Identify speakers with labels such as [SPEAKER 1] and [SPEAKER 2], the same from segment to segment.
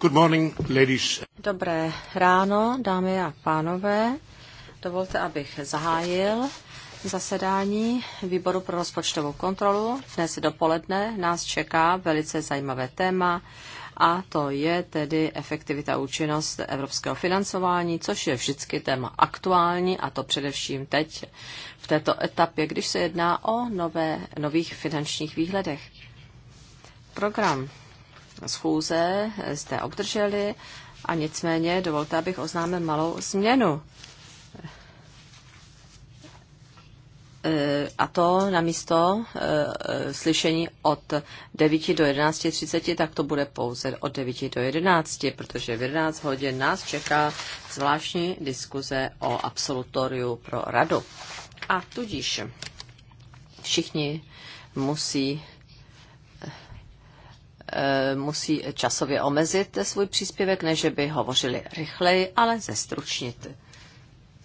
[SPEAKER 1] Good morning, ladies.
[SPEAKER 2] Dobré ráno, dámy a pánové. Dovolte, abych zahájil zasedání Výboru pro rozpočtovou kontrolu. Dnes dopoledne nás čeká velice zajímavé téma a to je tedy efektivita a účinnost evropského financování, což je vždycky téma aktuální a to především teď v této etapě, když se jedná o nové, nových finančních výhledech. Program schůze jste obdrželi a nicméně dovolte, abych oznámil malou změnu. E, a to na místo e, slyšení od 9 do 11.30, tak to bude pouze od 9 do 11, protože v 11 hodin nás čeká zvláštní diskuze o absolutoriu pro radu. A tudíž všichni musí Eh, musí časově omezit svůj příspěvek, než by hovořili rychleji, ale zestručnit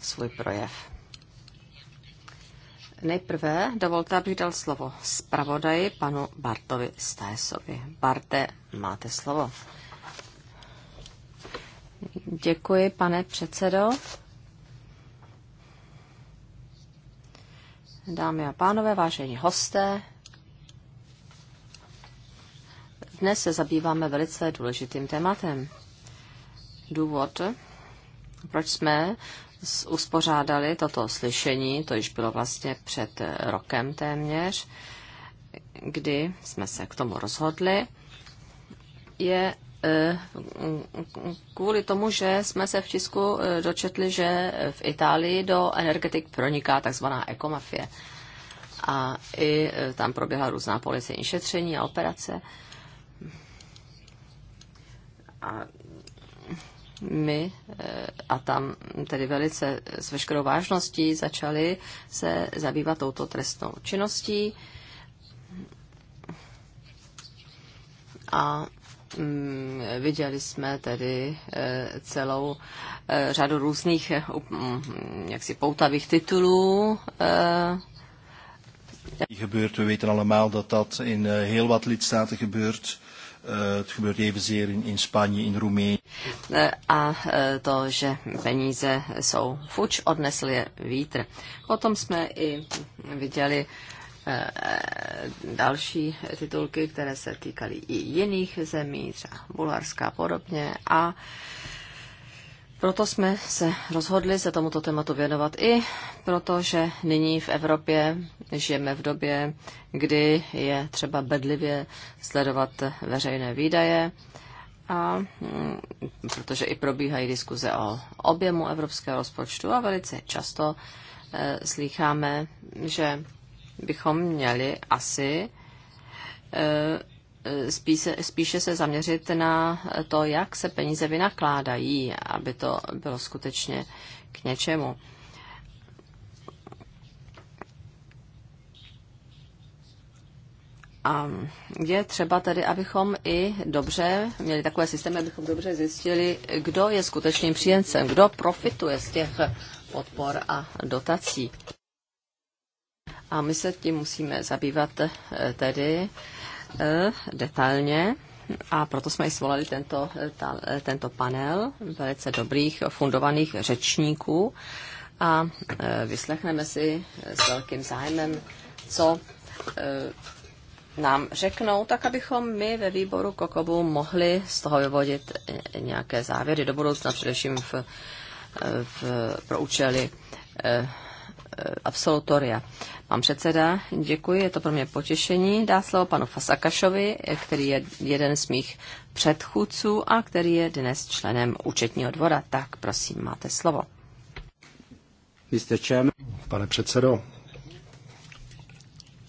[SPEAKER 2] svůj projev. Nejprve dovolte, abych dal slovo zpravodaji panu Bartovi Stajesovi. Barte, máte slovo. Děkuji, pane předsedo. Dámy a pánové, vážení hosté, dnes se zabýváme velice důležitým tématem. Důvod, proč jsme uspořádali toto slyšení, to již bylo vlastně před rokem téměř, kdy jsme se k tomu rozhodli, je eh, kvůli tomu, že jsme se v tisku eh, dočetli, že v Itálii do energetik proniká takzvaná ekomafie. A i eh, tam proběhla různá policejní šetření a operace a my eh, a tam tedy velice s veškerou vážností začali se zabývat touto trestnou činností. A mm, viděli jsme tedy eh, celou eh, řadu různých mm, jaksi poutavých titulů.
[SPEAKER 3] Gebeurt. We weten allemaal dat dat in heel wat lidstaten gebeurt. Het eh, gebeurt evenzeer in, in Spanje, in Roemenië.
[SPEAKER 2] Eh, a eh, to, že peníze jsou fuč, odnesl je vítr. Potom jsme i viděli další titulky, které se týkaly i jiných zemí, třeba Bulharska a podobně. A proto jsme se rozhodli se tomuto tématu věnovat i protože nyní v Evropě žijeme v době, kdy je třeba bedlivě sledovat veřejné výdaje a mm, protože i probíhají diskuze o objemu evropského rozpočtu a velice často e, slýcháme, že bychom měli asi e, spíše, spíše se zaměřit na to, jak se peníze vynakládají, aby to bylo skutečně k něčemu. A je třeba tedy, abychom i dobře měli takové systémy, abychom dobře zjistili, kdo je skutečným příjemcem, kdo profituje z těch podpor a dotací. A my se tím musíme zabývat eh, tedy E, detailně a proto jsme i svolali tento, e, ta, e, tento panel velice dobrých fundovaných řečníků a vyslechneme si s velkým zájmem, co nám řeknou, tak abychom my ve výboru Kokobu mohli z toho vyvodit nějaké závěry do budoucna, především v, v, pro účely Eh, absolutoria. Pan předseda, děkuji, je to pro mě potěšení. Dá slovo panu Fasakašovi, eh, který je jeden z mých předchůdců a který je dnes členem účetního dvora. Tak prosím, máte slovo.
[SPEAKER 3] Pane předsedo,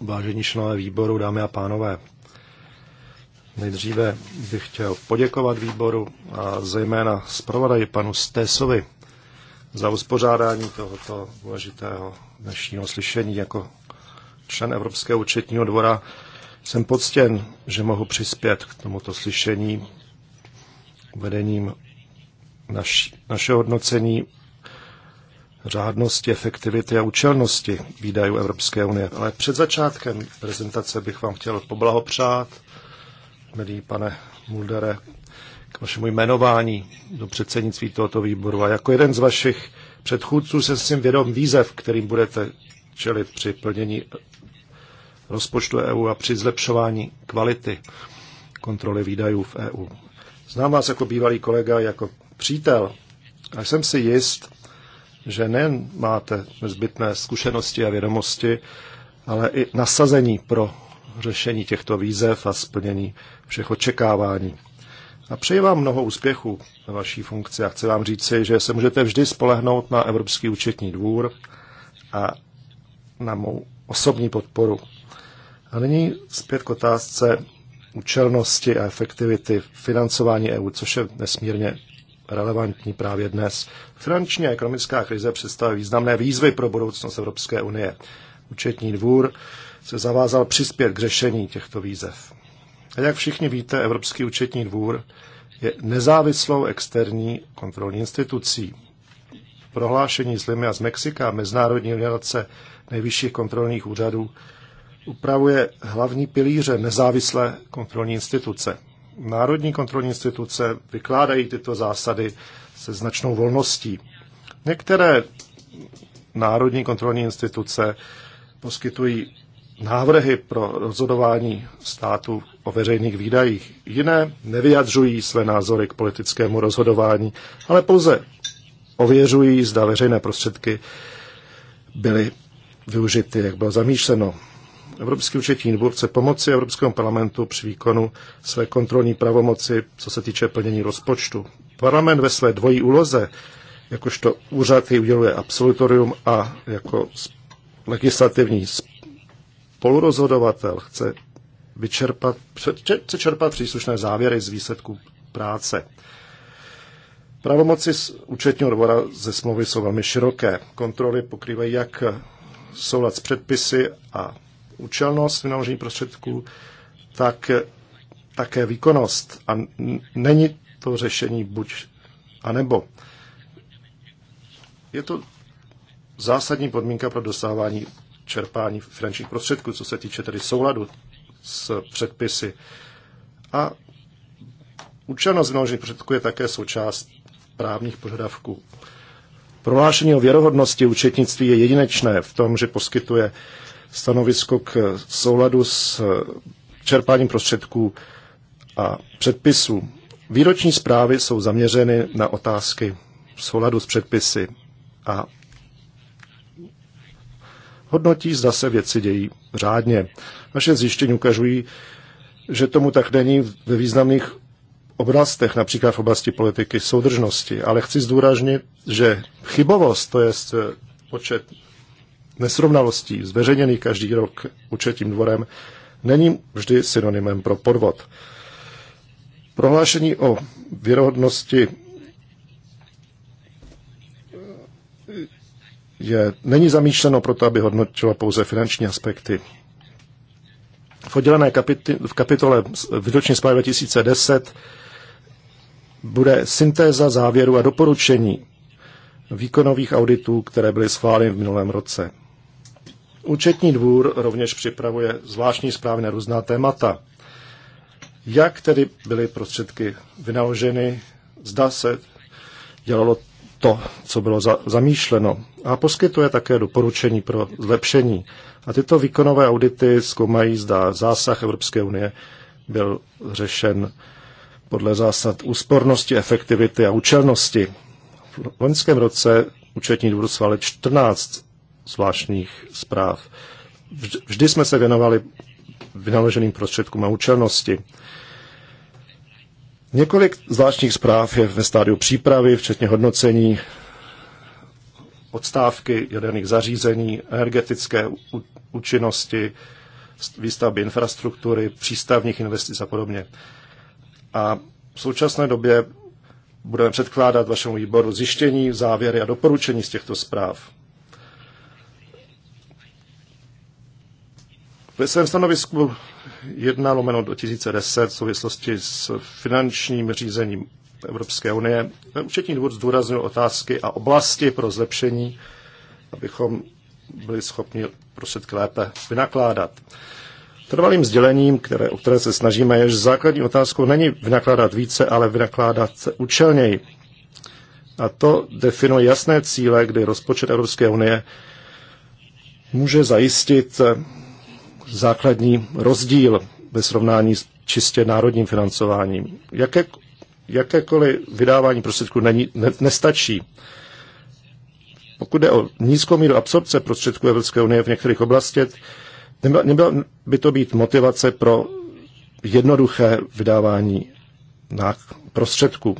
[SPEAKER 3] vážení členové výboru, dámy a pánové, nejdříve bych chtěl poděkovat výboru a zejména zpravodaji panu Stesovi za uspořádání tohoto důležitého dnešního slyšení. Jako člen Evropského účetního dvora jsem poctěn, že mohu přispět k tomuto slyšení vedením naš, našeho hodnocení řádnosti, efektivity a účelnosti výdajů Evropské unie. Ale před začátkem prezentace bych vám chtěl poblahopřát, milý pane Muldere, vašemu jmenování do předsednictví tohoto výboru. A jako jeden z vašich předchůdců jsem si vědom výzev, kterým budete čelit při plnění rozpočtu EU a při zlepšování kvality kontroly výdajů v EU. Znám vás jako bývalý kolega, jako přítel a jsem si jist, že nejen máte zbytné zkušenosti a vědomosti, ale i nasazení pro řešení těchto výzev a splnění všech očekávání a přeji vám mnoho úspěchů na vaší funkci a chci vám říci, že se můžete vždy spolehnout na Evropský účetní dvůr a na mou osobní podporu. A nyní zpět k otázce účelnosti a efektivity financování EU, což je nesmírně relevantní právě dnes. Finanční a ekonomická krize představuje významné výzvy pro budoucnost Evropské unie. Účetní dvůr se zavázal přispět k řešení těchto výzev. A jak všichni víte, Evropský účetní dvůr je nezávislou externí kontrolní institucí. Prohlášení z Limy a z Mexika Mezinárodní organizace nejvyšších kontrolních úřadů upravuje hlavní pilíře nezávislé kontrolní instituce. Národní kontrolní instituce vykládají tyto zásady se značnou volností. Některé národní kontrolní instituce poskytují návrhy pro rozhodování Státu o veřejných výdajích. Jiné nevyjadřují své názory k politickému rozhodování, ale pouze ověřují, zda veřejné prostředky byly využity, jak bylo zamýšleno. Evropský účetní dvůr chce pomoci Evropskému parlamentu při výkonu své kontrolní pravomoci, co se týče plnění rozpočtu. Parlament ve své dvojí úloze, jakožto úřad, který uděluje absolutorium a jako legislativní spolurozhodovatel chce vyčerpat, chce čerpat příslušné závěry z výsledků práce. Pravomoci z účetního dvora ze smlouvy jsou velmi široké. Kontroly pokrývají jak soulad s předpisy a účelnost vynaložení prostředků, tak také výkonnost. A není to řešení buď a nebo. Je to zásadní podmínka pro dosávání čerpání finančních prostředků, co se týče tedy souladu s předpisy. A účelnost vynaložených prostředků je také součást právních požadavků. Prohlášení o věrohodnosti účetnictví je jedinečné v tom, že poskytuje stanovisko k souladu s čerpáním prostředků a předpisů. Výroční zprávy jsou zaměřeny na otázky souladu s předpisy a hodnotí, zda se věci dějí řádně. Naše zjištění ukazují, že tomu tak není ve významných oblastech, například v oblasti politiky soudržnosti. Ale chci zdůraznit, že chybovost, to je eh, počet nesrovnalostí zveřejněných každý rok účetním dvorem, není vždy synonymem pro podvod. Prohlášení o věrohodnosti je, není zamýšleno proto, aby hodnotila pouze finanční aspekty. V oddělené kapitole, v kapitole výroční zprávy 2010 bude syntéza závěru a doporučení výkonových auditů, které byly schváleny v minulém roce. Účetní dvůr rovněž připravuje zvláštní zprávy na různá témata. Jak tedy byly prostředky vynaloženy, zda se dělalo to, co bylo za, zamýšleno a poskytuje také doporučení pro zlepšení. A tyto výkonové audity zkoumají, zda zásah Evropské unie byl řešen podle zásad úspornosti, efektivity a účelnosti. V loňském roce účetní důvod schválil 14 zvláštních zpráv. Vždy jsme se věnovali vynaloženým prostředkům a účelnosti. Několik zvláštních zpráv je ve stádiu přípravy, včetně hodnocení odstávky jaderných zařízení, energetické účinnosti, výstavby infrastruktury, přístavních investic a podobně. A v současné době budeme předkládat vašemu výboru zjištění, závěry a doporučení z těchto zpráv. Ve svém stanovisku 1 lomeno 2010 v souvislosti s finančním řízením Evropské unie. Účetní dvůr zdůraznil otázky a oblasti pro zlepšení, abychom byli schopni prostředky lépe vynakládat. Trvalým sdělením, které, o které se snažíme, je, že základní otázkou není vynakládat více, ale vynakládat účelněji. A to definuje jasné cíle, kdy rozpočet Evropské unie může zajistit základní rozdíl ve srovnání s čistě národním financováním. Jaké, jakékoliv vydávání prostředků není, ne, nestačí. Pokud jde o nízkou míru absorpce prostředků Evropské unie v některých oblastech, nemělo by to být motivace pro jednoduché vydávání na prostředků.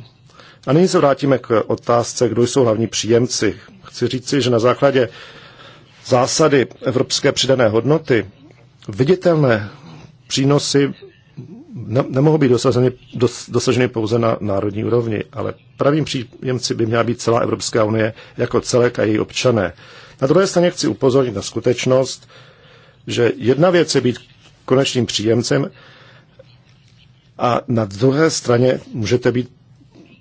[SPEAKER 3] A nyní se vrátíme k otázce, kdo jsou hlavní příjemci. Chci říci, že na základě zásady evropské přidané hodnoty viditelné přínosy nemohou být dosaženy, dos, dosaženy pouze na národní úrovni, ale pravým příjemci by měla být celá Evropská unie jako celek a její občané. Na druhé straně chci upozornit na skutečnost, že jedna věc je být konečným příjemcem a na druhé straně můžete být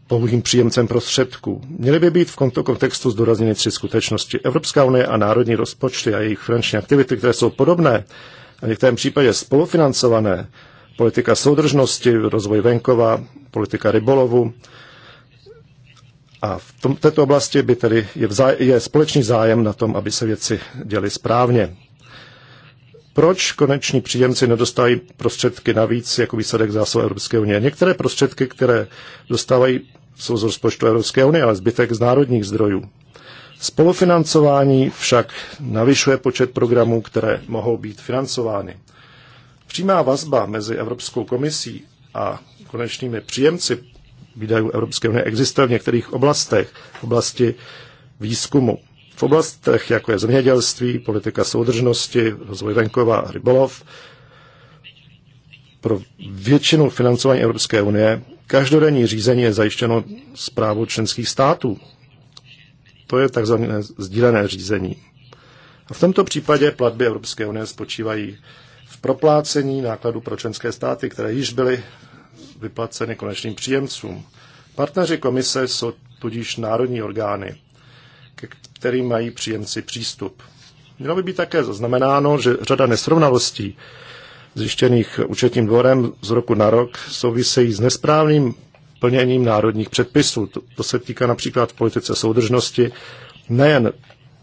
[SPEAKER 3] pouhým příjemcem prostředků. Měly by být v tomto kontextu zdůrazněny tři skutečnosti. Evropská unie a národní rozpočty a jejich finanční aktivity, které jsou podobné, a v některém případě spolufinancované, politika soudržnosti, rozvoj venkova, politika rybolovu. A v tom, této oblasti by tedy je, vzá, je společný zájem na tom, aby se věci děly správně. Proč koneční příjemci nedostávají prostředky navíc jako výsledek zásob Evropské unie? Některé prostředky, které dostávají, jsou z rozpočtu Evropské unie, ale zbytek z národních zdrojů. Spolufinancování však navyšuje počet programů, které mohou být financovány. Přímá vazba mezi Evropskou komisí a konečnými příjemci výdajů Evropské unie existuje v některých oblastech, v oblasti výzkumu. V oblastech, jako je zemědělství, politika soudržnosti, rozvoj venkova a rybolov, pro většinu financování Evropské unie každodenní řízení je zajištěno zprávou členských států. To je takzvané sdílené řízení. A v tomto případě platby Evropské unie spočívají v proplácení nákladů pro členské státy, které již byly vyplaceny konečným příjemcům. Partneři komise jsou tudíž národní orgány, ke kterým mají příjemci přístup. Mělo by být také zaznamenáno, že řada nesrovnalostí zjištěných účetním dvorem z roku na rok souvisejí s nesprávným plněním národních předpisů. To, to se týká například v politice soudržnosti nejen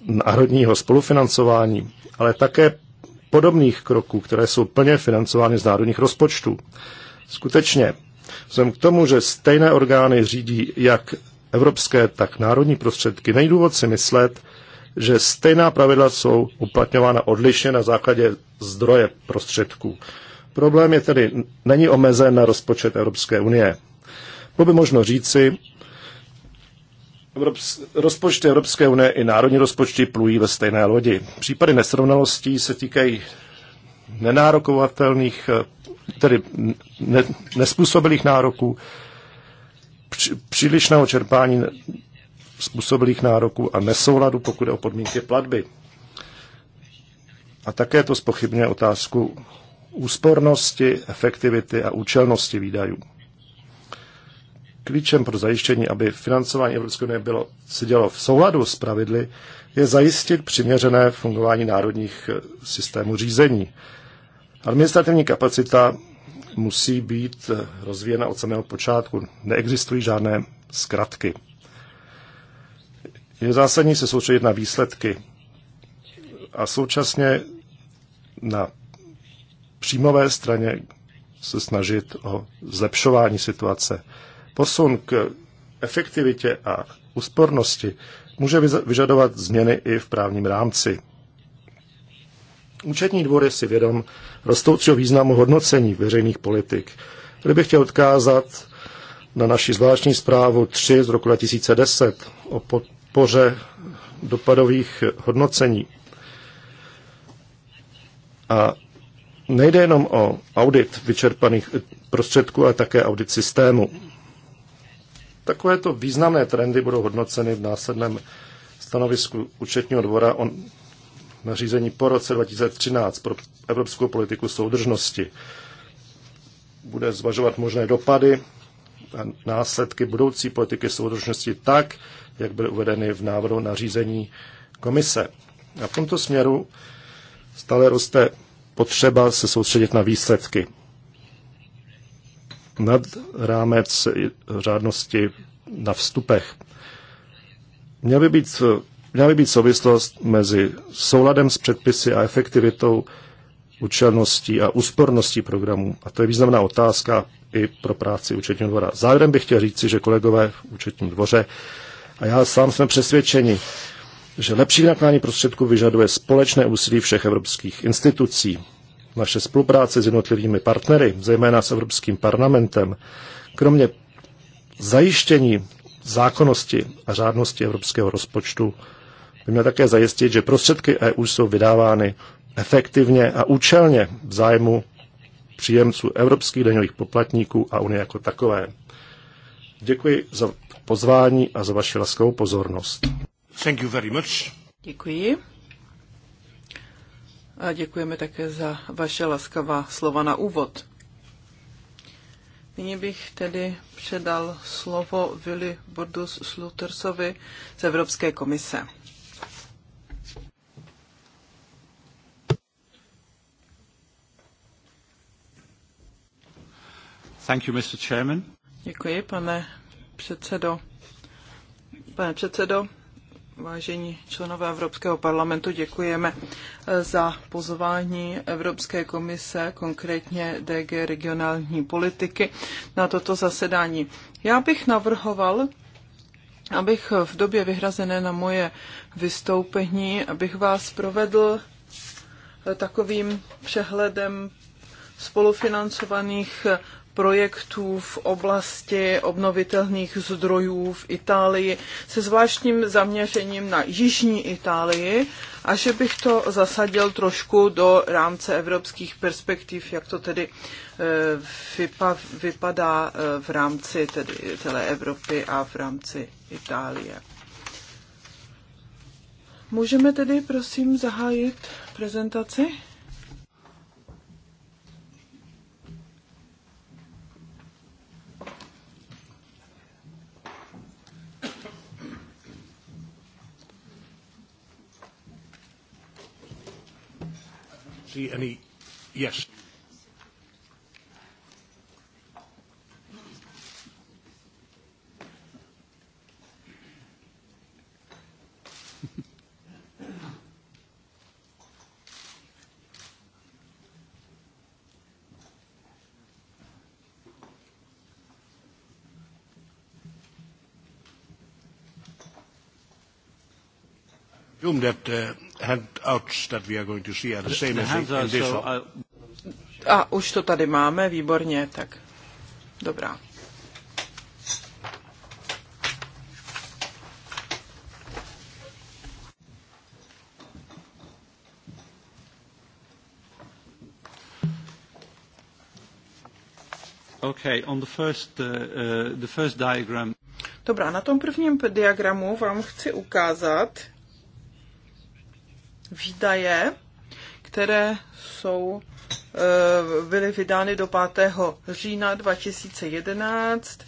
[SPEAKER 3] národního spolufinancování, ale také podobných kroků, které jsou plně financovány z národních rozpočtů. Skutečně, vzhledem k tomu, že stejné orgány řídí jak evropské, tak národní prostředky, není důvod si myslet, že stejná pravidla jsou uplatňována odlišně na základě zdroje prostředků. Problém je tedy, není omezen na rozpočet Evropské unie. Bylo by možno říci, rozpočty Evropské unie i národní rozpočty plují ve stejné lodi. Případy nesrovnalostí se týkají nenárokovatelných, tedy ne, nespůsobilých nároků, při, přílišného čerpání způsobilých nároků a nesouladu, pokud je o podmínky platby. A také to spochybňuje otázku úspornosti, efektivity a účelnosti výdajů klíčem pro zajištění, aby financování Evropské unie bylo, se dělo v souladu s pravidly, je zajistit přiměřené fungování národních eh, systémů řízení. Administrativní kapacita musí být eh, rozvíjena od samého počátku. Neexistují žádné zkratky. Je zásadní se soustředit na výsledky a současně na příjmové straně se snažit o zlepšování situace. Posun k efektivitě a úspornosti může vyžadovat změny i v právním rámci. Účetní dvor je si vědom rostoucího významu hodnocení veřejných politik. Tady bych chtěl odkázat na naši zvláštní zprávu 3 z roku 2010 o podpoře dopadových hodnocení. A nejde jenom o audit vyčerpaných prostředků, ale také audit systému. Takovéto významné trendy budou hodnoceny v následném stanovisku účetního dvora o nařízení po roce 2013 pro evropskou politiku soudržnosti. Bude zvažovat možné dopady a následky budoucí politiky soudržnosti tak, jak byly uvedeny v návrhu nařízení komise. A v tomto směru stále roste potřeba se soustředit na výsledky nad rámec řádnosti na vstupech. Měl by být, měla by být souvislost mezi souladem s předpisy a efektivitou účelností a úsporností programů. A to je významná otázka i pro práci účetního dvora. Závěrem bych chtěl říci, že kolegové v účetním dvoře a já sám jsme přesvědčeni, že lepší nakládání prostředků vyžaduje společné úsilí všech evropských institucí naše spolupráce s jednotlivými partnery, zejména s Evropským parlamentem, kromě zajištění zákonnosti a řádnosti evropského rozpočtu, by měla také zajistit, že prostředky EU jsou vydávány efektivně a účelně v zájmu příjemců evropských daňových poplatníků a Unie jako takové. Děkuji za pozvání a za vaši laskavou pozornost.
[SPEAKER 1] Thank you very
[SPEAKER 4] much. Děkuji a děkujeme také za vaše laskavá slova na úvod. Nyní bych tedy předal slovo Vili Bordus Slutersovi z Evropské komise.
[SPEAKER 1] Thank you, Mr. Chairman.
[SPEAKER 4] Děkuji, pane předsedo. Pane předsedo, Vážení členové Evropského parlamentu, děkujeme eh, za pozvání Evropské komise, konkrétně DG regionální politiky, na toto zasedání. Já bych navrhoval, abych v době vyhrazené na moje vystoupení, abych vás provedl eh, takovým přehledem spolufinancovaných projektů v oblasti obnovitelných zdrojů v Itálii se zvláštním zaměřením na jižní Itálii a že bych to zasadil trošku do rámce evropských perspektiv, jak to tedy eh, vypa- vypadá eh, v rámci tedy celé Evropy a v rámci Itálie. Můžeme tedy prosím zahájit prezentaci?
[SPEAKER 1] see any. Yes. Jó, de handouts that we are going to see are the same the as in this one.
[SPEAKER 4] A už to tady máme, výborně, tak dobrá.
[SPEAKER 1] Okay, on the first, uh, uh,
[SPEAKER 3] the first diagram.
[SPEAKER 4] Dobrá, na tom prvním diagramu vám chci ukázat, výdaje, které jsou, eh, byly vydány do 5. října 2011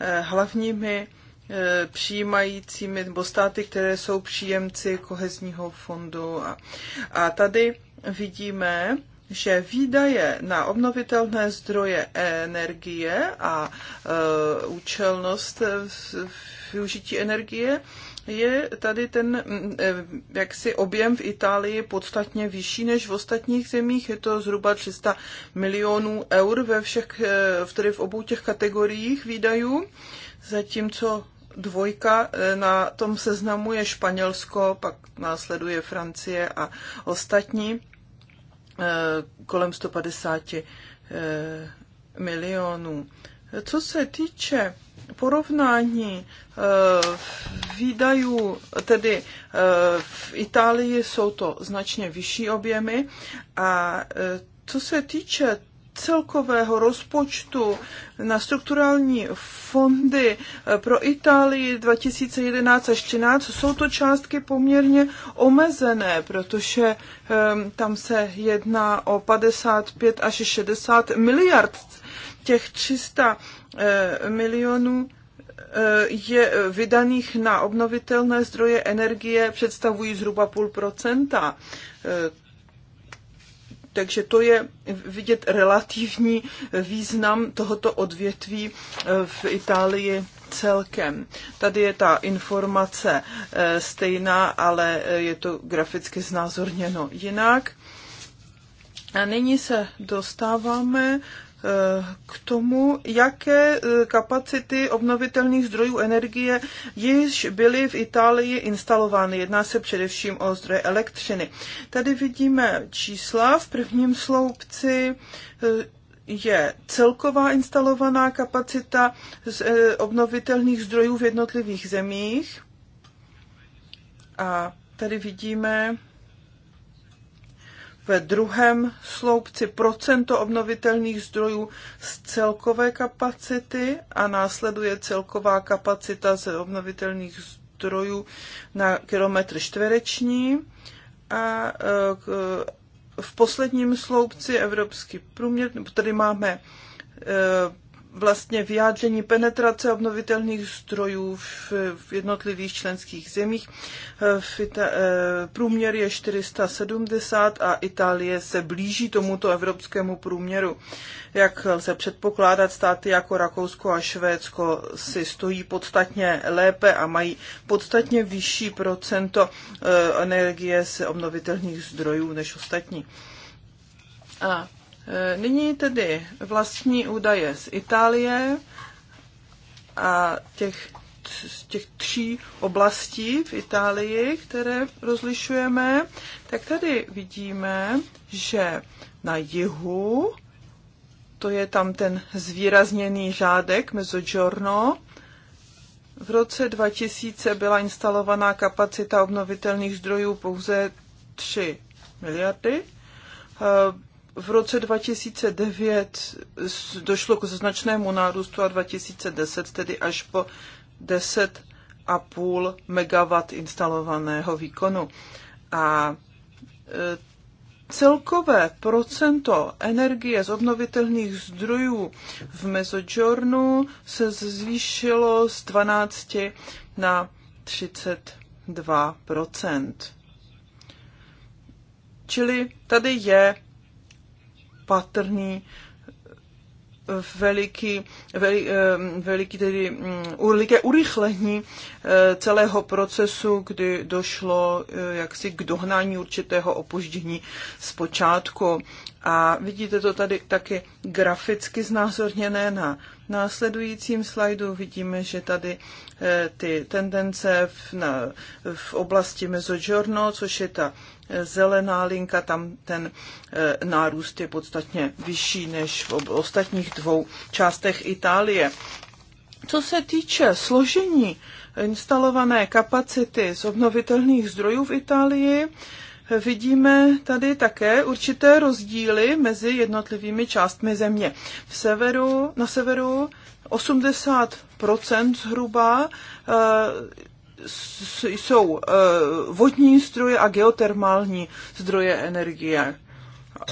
[SPEAKER 4] eh, hlavními eh, přijímajícími nebo státy, které jsou příjemci kohezního fondu. A, a tady vidíme, že výdaje na obnovitelné zdroje energie a e, účelnost využití energie je tady ten mm, eh, jaksi objem v Itálii podstatně vyšší než v ostatních zemích. Je to zhruba 300 milionů eur ve všech, eh, tedy v obou těch kategoriích výdajů, zatímco dvojka eh, na tom seznamu je Španělsko, pak následuje Francie a ostatní kolem 150 milionů. Co se týče porovnání eh, výdajů, tedy eh, v Itálii jsou to značně vyšší objemy a eh, co se týče celkového rozpočtu na strukturální fondy pro Itálii 2011 až 2013 jsou to částky poměrně omezené, protože um, tam se jedná o 55 až 60 miliard těch 300 eh, milionů eh, je vydaných na obnovitelné zdroje energie představují zhruba půl procenta. Eh, takže to je vidět relativní význam tohoto odvětví v Itálii celkem. Tady je ta informace stejná, ale je to graficky znázorněno jinak. A nyní se dostáváme k tomu, jaké e, kapacity obnovitelných zdrojů energie již byly v Itálii instalovány. Jedná se především o zdroje elektřiny. Tady vidíme čísla v prvním sloupci e, je celková instalovaná kapacita z e, obnovitelných zdrojů v jednotlivých zemích. A tady vidíme ve druhém sloupci procento obnovitelných zdrojů z celkové kapacity a následuje celková kapacita z obnovitelných zdrojů na kilometr čtvereční a e, v posledním sloupci evropský průměr, tady máme e, vlastně vyjádření penetrace obnovitelných zdrojů v, v jednotlivých členských zemích. V Ita- eh, průměr je 470 a Itálie se blíží tomuto evropskému průměru. Jak lze předpokládat, státy jako Rakousko a Švédsko si stojí podstatně lépe a mají podstatně vyšší procento eh, energie z obnovitelných zdrojů než ostatní. A E, nyní tedy vlastní údaje z Itálie a těch, těch tří oblastí v Itálii, které rozlišujeme, tak tady vidíme, že na jihu, to je tam ten zvýrazněný řádek Mezzogiorno, v roce 2000 byla instalovaná kapacita obnovitelných zdrojů pouze 3 miliardy v roce 2009 došlo k značnému nárůstu a 2010 tedy až po 10,5 MW instalovaného výkonu. A e, celkové procento energie z obnovitelných zdrojů v Mezojornu se zvýšilo z 12 na 32 Čili tady je patrný veliký, veli, veliký tedy veliké urychlení eh, celého procesu, kdy došlo eh, jaksi k dohnání určitého opoždění z počátku. A vidíte to tady taky graficky znázorněné na následujícím slajdu. Vidíme, že tady eh, ty tendence v, na, v oblasti mezzogiorno, což je ta zelená linka, tam ten eh, nárůst je podstatně vyšší než v ostatních dvou částech Itálie. Co se týče složení eh, instalované kapacity z obnovitelných zdrojů v Itálii, eh, vidíme tady také určité rozdíly mezi jednotlivými částmi země. V severu, na severu 80 zhruba jsou eh, vodní zdroje a geotermální zdroje energie.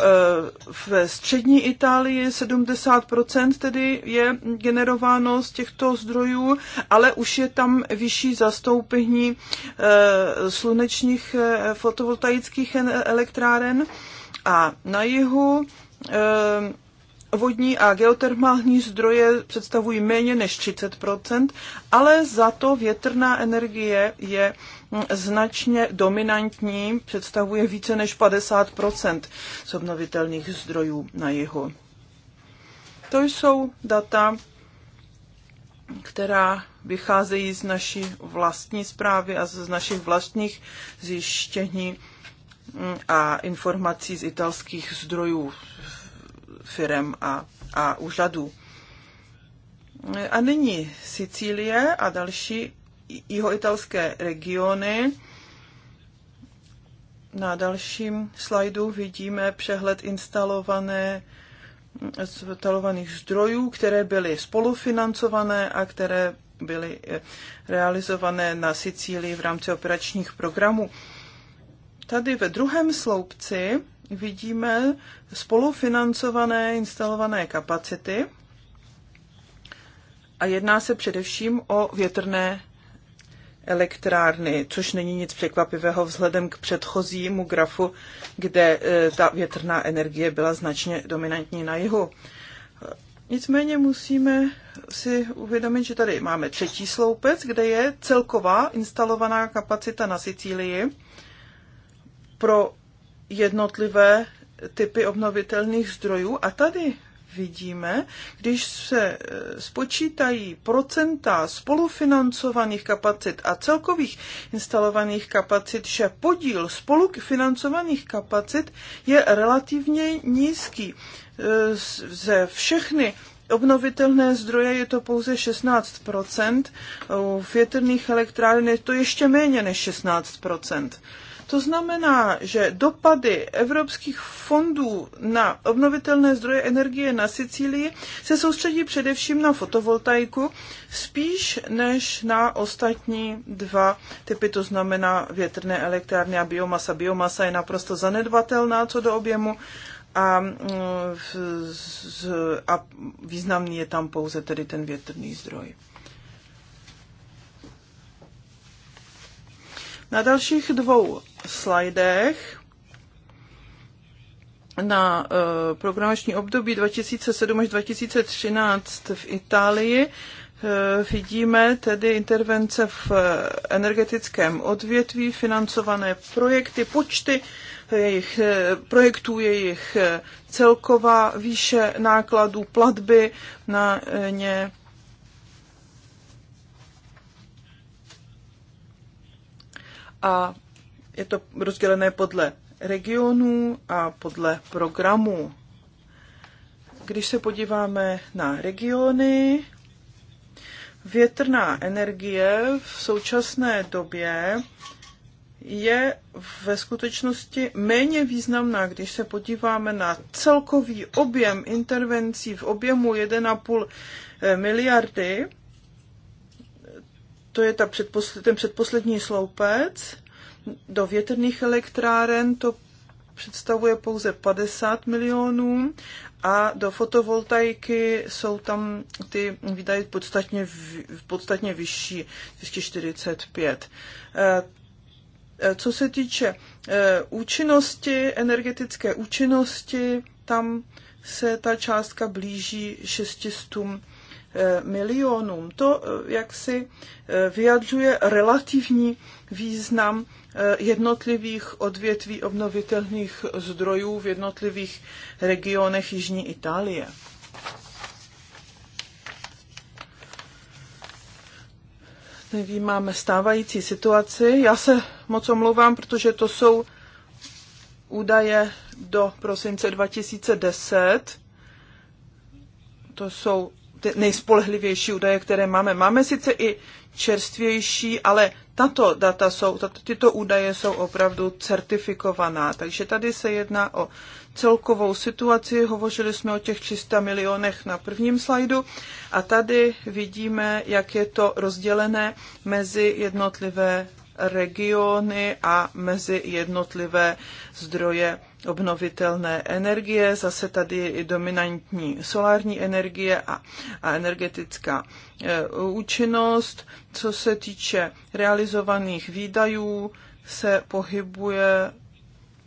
[SPEAKER 4] Eh, ve střední Itálii 70% tedy je generováno z těchto zdrojů, ale už je tam vyšší zastoupení eh, slunečních fotovoltaických elektráren a na jihu vodní a geotermální zdroje představují méně než 30 ale za to větrná energie je mm, značně dominantní, představuje více než 50 z obnovitelných zdrojů na jihu. To jsou data, která vycházejí z naší vlastní zprávy a z našich vlastních zjištění mm, a informací z italských zdrojů firem a, a úřadů. A nyní Sicílie a další jihoitalské regiony. Na dalším slajdu vidíme přehled instalované instalovaných zdrojů, které byly spolufinancované a které byly eh, realizované na Sicílii v rámci operačních programů. Tady ve druhém sloupci vidíme spolufinancované instalované kapacity a jedná se především o větrné elektrárny, což není nic překvapivého vzhledem k předchozímu grafu, kde e, ta větrná energie byla značně dominantní na jihu. Nicméně musíme si uvědomit, že tady máme třetí sloupec, kde je celková instalovaná kapacita na Sicílii pro jednotlivé typy obnovitelných zdrojů. A tady vidíme, když se e, spočítají procenta spolufinancovaných kapacit a celkových instalovaných kapacit, že podíl spolufinancovaných kapacit je relativně nízký. E, ze všechny obnovitelné zdroje je to pouze 16 u větrných elektráren je to ještě méně než 16 to znamená, že dopady evropských fondů na obnovitelné zdroje energie na Sicílii se soustředí především na fotovoltaiku, spíš než na ostatní dva typy, to znamená větrné elektrárny a biomasa. Biomasa je naprosto zanedbatelná co do objemu a, mm, a významný je tam pouze tedy ten větrný zdroj. Na dalších dvou slajdech na uh, eh, programační období 2007 až 2013 v Itálii eh, vidíme tedy intervence v eh, energetickém odvětví, financované projekty, počty jejich projektů, jejich celková výše nákladů, platby na ně a je to rozdělené podle regionů a podle programů. Když se podíváme na regiony, větrná energie v současné době je ve skutečnosti méně významná, když se podíváme na celkový objem intervencí v objemu 1,5 miliardy to je ta předposled, ten předposlední sloupec. Do větrných elektráren to představuje pouze 50 milionů a do fotovoltaiky jsou tam ty výdaje podstatně, podstatně vyšší, 245. Eh, eh, co se týče eh, účinnosti, energetické účinnosti, tam se ta částka blíží 600 Eh, milionům. To eh, jak si eh, vyjadřuje relativní význam jednotlivých odvětví obnovitelných zdrojů v jednotlivých regionech Jižní Itálie. Nevím, máme stávající situaci. Já se moc omlouvám, protože to jsou údaje do prosince 2010. To jsou nejspolehlivější údaje, které máme. Máme sice i čerstvější, ale tato data jsou, tato, tyto údaje jsou opravdu certifikovaná. Takže tady se jedná o celkovou situaci. Hovořili jsme o těch 300 milionech na prvním slajdu a tady vidíme, jak je to rozdělené mezi jednotlivé regiony a mezi jednotlivé zdroje obnovitelné energie, zase tady je i dominantní solární energie a, a energetická e, účinnost. Co se týče realizovaných výdajů, se pohybuje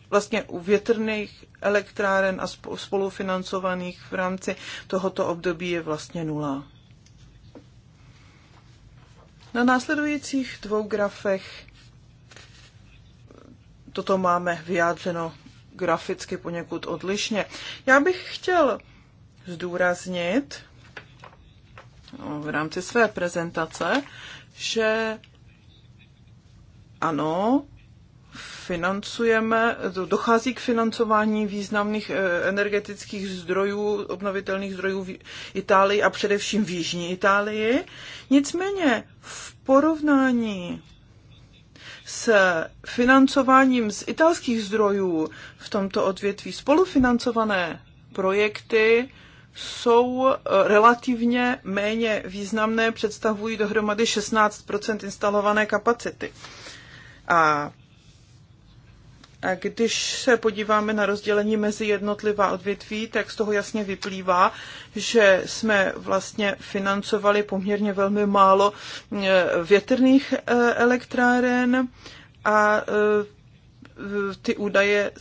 [SPEAKER 4] vlastně u větrných elektráren a spolufinancovaných v rámci tohoto období je vlastně nula. Na následujících dvou grafech toto máme vyjádřeno graficky poněkud odlišně. Já bych chtěl zdůraznit no, v rámci své prezentace, že ano, financujeme, dochází k financování významných eh, energetických zdrojů, obnovitelných zdrojů v Itálii a především v Jižní Itálii. Nicméně v porovnání s financováním z italských zdrojů v tomto odvětví spolufinancované projekty jsou eh, relativně méně významné, představují dohromady 16 instalované kapacity. A když se podíváme na rozdělení mezi jednotlivá odvětví, tak z toho jasně vyplývá, že jsme vlastně financovali poměrně velmi málo eh, větrných eh, elektráren a eh, ty údaje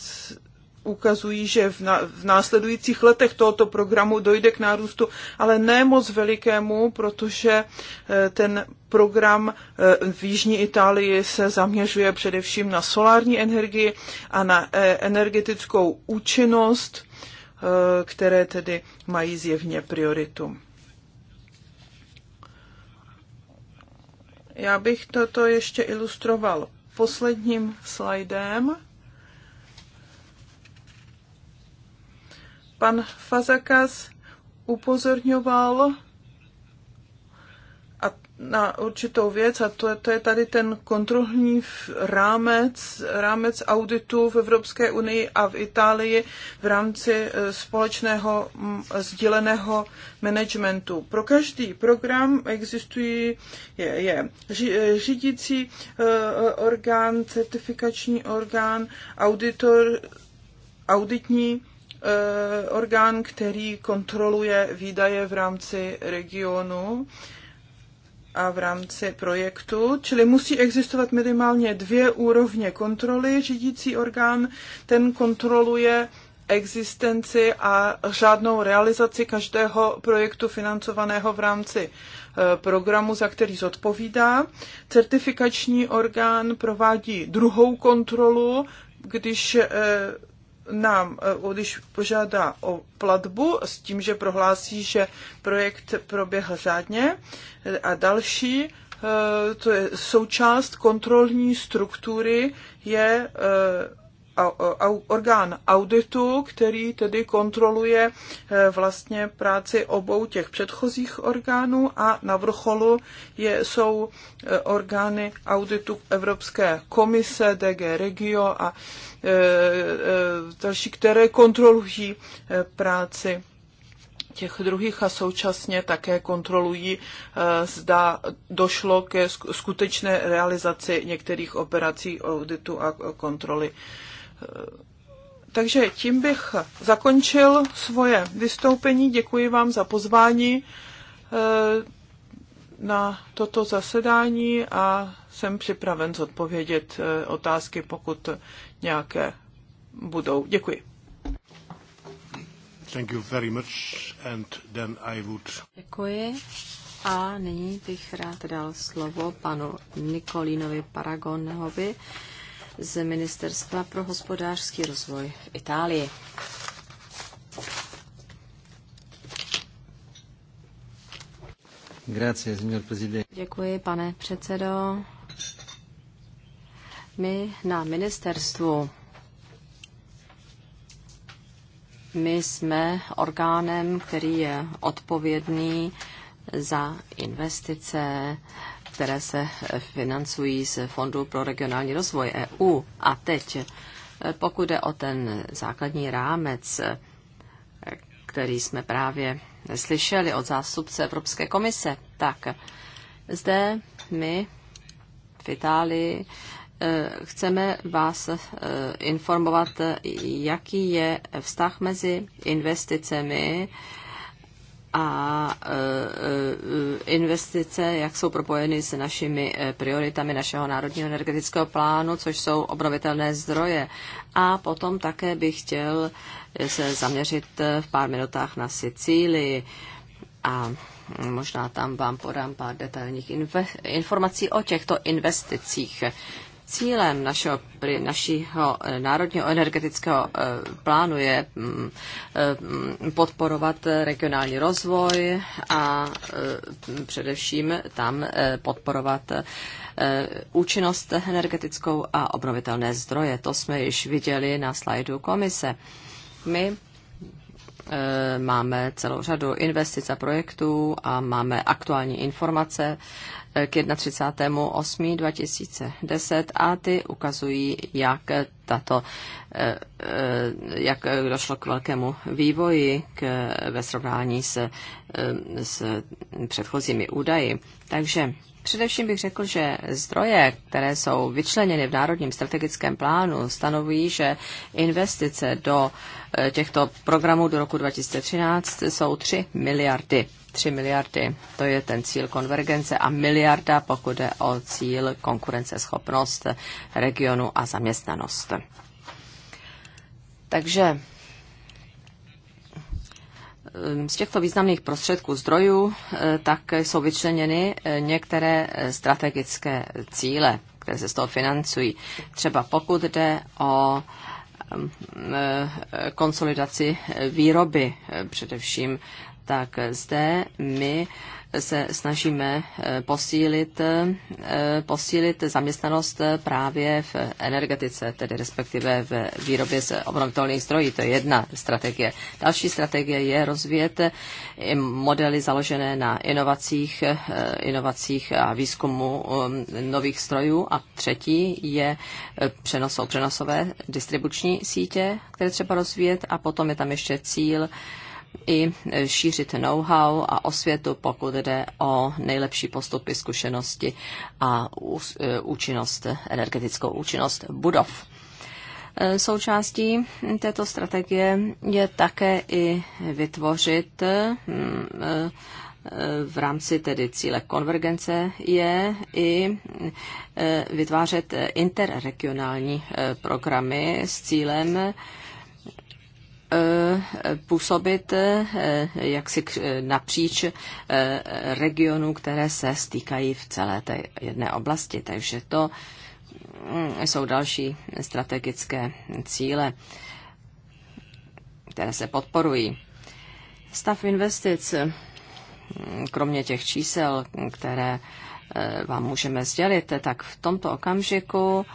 [SPEAKER 4] ukazují, že v, na, v následujících letech tohoto programu dojde k nárůstu, ale ne moc velikému, protože eh, ten program eh, v Jižní Itálii se zaměřuje především na solární energii a na eh, energetickou účinnost, které tedy mají zjevně prioritu. Já bych toto ještě ilustroval posledním slajdem. Pan Fazakas upozorňoval a na určitou věc, a to, to je tady ten kontrolní rámec, rámec auditu v Evropské unii a v Itálii v rámci eh, společného mm, sdíleného managementu. Pro každý program existují je, je eh, řídící eh, orgán, certifikační orgán, auditor, auditní Eh, orgán, který kontroluje výdaje v rámci regionu a v rámci projektu, čili musí existovat minimálně dvě úrovně kontroly. Řídící orgán ten kontroluje existenci a řádnou realizaci každého projektu financovaného v rámci eh, programu, za který zodpovídá. Certifikační orgán provádí druhou kontrolu, když eh, nám, e, když požádá o platbu s tím, že prohlásí, že projekt proběhl řádně a další, e, to je součást kontrolní struktury, je e, orgán auditu, který tedy kontroluje eh, vlastně práci obou těch předchozích orgánů a na vrcholu je, jsou eh, orgány auditu Evropské komise, DG Regio a eh, další, které kontrolují práci těch druhých a současně také kontrolují, zda došlo ke skutečné realizaci některých operací auditu a kontroly Eh, takže tím bych zakončil svoje vystoupení. Děkuji vám za pozvání eh, na toto zasedání a jsem připraven zodpovědět eh, otázky, pokud nějaké budou. Děkuji.
[SPEAKER 1] Thank you very much and then I would...
[SPEAKER 2] Děkuji. A nyní bych rád dal slovo panu Nikolínovi Paragonovi z Ministerstva pro hospodářský rozvoj v Itálii. Děkuji, pane předsedo. My na ministerstvu my jsme orgánem, který je odpovědný za investice, které se eh, financují z Fondu pro regionální rozvoj EU. A teď, eh, pokud jde o ten základní rámec, eh, který jsme právě slyšeli od zástupce Evropské komise, tak zde my v Itálii chceme vás informovat, jaký je vztah mezi investicemi a e, e, investice, jak jsou propojeny s našimi e, prioritami našeho národního energetického plánu, což jsou obnovitelné zdroje. A potom také bych chtěl se zaměřit v pár minutách na Sicílii a možná tam vám podám pár detailních informací o těchto investicích. Cílem našeho, našeho eh, národního energetického eh, plánu je mm, eh, mm, podporovat regionální rozvoj a především tam podporovat účinnost energetickou a obnovitelné zdroje. To jsme již viděli na slajdu komise. My máme celou řadu investic a projektů a máme aktuální informace k 31.8.2010 a ty ukazují, jak tato, eh, eh, jak došlo k velkému vývoji k, ve srovnání s, eh, s předchozími údaji. Takže Především bych řekl, že zdroje, které jsou vyčleněny v Národním strategickém plánu, stanoví, že investice do eh, těchto programů do roku 2013 jsou 3 miliardy. 3 miliardy, to je ten cíl konvergence a miliarda, pokud je o cíl konkurenceschopnost regionu a zaměstnanost. Takže Ehm, z těchto významných prostředků zdrojů eh, tak jsou vyčleněny eh, některé eh, strategické cíle, které se z toho financují. Třeba pokud jde o ehm, konsolidaci výroby především, tak zde my se snažíme eh, posílit, eh, posílit zaměstnanost eh, právě v energetice, tedy respektive v výrobě z obnovitelných zdrojů. To je jedna strategie. Další strategie je rozvíjet modely založené na inovacích, inovacích a výzkumu nových strojů. A třetí je přenosové distribuční sítě, které třeba rozvíjet. A potom je tam ještě cíl i šířit know-how a osvětu, pokud jde o nejlepší postupy, zkušenosti a e, účinnost, energetickou účinnost budov. E, součástí této strategie je také i vytvořit mm, e, v rámci tedy cíle konvergence je i vytvářet interregionální programy s cílem působit eh, jaksi napříč eh, regionů, které se stýkají v celé té jedné oblasti. Takže to mm, jsou další strategické cíle, které se podporují. Stav investic, mm, kromě těch čísel, které eh, vám můžeme sdělit, tak v tomto okamžiku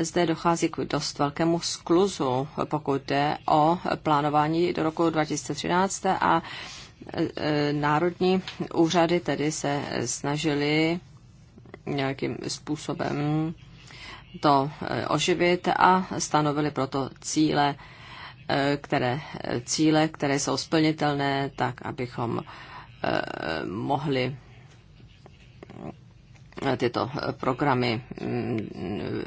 [SPEAKER 2] zde dochází k dost velkému skluzu, pokud jde o plánování do roku 2013 a e, národní úřady tedy se snažili nějakým způsobem to e, oživit a stanovili proto cíle, e, které, cíle, které jsou splnitelné, tak abychom mohli tyto eh, programy mm,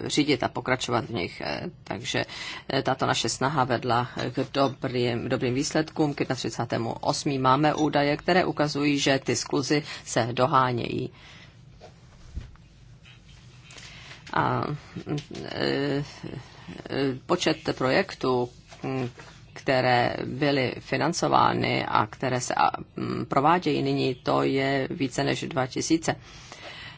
[SPEAKER 2] řídit a pokračovat v nich. Eh, takže eh, tato naše snaha vedla k dobrým, dobrým výsledkům. K 38. máme údaje, které ukazují, že ty skluzy se dohánějí. A počet projektů, mm, které byly financovány a které se mm, provádějí nyní, to je více než 2000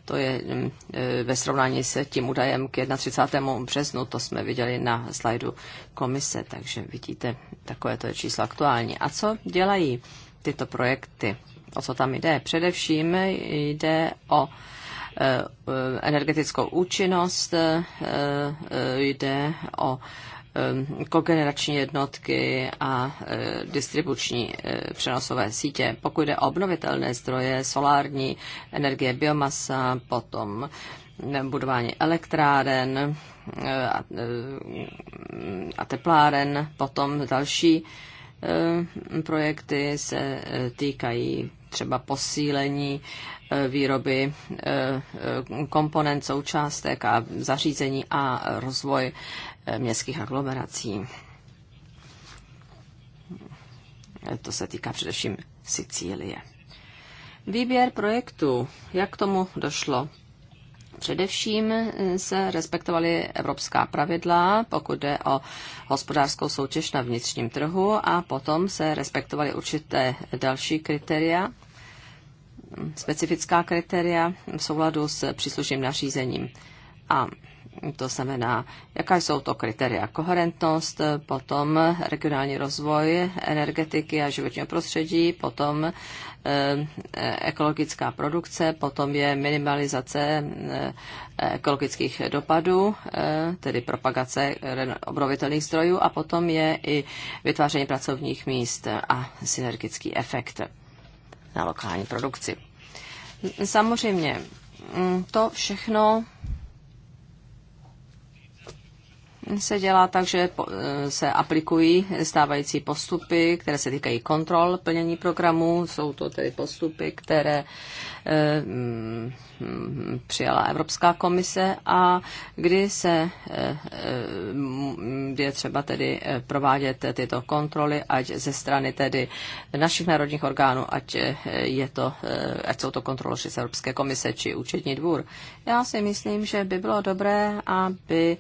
[SPEAKER 2] to je mm, e, ve srovnání s tím údajem k 31. březnu, to jsme viděli na slajdu komise, takže vidíte, takové to je číslo aktuální. A co dělají tyto projekty? O co tam jde? Především jde o e, e, energetickou účinnost, jde o Eh, kogenerační jednotky a eh, distribuční eh, přenosové sítě. Pokud jde o obnovitelné zdroje, solární energie, biomasa, potom budování elektráren a tepláren, potom další projekty se týkají třeba posílení výroby komponent, součástek a zařízení a rozvoj Eh, městských aglomerací. Eh, to se týká především Sicílie. Výběr projektu, jak k tomu došlo? Především eh, se respektovaly evropská pravidla, pokud jde o hospodářskou soutěž na vnitřním trhu a potom se respektovaly určité další kritéria, specifická kritéria v souladu s příslušným nařízením. A to znamená, jaká jsou to kritéria koherentnost, potom regionální rozvoj energetiky a životního prostředí, potom eh, ekologická produkce, potom je minimalizace eh, ekologických dopadů, eh, tedy propagace obnovitelných zdrojů a potom je i vytváření pracovních míst a synergický efekt na lokální produkci. Samozřejmě mm, to všechno se dělá tak, že e, se aplikují stávající postupy, které se týkají kontrol plnění programu. Jsou to tedy postupy, které e, mm, přijala Evropská komise a kdy se e, je třeba tedy provádět tyto kontroly, ať ze strany tedy našich národních orgánů, ať, je to, ať jsou to kontroloři z Evropské komise či účetní dvůr. Já si myslím, že by bylo dobré, aby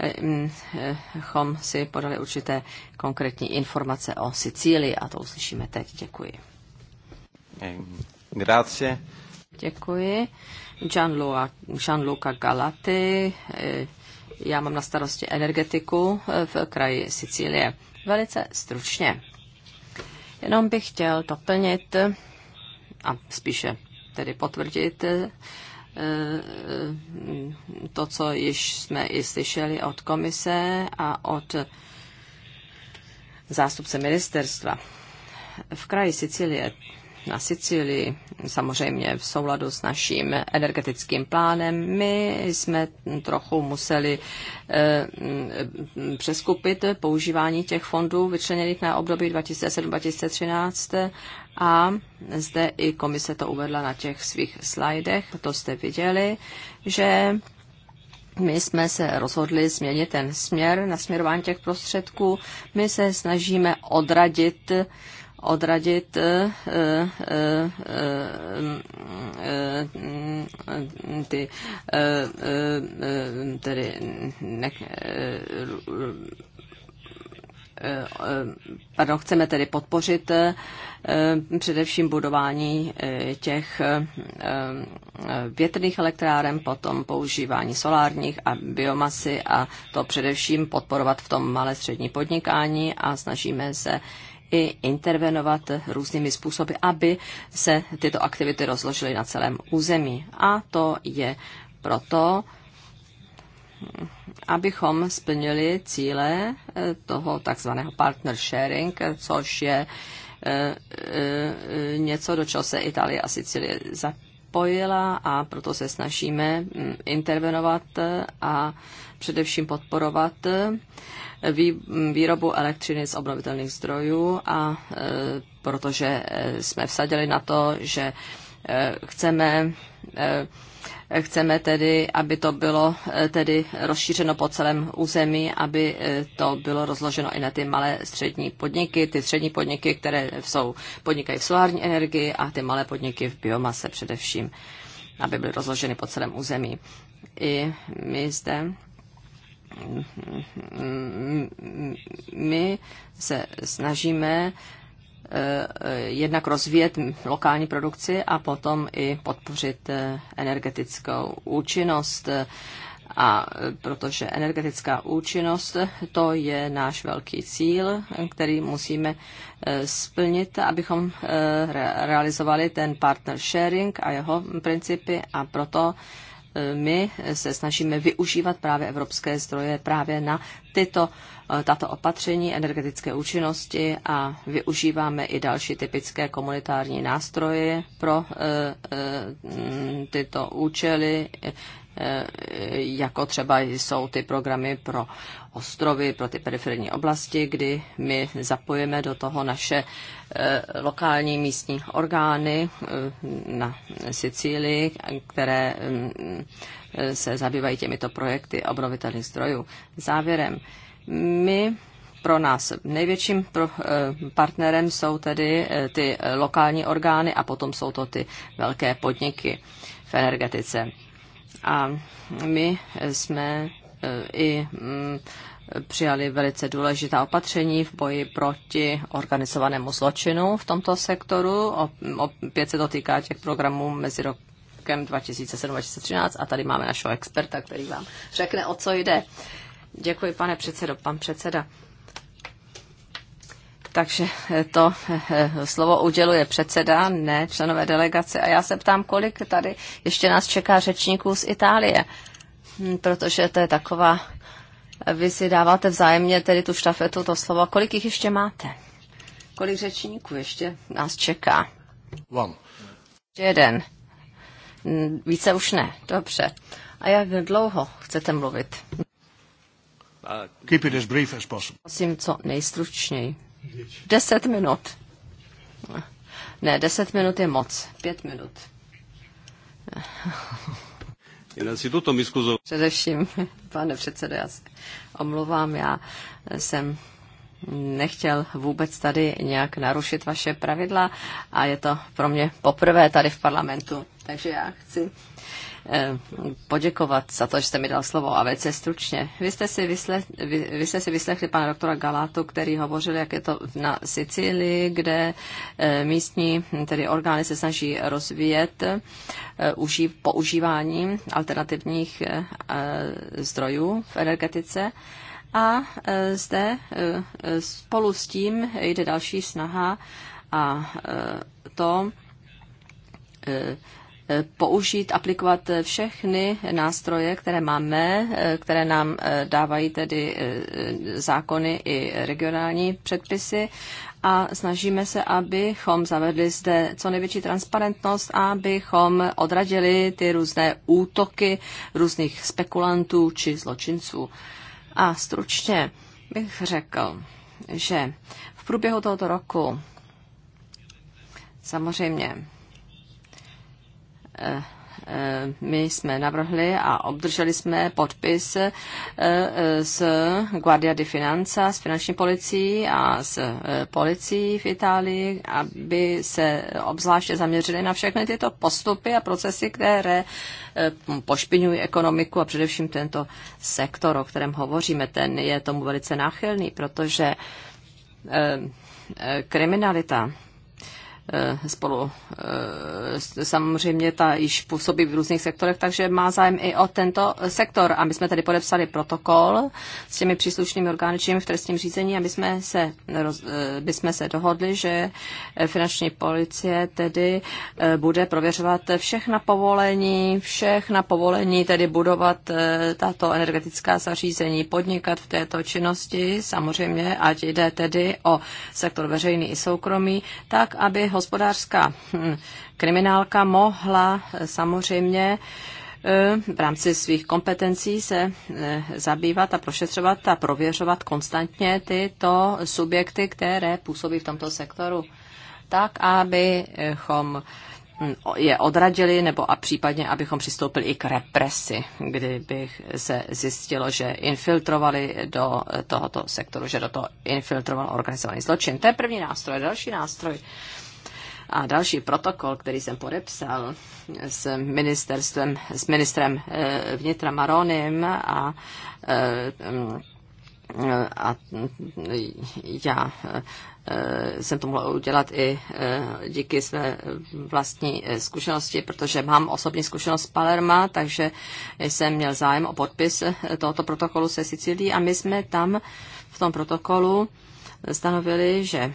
[SPEAKER 2] Ehm, ehm, chom si podali určité konkrétní informace o Sicílii a to uslyšíme teď. Děkuji.
[SPEAKER 4] Ehm, grazie.
[SPEAKER 2] Děkuji. Gianluca, Gianluca Galati. Eh, já mám na starosti energetiku eh, v kraji Sicílie. Velice stručně. Jenom bych chtěl doplnit eh, a spíše tedy potvrdit Eh, to, co již jsme i slyšeli od komise a od zástupce ministerstva. V kraji Sicilie, na Sicílii, samozřejmě v souladu s naším energetickým plánem, my jsme trochu museli eh, přeskupit používání těch fondů vyčleněných na období 2007-2013 a zde i komise to uvedla na těch svých slajdech, to jste viděli, že my jsme se rozhodli změnit ten směr, na směrování těch prostředků. My se snažíme odradit odradit eh, eh, eh, ty tedy Eh, pardon, chceme tedy podpořit eh, především budování eh, těch větrných elektráren, potom používání solárních a biomasy a to především podporovat v tom malé střední podnikání a snažíme se i intervenovat různými způsoby, aby se tyto aktivity rozložily na celém území. A to je proto, abychom splnili cíle eh, toho takzvaného partner sharing, eh, což je eh, něco, do čeho se Itálie a Sicilie zapojila a proto se snažíme mm, intervenovat a především podporovat mm, výrobu elektřiny z obnovitelných zdrojů a protože jsme vsadili na to, že chceme Chceme tedy, aby to bylo eh, tedy rozšířeno po celém území, aby eh, to bylo rozloženo i na ty malé střední podniky, ty střední podniky, které jsou, podnikají v solární energii a ty malé podniky v biomase především, aby byly rozloženy po celém území. I my zde my se snažíme Eh, jednak rozvíjet lokální produkci a potom i podpořit eh, energetickou účinnost. A eh, protože energetická účinnost to je náš velký cíl, který musíme splnit, abychom realizovali ten partner sharing a jeho principy a proto my se snažíme využívat právě evropské zdroje právě na tyto, eh, tato opatření energetické účinnosti a využíváme i další typické komunitární nástroje pro eh, eh, tyto účely, jako třeba jsou ty programy pro ostrovy, pro ty periferní oblasti, kdy my zapojíme do toho naše eh, lokální místní orgány eh, na Sicílii, které mm, se zabývají těmito projekty obnovitelných zdrojů. Závěrem, my pro nás největším eh, partnerem jsou tedy ty lokální orgány a potom jsou to ty velké podniky v energetice. A my jsme i mm, přijali velice důležitá opatření v boji proti organizovanému zločinu v tomto sektoru. Opět se to týká těch programů mezi rokem 2007-2013 a tady máme našeho experta, který vám řekne, o co jde. Děkuji, pane předsedo. Pan předseda. Takže to slovo uděluje předseda, ne členové delegace. A já se ptám, kolik tady ještě nás čeká řečníků z Itálie. Hm, protože to je taková, vy si dáváte vzájemně tedy tu štafetu, to slovo. Kolik jich ještě máte? Kolik řečníků ještě nás čeká? Vám. jeden. Hm, více už ne, dobře. A jak dlouho chcete mluvit?
[SPEAKER 1] Keep it as brief
[SPEAKER 2] as possible. Prosím, co nejstručněji. Deset minut. Ne, deset minut je moc. Pět minut. Především, pane předsedo, já se omlouvám, já jsem nechtěl vůbec tady nějak narušit vaše pravidla a je to pro mě poprvé tady v parlamentu. Takže já chci poděkovat za to, že jste mi dal slovo a velice stručně. Vy jste si, vyslechli, vy, vy jste si vyslechli pana doktora Galátu, který hovořil, jak je to na Sicílii, kde eh, místní hm, tedy orgány se snaží rozvíjet eh, uží, používání alternativních eh, zdrojů v energetice. A zde spolu s tím jde další snaha a to použít, aplikovat všechny nástroje, které máme, které nám eh, dávají tedy eh, zákony i regionální předpisy a snažíme se, abychom zavedli zde co největší transparentnost, abychom odradili ty různé útoky různých spekulantů či zločinců. A stručně bych řekl, že v průběhu tohoto roku samozřejmě Eh, eh, my jsme navrhli a obdrželi jsme podpis eh, z Guardia di Finanza, s finanční policií a s policií v Itálii, aby se obzvláště zaměřili na všechny tyto postupy a procesy, které pošpiňují ekonomiku a především tento sektor, o kterém hovoříme, ten je tomu velice náchylný, protože kriminalita Eh, spolu eh, samozřejmě ta již působí v různých sektorech, takže má zájem i o tento sektor. A my jsme tady podepsali protokol s těmi příslušnými orgány v trestním řízení aby jsme se, eh, by jsme se dohodli, že finanční policie tedy bude prověřovat všechna povolení, všechna povolení tedy budovat tato energetická zařízení, podnikat v této činnosti, samozřejmě, ať jde tedy o sektor veřejný i soukromý, tak, aby ho hospodářská hm, kriminálka mohla eh, samozřejmě eh, v rámci svých kompetencí se eh, zabývat a prošetřovat a prověřovat konstantně tyto subjekty, které působí v tomto sektoru, tak abychom hm, je odradili nebo a případně, abychom přistoupili i k represi, kdybych se zjistilo, že infiltrovali do tohoto sektoru, že do toho infiltroval organizovaný zločin. To je první nástroj. Další nástroj a další protokol, který jsem podepsal s, ministerstvem, s ministrem eh, vnitra Maronem a eh, a mm, já eh, jsem to mohla udělat i díky své vlastní zkušenosti, protože mám osobní zkušenost z Palerma, takže jsem měl zájem o podpis tohoto protokolu se Sicílií a my jsme tam v tom protokolu stanovili, že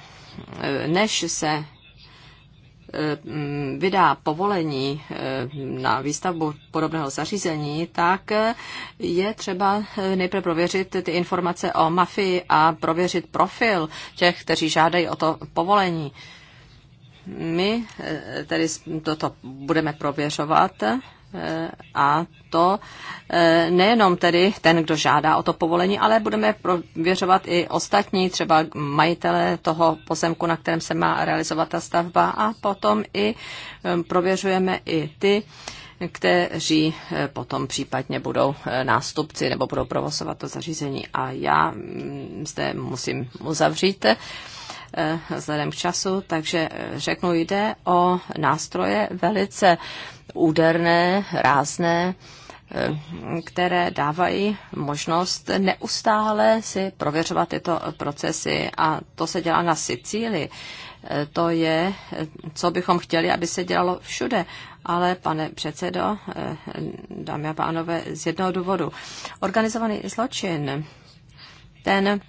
[SPEAKER 2] než se Eh, vydá povolení eh, na výstavbu podobného zařízení, tak je třeba eh, nejprve prověřit ty informace o mafii a prověřit profil těch, kteří žádají o to povolení. My tedy toto budeme prověřovat Eh, a to eh, nejenom tedy ten, kdo žádá o to povolení, ale budeme prověřovat i ostatní, třeba majitele toho pozemku, na kterém se má realizovat ta stavba a potom i eh, prověřujeme i ty, kteří potom případně budou nástupci nebo budou provozovat to zařízení. A já mm, zde musím uzavřít Eh, vzhledem k času, takže eh, řeknu, jde o nástroje velice úderné, rázné, eh, které dávají možnost neustále si prověřovat tyto procesy. A to se dělá na Sicílii. To je, co bychom chtěli, aby se dělalo všude. Ale, pane předsedo, dámy a pánové, z jednoho důvodu. Organizovaný zločin, ten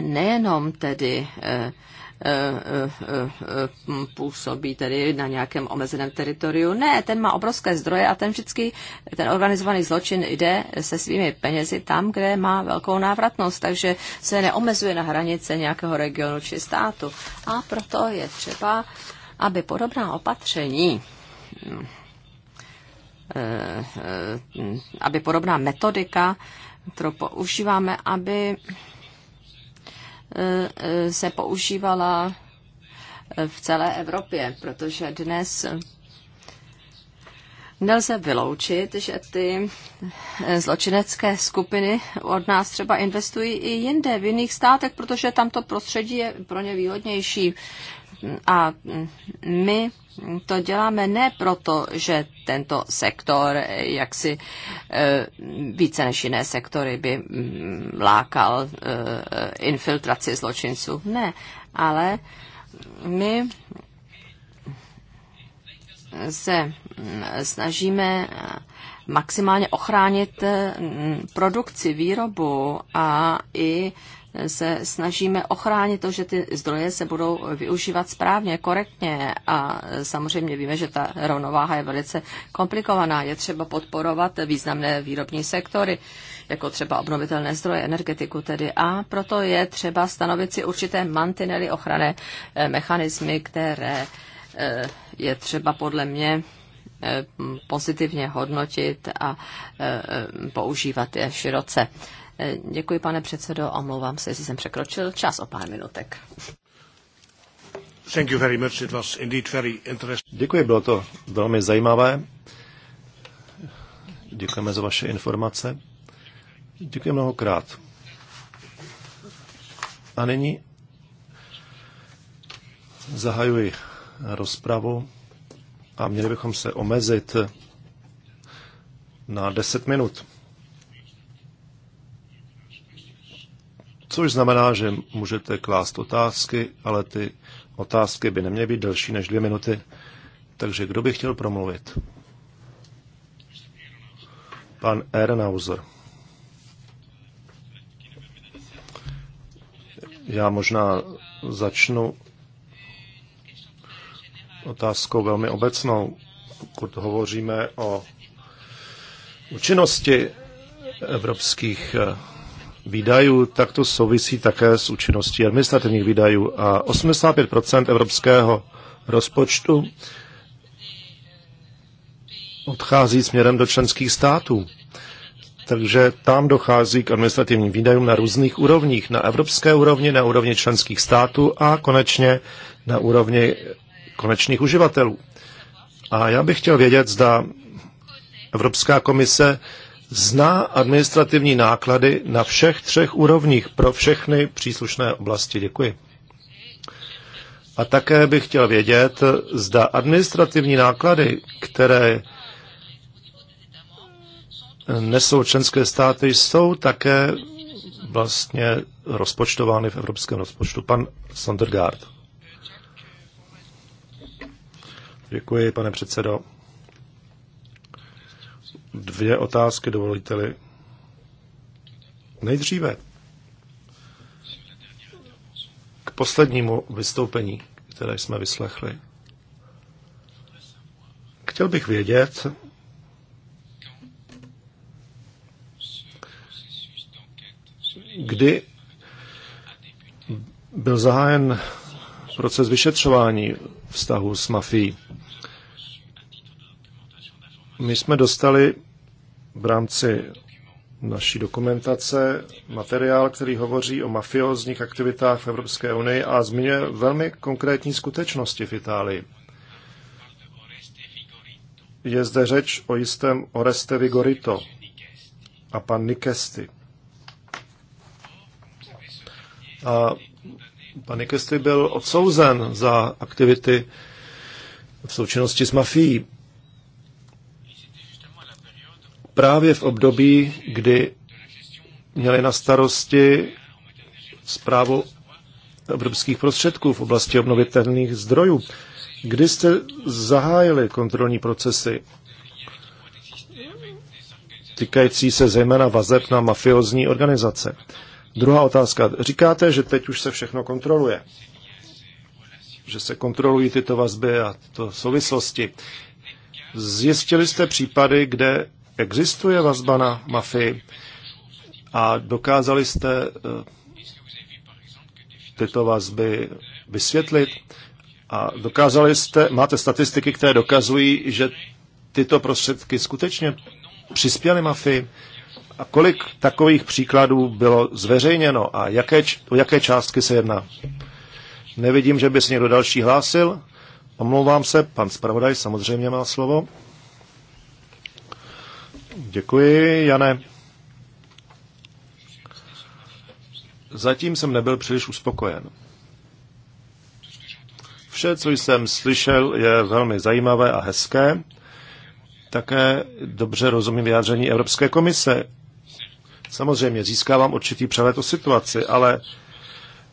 [SPEAKER 2] nejenom tedy eh, eh, eh, působí tedy na nějakém omezeném teritoriu. Ne, ten má obrovské zdroje a ten vždycky, ten organizovaný zločin jde se svými penězi tam, kde má velkou návratnost, takže se neomezuje na hranice nějakého regionu či státu. A proto je třeba, aby podobná opatření aby podobná metodika, kterou používáme, aby se používala v celé Evropě, protože dnes nelze vyloučit, že ty zločinecké skupiny od nás třeba investují i jinde, v jiných státech, protože tamto prostředí je pro ně výhodnější a my to děláme ne proto, že tento sektor jaksi e, více než jiné sektory by lákal e, infiltraci zločinců. Ne, ale my se snažíme maximálně ochránit produkci, výrobu a i se snažíme ochránit to, že ty zdroje se budou využívat správně, korektně a samozřejmě víme, že ta rovnováha je velice komplikovaná. Je třeba podporovat významné výrobní sektory, jako třeba obnovitelné zdroje, energetiku tedy. A proto je třeba stanovit si určité mantinely ochrany, eh, mechanismy, které eh, je třeba podle mě eh, pozitivně hodnotit a používat je široce. Eh, děkuji, pane předsedo, omlouvám se, jestli jsem překročil čas o pár minutek.
[SPEAKER 1] Thank you
[SPEAKER 3] very much. It was indeed very interesting. Děkuji, bylo to velmi zajímavé. Děkujeme za vaše informace. Děkuji mnohokrát. A nyní zahajuji rozpravu a měli bychom se omezit na 10 minut. což znamená, že můžete klást otázky, ale ty otázky by neměly být delší než dvě minuty. Takže kdo by chtěl promluvit? Pan Ehrenhauser. Já možná začnu otázkou velmi obecnou. Pokud hovoříme o účinnosti evropských výdajů, tak to souvisí také s účinností administrativních výdajů. A 85 evropského rozpočtu odchází směrem do členských států. Takže tam dochází k administrativním výdajům na různých úrovních. Na evropské úrovni, na úrovni členských států a konečně na úrovni konečných uživatelů. A já bych chtěl vědět, zda Evropská komise zná administrativní náklady na všech třech úrovních pro všechny příslušné oblasti. Děkuji. A také bych chtěl vědět, zda administrativní náklady, které nesou členské státy, jsou také vlastně rozpočtovány v evropském rozpočtu. Pan Sondergaard. Děkuji, pane předsedo dvě otázky, dovolíte-li. Nejdříve k poslednímu vystoupení, které jsme vyslechli. Chtěl bych vědět, kdy byl zahájen proces vyšetřování vztahu s mafií my jsme dostali v rámci naší dokumentace materiál, který hovoří o mafiozních aktivitách v Evropské unii a zmiňuje velmi konkrétní skutečnosti v Itálii. Je zde řeč o jistém Oreste Vigorito a pan Nikesty. A pan Nikesty byl odsouzen za aktivity v součinnosti s mafií právě v období, kdy měli na starosti zprávu evropských prostředků v oblasti obnovitelných zdrojů. Kdy jste zahájili kontrolní procesy týkající se zejména vazeb na mafiozní organizace? Druhá otázka. Říkáte, že teď už se všechno kontroluje. Že se kontrolují tyto vazby a tyto souvislosti. Zjistili jste případy, kde existuje vazba na mafii a dokázali jste eh, tyto vazby vysvětlit a dokázali jste, máte statistiky, které dokazují, že tyto prostředky skutečně přispěly mafii a kolik takových příkladů bylo zveřejněno a jaké, o jaké částky se jedná? Nevidím, že by se někdo další hlásil. Omlouvám se, pan zpravodaj samozřejmě má slovo. Děkuji, Jane. Zatím jsem nebyl příliš uspokojen. Vše, co jsem slyšel, je velmi zajímavé a hezké. Také dobře rozumím vyjádření Evropské komise. Samozřejmě získávám určitý přehled o situaci, ale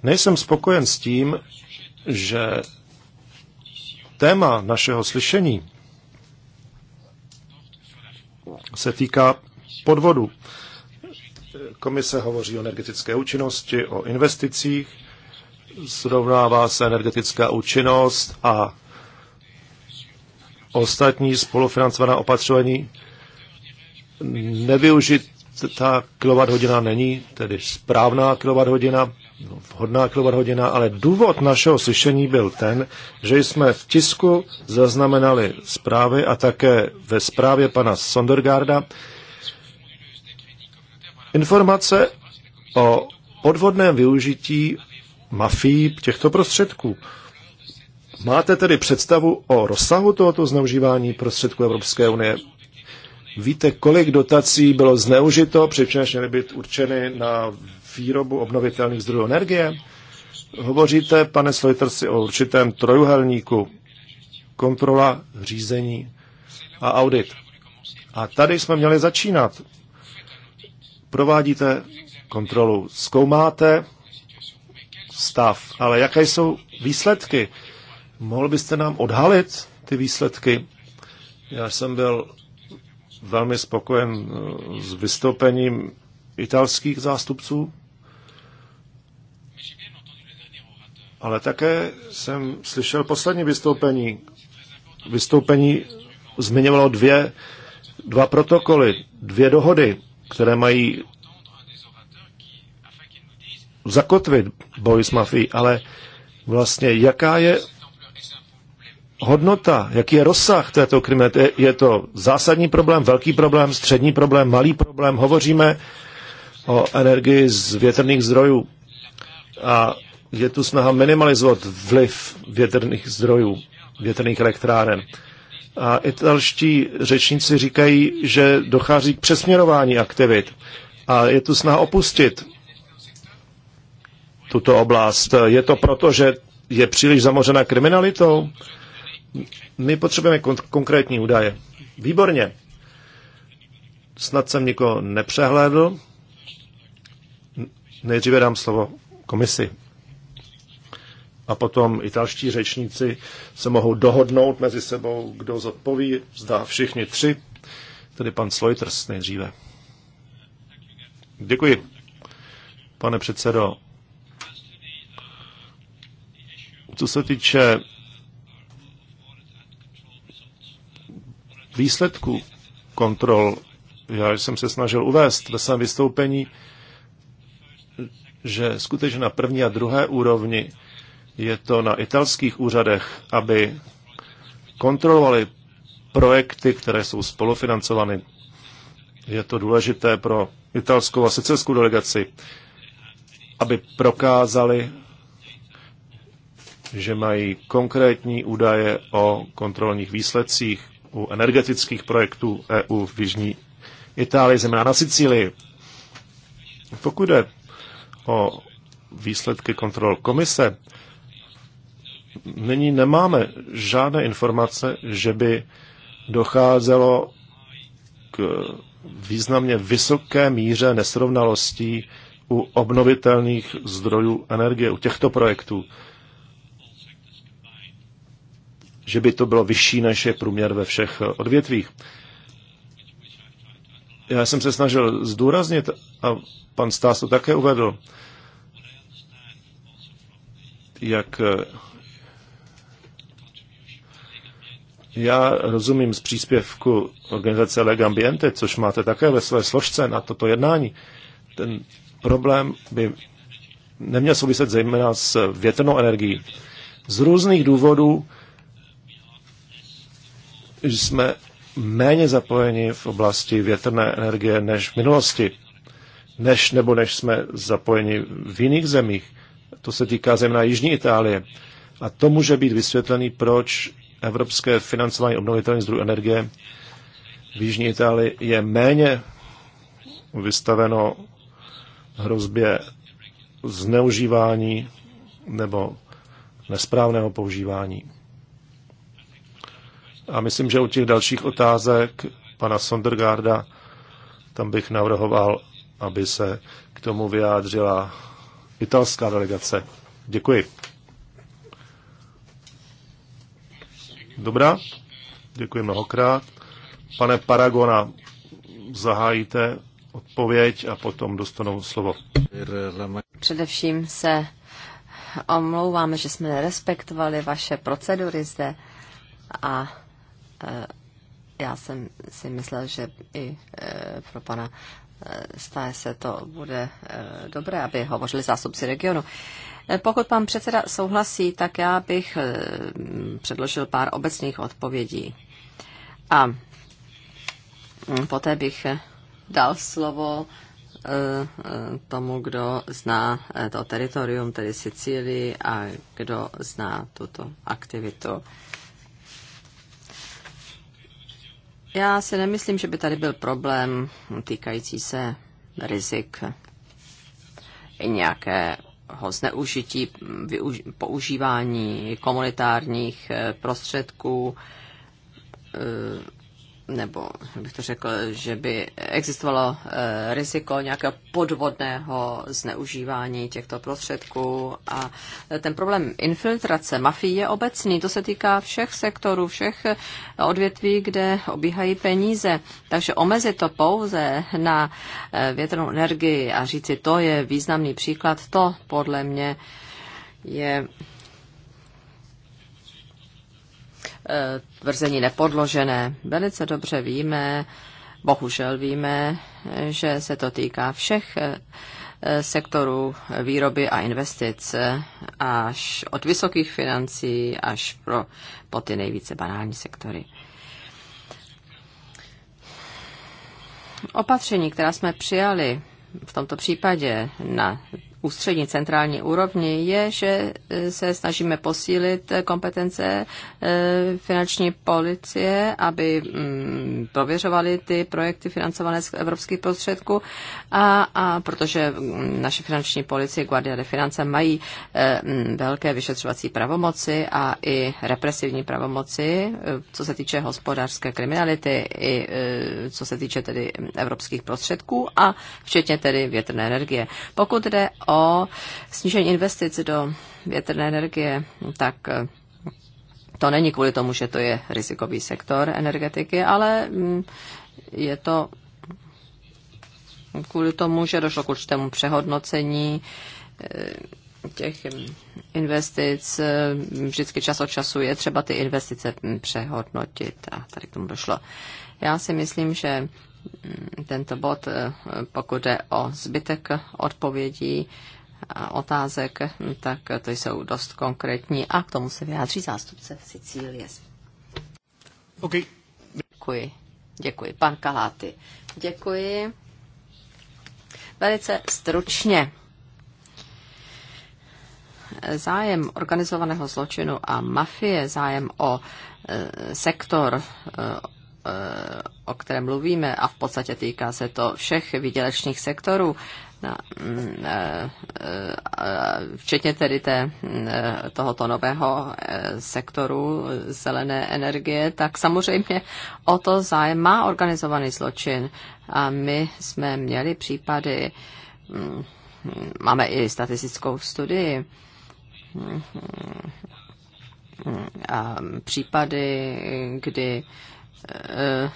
[SPEAKER 3] nejsem spokojen s tím, že téma našeho slyšení se týká podvodu. Komise hovoří o energetické účinnosti, o investicích, srovnává se energetická účinnost a ostatní spolufinancovaná opatření. Nevyužitá hodina není, tedy správná hodina vhodná kilowatthodina, ale důvod našeho slyšení byl ten, že jsme v tisku zaznamenali zprávy a také ve zprávě pana Sondergarda informace o podvodném využití mafií těchto prostředků. Máte tedy představu o rozsahu tohoto zneužívání prostředků Evropské unie? Víte, kolik dotací bylo zneužito, přičemž měly být určeny na výrobu obnovitelných zdrojů energie? Hovoříte, pane Slojtersi, o určitém trojuhelníku kontrola, řízení a audit. A tady jsme měli začínat. Provádíte kontrolu, zkoumáte stav, ale jaké jsou výsledky? Mohl byste nám odhalit ty výsledky? Já jsem byl velmi spokojen s vystoupením italských zástupců Ale také jsem slyšel poslední vystoupení. Vystoupení zmiňovalo dvě, dva protokoly, dvě dohody, které mají zakotvit boj s mafií, ale vlastně jaká je hodnota, jaký je rozsah této kriminality. Je, je to zásadní problém, velký problém, střední problém, malý problém. Hovoříme o energii z větrných zdrojů. A je tu snaha minimalizovat vliv větrných zdrojů, větrných elektráren. A italští řečníci říkají, že dochází k přesměrování aktivit a je tu snaha opustit tuto oblast. Je to proto, že je příliš zamořena kriminalitou? My potřebujeme kon- konkrétní údaje. Výborně. Snad jsem nikoho nepřehlédl. Nejdříve dám slovo komisi a potom italští řečníci se mohou dohodnout mezi sebou, kdo zodpoví, zdá všichni tři, tedy pan Slojters nejdříve. Děkuji, pane předsedo. Co se týče výsledků kontrol, já jsem se snažil uvést ve svém vystoupení, že skutečně na první a druhé úrovni je to na italských úřadech, aby kontrolovali projekty, které jsou spolufinancovány. Je to důležité pro italskou a sicilskou delegaci, aby prokázali, že mají konkrétní údaje o kontrolních výsledcích u energetických projektů EU v Jižní Itálii, zejména na Sicílii. Pokud jde o výsledky kontrol komise, nyní nemáme žádné informace, že by docházelo k významně vysoké míře nesrovnalostí u obnovitelných zdrojů energie, u těchto projektů. Že by to bylo vyšší, než je průměr ve všech odvětvích. Já jsem se snažil zdůraznit, a pan Stás to také uvedl, jak Já rozumím z příspěvku organizace Legambiente, což máte také ve své složce na toto jednání. Ten problém by neměl souviset zejména s větrnou energií. Z různých důvodů jsme méně zapojeni v oblasti větrné energie než v minulosti, než nebo než jsme zapojeni v jiných zemích. To se týká zejména Jižní Itálie. A to může být vysvětlený, proč evropské financování obnovitelných zdrojů energie v Jižní Itálii je méně vystaveno hrozbě zneužívání nebo nesprávného používání. A myslím, že u těch dalších otázek pana Sondergarda tam bych navrhoval, aby se k tomu vyjádřila italská delegace. Děkuji. Dobrá, děkuji mnohokrát. Pane Paragona, zahájíte odpověď a potom dostanou slovo.
[SPEAKER 2] Především se omlouváme, že jsme nerespektovali vaše procedury zde a e, já jsem si myslel, že i e, pro pana stále se to bude eh, dobré, aby hovořili zástupci regionu. Eh, pokud pan předseda souhlasí, tak já bych eh, předložil pár obecných odpovědí. A hm, poté bych dal slovo tomu, kdo zná to teritorium, tedy Sicílii, a kdo zná tuto aktivitu. Já si nemyslím, že by tady byl problém týkající se rizik i nějakého zneužití, používání komunitárních eh, prostředků eh, nebo bych to řekl, že by existovalo eh, riziko nějakého podvodného zneužívání těchto prostředků. A eh, ten problém infiltrace mafii je obecný. To se týká všech sektorů, všech eh, odvětví, kde obíhají peníze. Takže omezit to pouze na větrnou energii a říci, to je významný příklad, to podle mě je Eh, tvrzení nepodložené. Velice dobře víme, bohužel víme, že se to týká všech eh, sektorů výroby a investic, až od vysokých financí až pro, po ty nejvíce banální sektory. Opatření, která jsme přijali v tomto případě na ústřední centrální úrovni, je, že e, se snažíme posílit kompetence e, finanční policie, aby mm, prověřovali ty projekty financované z evropských prostředků, a, a protože mm, naše finanční policie, Guardia de Finance, mají e, mm, velké vyšetřovací pravomoci a i represivní pravomoci, co se týče hospodářské kriminality, i co se týče tedy evropských prostředků a včetně tedy větrné energie. Pokud jde o o snížení investic do větrné energie, tak eh, to není kvůli tomu, že to je rizikový sektor energetiky, ale mm, je to kvůli tomu, že došlo k určitému přehodnocení eh, těch investic. Eh, vždycky čas od času je třeba ty investice mm, přehodnotit a tady k tomu došlo. Já si myslím, že tento bod, eh, pokud jde o zbytek odpovědí a otázek, tak to jsou dost konkrétní a k tomu se vyjádří zástupce Sicílie. Okay. Děkuji. Děkuji. Pan Kaláty. Děkuji. Velice stručně. Zájem organizovaného zločinu a mafie, zájem o eh, sektor eh, Eh, o které mluvíme, a v podstatě týká se to všech výdělečných sektorů, mm, eh, eh, včetně tedy té, tohoto nového sektoru zelené energie, tak samozřejmě o to zájem má organizovaný zločin. A my jsme měli případy, mm, máme i statistickou studii, mm, a případy, kdy Eh,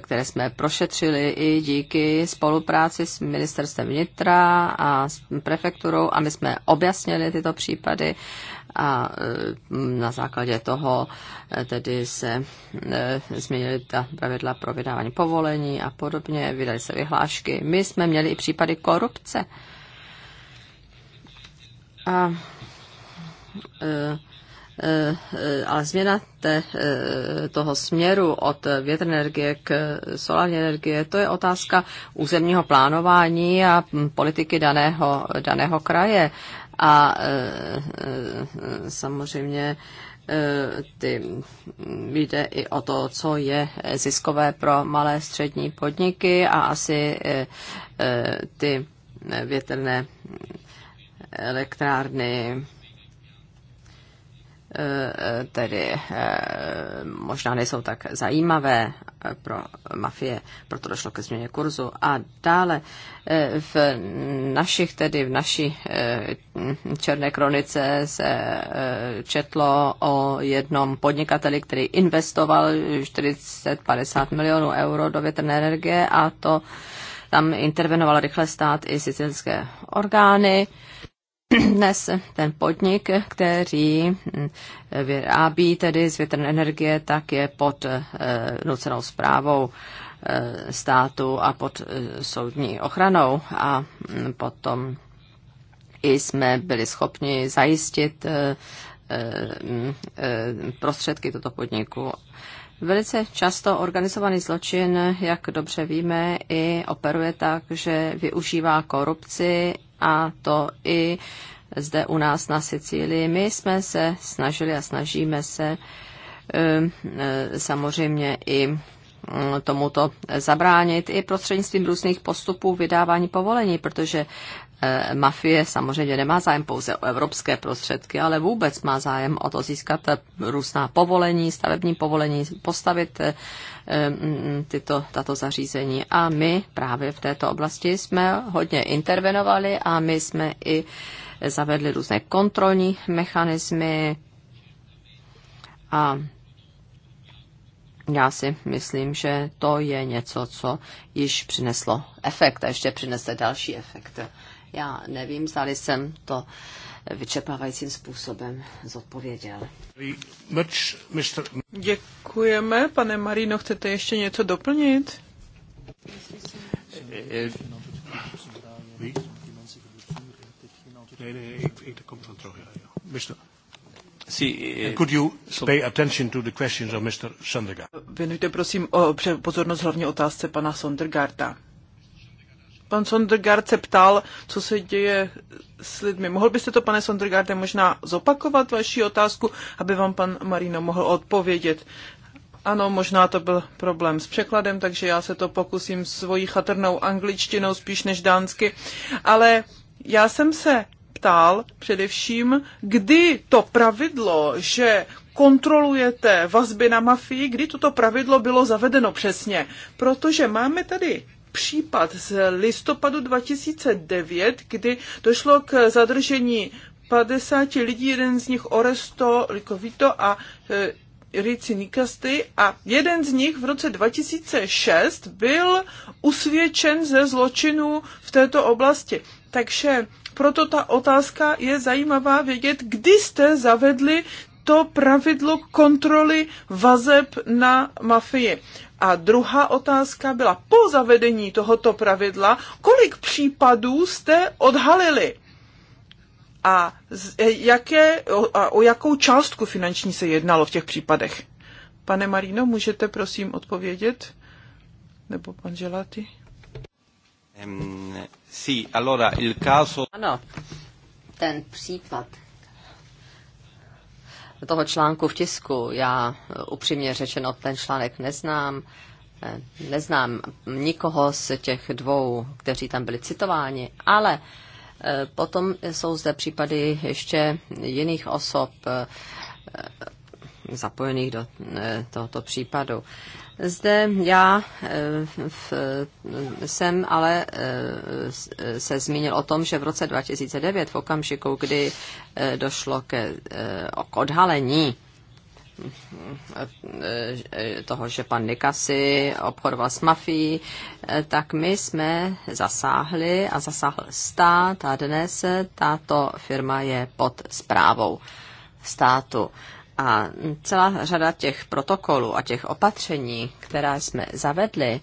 [SPEAKER 2] které jsme prošetřili i díky spolupráci s ministerstvem vnitra a s prefekturou a my jsme objasnili tyto případy a eh, na základě toho eh, tedy se změnily ta pravidla pro vydávání povolení a podobně, vydali se vyhlášky. My jsme měli i případy korupce. A, Eh, ale změna te, eh, toho směru od větrné energie k solární energie, to je otázka územního plánování a politiky daného, daného kraje. A eh, samozřejmě ty, hm, jde i o to, co je ziskové pro malé střední podniky a asi ty větrné hm, elektrárny Eh, tedy eh, možná nejsou tak zajímavé eh, pro mafie, proto došlo ke změně kurzu. A dále v našich, tedy v naší černé kronice se četlo o jednom podnikateli, který investoval 40-50 milionů euro do větrné energie a to tam intervenoval rychle stát i sicilské orgány dnes ten podnik, který hm, vyrábí tedy z větrné energie, tak je pod eh, nucenou zprávou eh, státu a pod eh, soudní ochranou a hm, potom i jsme byli schopni zajistit hm, prostředky toto podniku. Velice často organizovaný zločin, jak dobře víme, i operuje tak, že využívá korupci a to i zde u nás na Sicílii. My jsme se snažili a snažíme se ehm, e, samozřejmě i mm, tomuto zabránit i prostřednictvím různých postupů vydávání povolení, protože e, mafie samozřejmě nemá zájem pouze o evropské prostředky, ale vůbec má zájem o to získat různá povolení, stavební povolení, postavit e, Mm, mm, tyto, tato zařízení. A my právě v této oblasti jsme hodně intervenovali a my jsme i zavedli různé kontrolní mechanismy a já si myslím, že to je něco, co již přineslo efekt a ještě přinese další efekt. Já nevím, zdali
[SPEAKER 4] jsem to vyčerpávajícím způsobem zodpověděl. Děkujeme. Pane Marino, chcete ještě něco doplnit?
[SPEAKER 1] Eh, could you pay attention to the questions of Mr.
[SPEAKER 4] Věnujte prosím o pozornost hlavně otázce pana Sondergarta pan Sondergaard se ptal, co se děje s lidmi. Mohl byste to, pane Sondergaarde, možná zopakovat vaši otázku, aby vám pan Marino mohl odpovědět? Ano, možná to byl problém s překladem, takže já se to pokusím svojí chatrnou angličtinou spíš než dánsky. Ale já jsem se ptal především, kdy to pravidlo, že kontrolujete vazby na mafii, kdy toto pravidlo bylo zavedeno přesně. Protože máme tady případ z listopadu 2009, kdy došlo k zadržení 50 lidí, jeden z nich Oresto Likovito a e, Rici Nikasty a jeden z nich v roce 2006 byl usvědčen ze zločinu v této oblasti. Takže proto ta otázka je zajímavá vědět, kdy jste zavedli to pravidlo kontroly vazeb na mafii. A druhá otázka byla, po zavedení tohoto pravidla, kolik případů jste odhalili? A, z, e, jaké, o, a o jakou částku finanční se jednalo v těch případech? Pane Marino, můžete prosím odpovědět? Nebo pan Gelati?
[SPEAKER 1] Um, sì, allora il caso... Ano,
[SPEAKER 2] ten případ toho článku v tisku. Já e, upřímně řečeno ten článek neznám. E, neznám nikoho z těch dvou, kteří tam byli citováni, ale e, potom jsou zde případy ještě jiných osob, zapojených do eh, tohoto případu. Zde já eh, v, jsem ale eh, se zmínil o tom, že v roce 2009, v okamžiku, kdy došlo ke, k odhalení toho, že pan Nikasi obchodoval s mafií, tak my jsme zasáhli a zasáhl stát a dnes tato firma je pod zprávou státu. A celá řada těch protokolů a těch opatření, která jsme zavedli,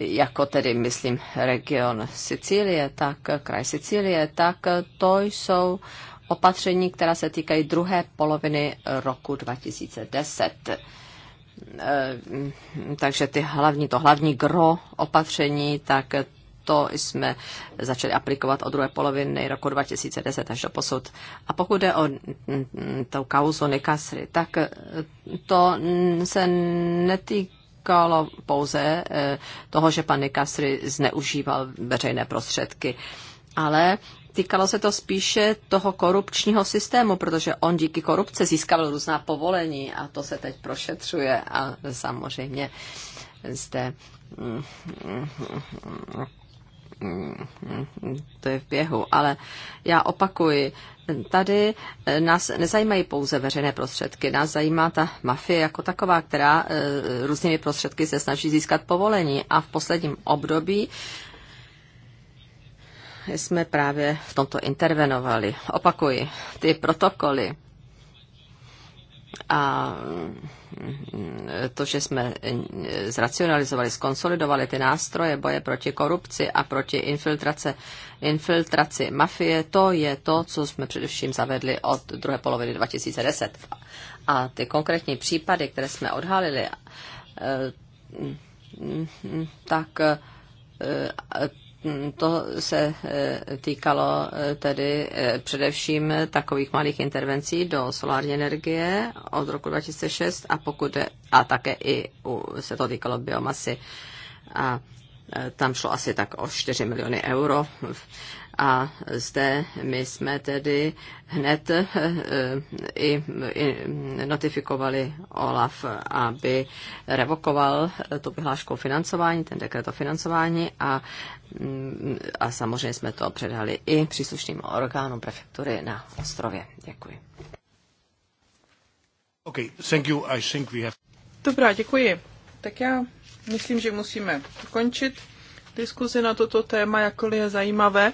[SPEAKER 2] jako tedy myslím region Sicílie, tak kraj Sicílie, tak to jsou opatření, která se týkají druhé poloviny roku 2010. E, takže ty hlavní, to hlavní gro opatření, tak to jsme začali aplikovat od druhé poloviny roku 2010 až do posud. A pokud jde o tou kauzu Nikasry, tak e, to se netýká pouze e, toho, že pan Nikasry zneužíval veřejné prostředky, ale týkalo se to spíše toho korupčního systému, protože on díky korupce získal různá povolení a to se teď prošetřuje a samozřejmě zde mm, mm, mm, to je v běhu, ale já opakuji, tady nás nezajímají pouze veřejné prostředky, nás zajímá ta mafie jako taková, která eh, různými prostředky se snaží získat povolení a v posledním období jsme právě v tomto intervenovali. Opakuji, ty protokoly a to, že jsme zracionalizovali, skonsolidovali ty nástroje boje proti korupci a proti infiltrace, infiltraci mafie, to je to, co jsme především zavedli od druhé poloviny 2010. A ty konkrétní případy, které jsme odhalili, eh, tak eh, Mm, to se e, týkalo e, tedy e, především takových malých intervencí do solární energie od roku 2006 a, pokud, a také i u, se to týkalo biomasy. A Eh, tam šlo asi tak o 4 miliony euro. A zde my jsme tedy hned eh, eh, i, notifikovali OLAF, aby revokoval tu vyhlášku o financování, ten dekret o financování a, mm, a samozřejmě jsme to předali i příslušným orgánům prefektury na ostrově. Děkuji.
[SPEAKER 1] Okay, thank you. I think we have...
[SPEAKER 4] Dobrá, děkuji. Tak já myslím, že musíme ukončit diskuzi na toto téma, jakkoliv je zajímavé,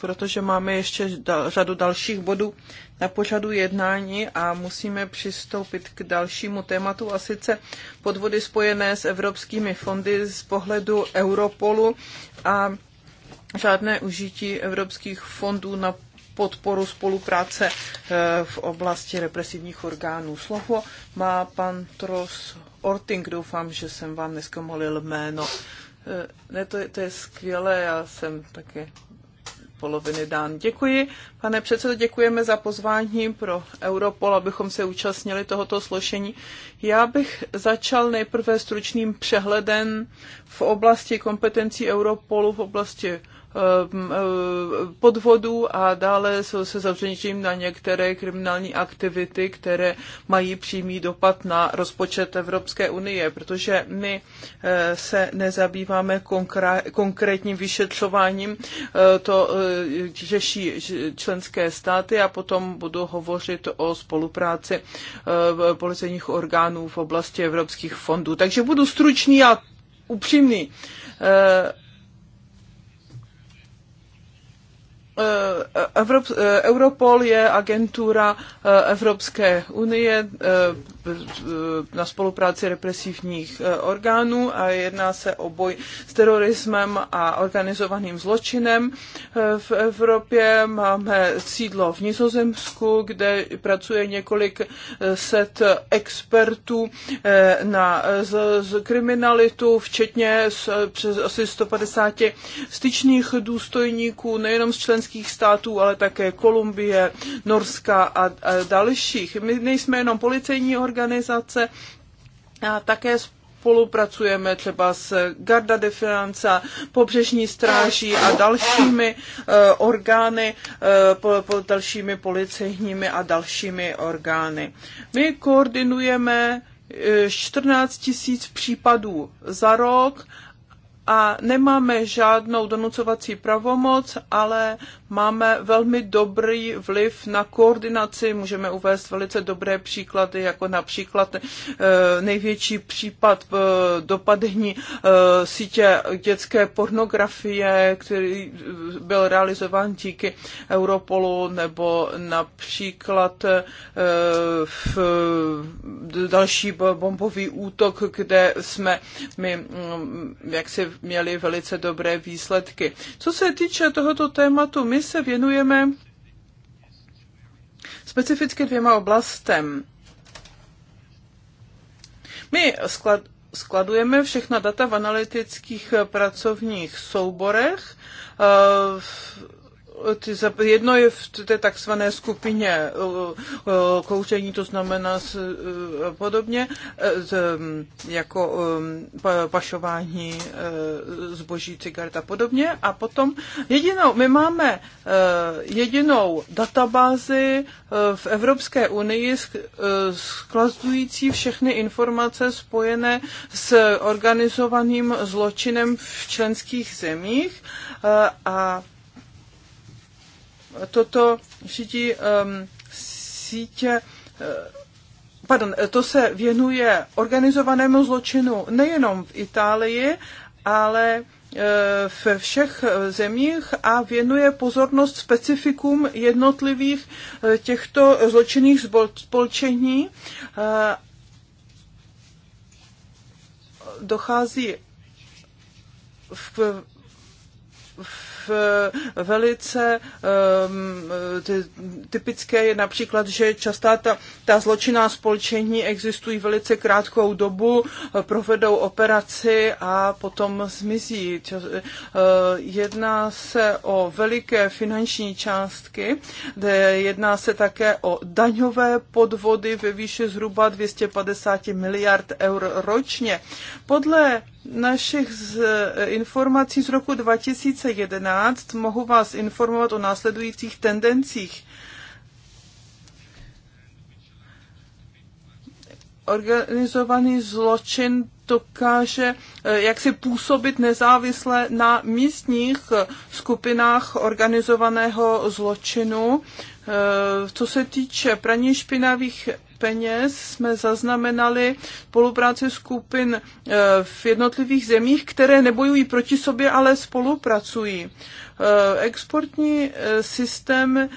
[SPEAKER 4] protože máme ještě řadu dalších bodů na pořadu jednání a musíme přistoupit k dalšímu tématu, a sice podvody spojené s evropskými fondy z pohledu Europolu a žádné užití evropských fondů na podporu spolupráce eh, v oblasti represivních orgánů. Slovo má pan Tros Orting. Doufám, že jsem vám dneska molil jméno. Eh, ne, to, je, to je skvělé, já jsem také poloviny dán. Děkuji, pane předsedo, děkujeme za pozvání pro Europol, abychom se účastnili tohoto složení. Já bych začal nejprve stručným přehledem v oblasti kompetencí Europolu, v oblasti Um, uh, podvodů a dále jsou se zavřením na některé kriminální aktivity, které mají přímý dopad na rozpočet Evropské unie, protože my uh, se nezabýváme konkrétním vyšetřováním, uh, to řeší členské státy a potom budu hovořit o spolupráci policejních orgánů v oblasti evropských fondů. Takže budu stručný a upřímný Eh, Evrop, eh, Europol je agentura eh, Evropské unie na spolupráci represivních orgánů a jedná se o boj s terorismem a organizovaným zločinem. V Evropě máme sídlo v Nizozemsku, kde pracuje několik set expertů na z, z kriminalitu, včetně z, přes asi 150 styčných důstojníků, nejenom z členských členských států, ale také Kolumbie, Norska a, a dalších. My nejsme jenom policejní organizace, a také spolupracujeme třeba s Garda de Financa, pobřežní stráží a dalšími uh, orgány, uh, po, po dalšími policejními a dalšími orgány. My koordinujeme 14 eh, tisíc případů za rok a nemáme žádnou donucovací pravomoc, ale máme velmi dobrý vliv na koordinaci. Můžeme uvést velice dobré příklady, jako například e, největší případ e, dopadní e, sítě dětské pornografie, který byl realizován díky Europolu, nebo například v další bombový útok, kde jsme my jaksi měli velice dobré výsledky. Co se týče tohoto tématu, my se věnujeme specificky dvěma oblastem. My sklad, skladujeme všechna data v analytických pracovních souborech, eh, ty, jedno je v té takzvané skupině kouření, to znamená e, podobně, e, jako e, pašování zboží, cigaret a podobně. A potom jedinou, my máme jedinou databázi v Evropské unii sklazdující všechny informace spojené s organizovaným zločinem v členských zemích a toto řídí um, sítě eh, pardon, to se věnuje organizovanému zločinu nejenom v Itálii, ale eh, ve všech eh, zemích a věnuje pozornost specifikům jednotlivých těchto zločinných spolčení. Dochází v, v v eh, velice eh, ty, typické je například, že častá ta, ta zločinná spolčení existují velice krátkou dobu, eh, provedou operaci a potom zmizí. Jedná se o veliké finanční částky, jedná se také o daňové podvody ve výši zhruba 250 miliard eur ročně. Podle našich z, eh, informací z roku 2011 mohu vás informovat o následujících tendencích. Organizovaný zločin dokáže eh, jak si působit nezávisle na místních eh, skupinách organizovaného zločinu. Co se týče praní špinavých peněz jsme zaznamenali spolupráci skupin eh, v jednotlivých zemích, které nebojují proti sobě, ale spolupracují. Eh, exportní eh, systém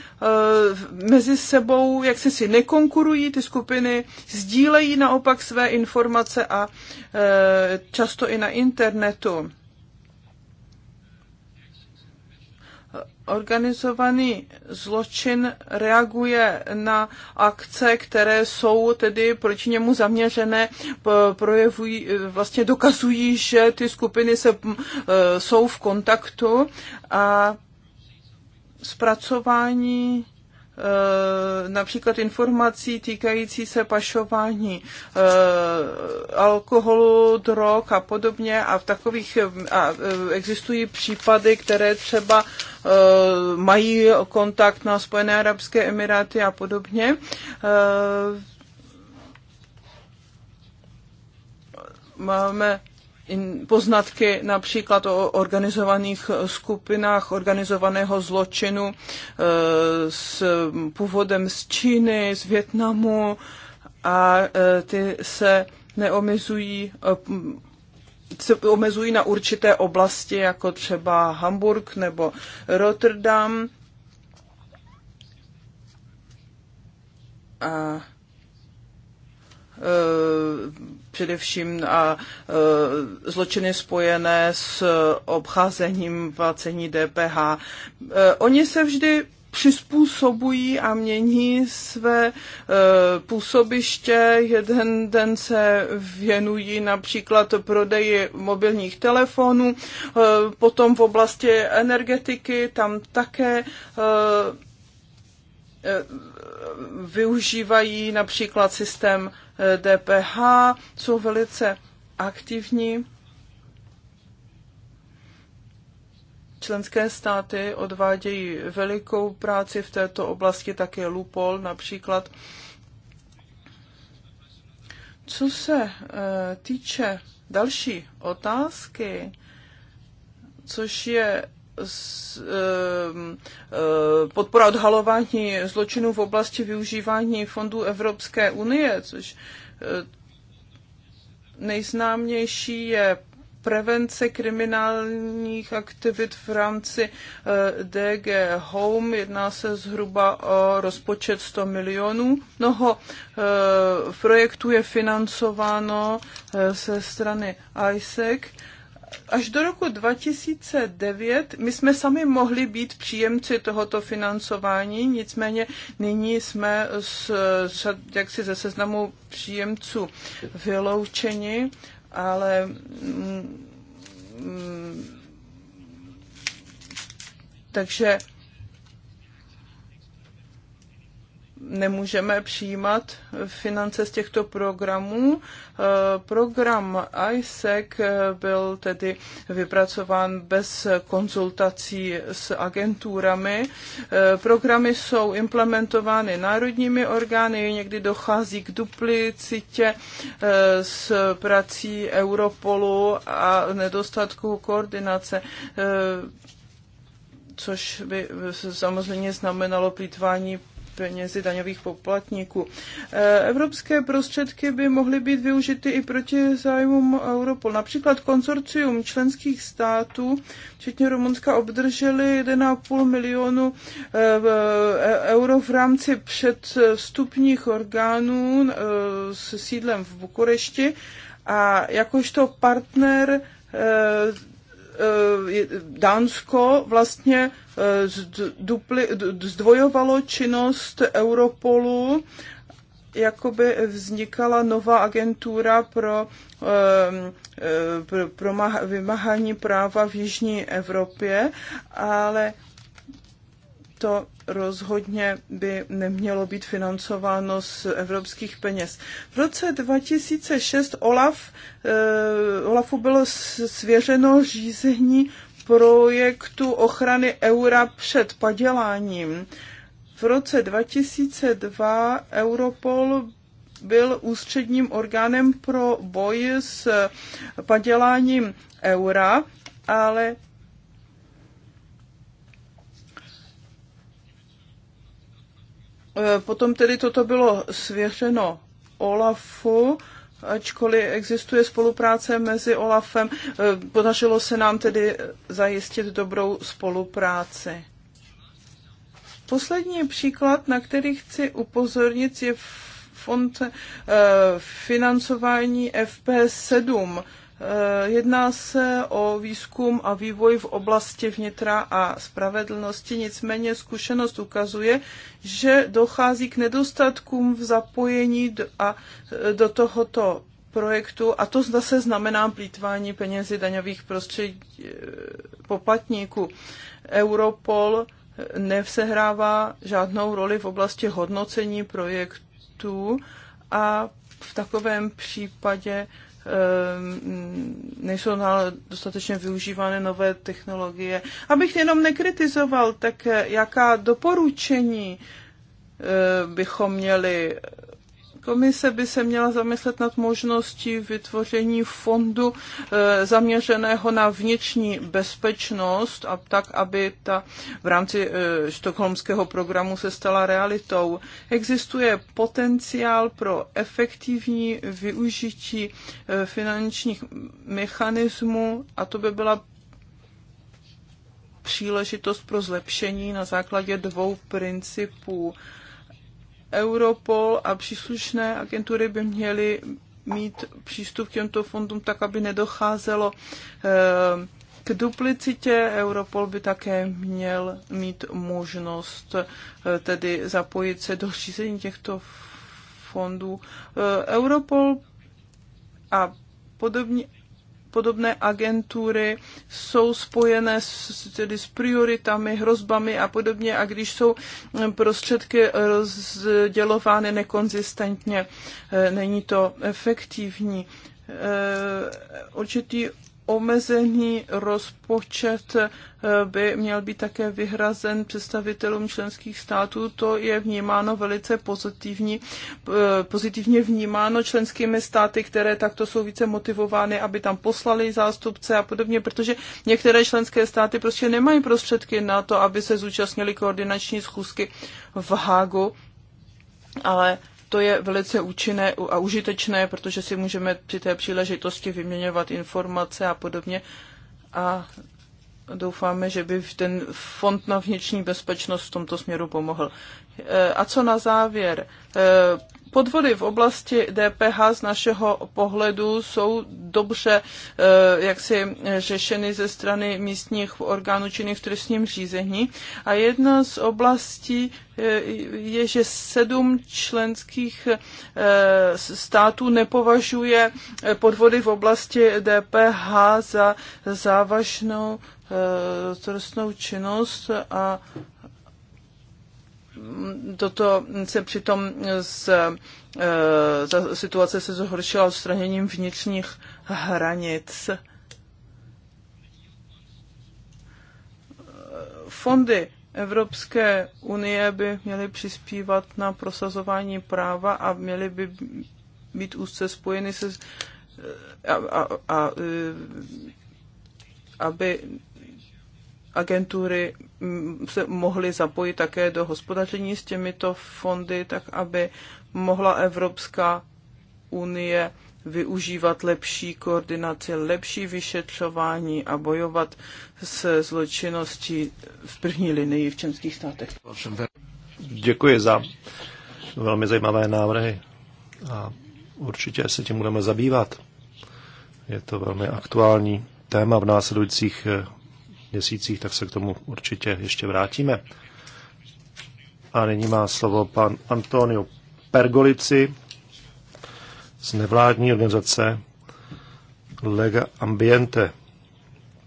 [SPEAKER 4] mezi sebou, jak si si nekonkurují, ty skupiny sdílejí naopak své informace a často i na internetu. organizovaný zločin reaguje na akce, které jsou tedy proti němu zaměřené, projevují, vlastně dokazují, že ty skupiny se, e, jsou v kontaktu a zpracování Eh, například informací týkající se pašování eh, alkoholu, drog a podobně a v takových a eh, existují případy, které třeba mají kontakt na Spojené Arabské Emiráty a podobně. Máme poznatky například o organizovaných skupinách organizovaného zločinu e, s původem z Číny, z Větnamu a e, ty se neomezují e, se omezují na určité oblasti, jako třeba Hamburg nebo Rotterdam. A především a e, zločiny spojené s obcházením placení DPH. E, oni se vždy přizpůsobují a mění své e, působiště. Jeden den se věnují například prodeji mobilních telefonů, e, potom v oblasti energetiky tam také e, e využívají například systém DPH, eh, jsou velice aktivní. Členské státy odvádějí velikou práci v této oblasti, také Lupol například. Co se eh, týče další otázky, což je Ehm, eh, podpora odhalování zločinů v oblasti využívání fondů Evropské unie, což eh, nejznámější je prevence kriminálních aktivit v rámci eh, DG Home. Jedná se zhruba o rozpočet 100 milionů. Mnoho projektů je financováno ze strany ISEC až do roku 2009 my jsme sami mohli být příjemci tohoto financování, nicméně nyní jsme z, jaksi ze seznamu příjemců vyloučeni, ale mm, mm, takže nemůžeme přijímat finance z těchto programů. Eh, program ISEC byl tedy vypracován bez konzultací s agenturami. Eh, programy jsou implementovány národními orgány, někdy dochází k duplicitě eh, s prací Europolu a nedostatku koordinace což by samozřejmě znamenalo plýtvání penězi daňových poplatníků. Eh, evropské prostředky by mohly být využity i proti zájmům Europol. Například konzorcium členských států, včetně Rumunska, obdrželi 1,5 milionu eh, eh, euro v rámci předstupních orgánů s sídlem v Bukurešti a jakožto partner Eh, Dánsko vlastně eh, zdvojovalo činnost Europolu, jakoby vznikala nová agentura pro, eh, pro vymáhání práva v Jižní Evropě, ale to rozhodně by nemělo být financováno z evropských peněz. V roce 2006 Olaf, eh, Olafu bylo svěřeno řízení projektu ochrany eura před paděláním. V roce 2002 Europol byl ústředním orgánem pro boj s paděláním eura, ale Eh, potom tedy toto bylo svěřeno Olafu, ačkoliv existuje spolupráce mezi Olafem, eh, podařilo se nám tedy zajistit dobrou spolupráci. Poslední příklad, na který chci upozornit, je fond eh, financování FP7. Eh, jedná se o výzkum a vývoj v oblasti vnitra a spravedlnosti, nicméně zkušenost ukazuje, že dochází k nedostatkům v zapojení a eh, do tohoto projektu a to zase znamená plítvání penězi daňových prostředí eh, poplatníků. Europol nevsehrává žádnou roli v oblasti hodnocení projektů a v takovém případě Ehm, nejsou dostatečně využívány nové technologie. Abych jenom nekritizoval, tak jaká doporučení eh, bychom měli Komise by se měla zamyslet nad možností vytvoření fondu eh, zaměřeného na vnitřní bezpečnost a tak, aby ta v rámci eh, štokholmského programu se stala realitou. Existuje potenciál pro efektivní využití eh, finančních mechanismů a to by byla příležitost pro zlepšení na základě dvou principů Europol a příslušné agentury by měly mít přístup k těmto fondům tak, aby nedocházelo eh, k duplicitě. Europol by také měl mít možnost eh, tedy zapojit se do řízení těchto fondů. Eh, Europol a podobně podobné agentury jsou spojené s, tedy s prioritami, hrozbami a podobně a když jsou mm, prostředky rozdělovány nekonzistentně, eh, není to efektivní eh, určitý omezený rozpočet eh, by měl být také vyhrazen představitelům členských států. To je vnímáno velice pozitivní, eh, pozitivně vnímáno členskými státy, které takto jsou více motivovány, aby tam poslali zástupce a podobně, protože některé členské státy prostě nemají prostředky na to, aby se zúčastnili koordinační schůzky v Hágu, ale to je velice účinné a užitečné, protože si můžeme při té příležitosti vyměňovat informace a podobně. A doufáme, že by ten fond na vnitřní bezpečnost v tomto směru pomohl. E, a co na závěr? E, Podvody v oblasti DPH z našeho pohledu jsou dobře eh, jaksi eh, řešeny ze strany místních orgánů činných v trestním řízení a jedna z oblastí eh, je, že sedm členských států nepovažuje podvody v oblasti DPH za závažnou trestnou činnost a toto se přitom z, z e, situace se zhoršila odstraněním vnitřních hranic. Fondy Evropské unie by měly přispívat na prosazování práva a měly by být úzce spojeny se a, a, a, e, aby agentury se mohli zapojit také do hospodaření s těmito fondy, tak aby mohla Evropská unie využívat lepší koordinaci, lepší vyšetřování a bojovat se zločinností v první linii v členských státech.
[SPEAKER 3] Děkuji za velmi zajímavé návrhy a určitě se tím budeme zabývat. Je to velmi aktuální téma v následujících měsících, tak se k tomu určitě ještě vrátíme. A nyní má slovo pan Antonio Pergolici z nevládní organizace Lega Ambiente,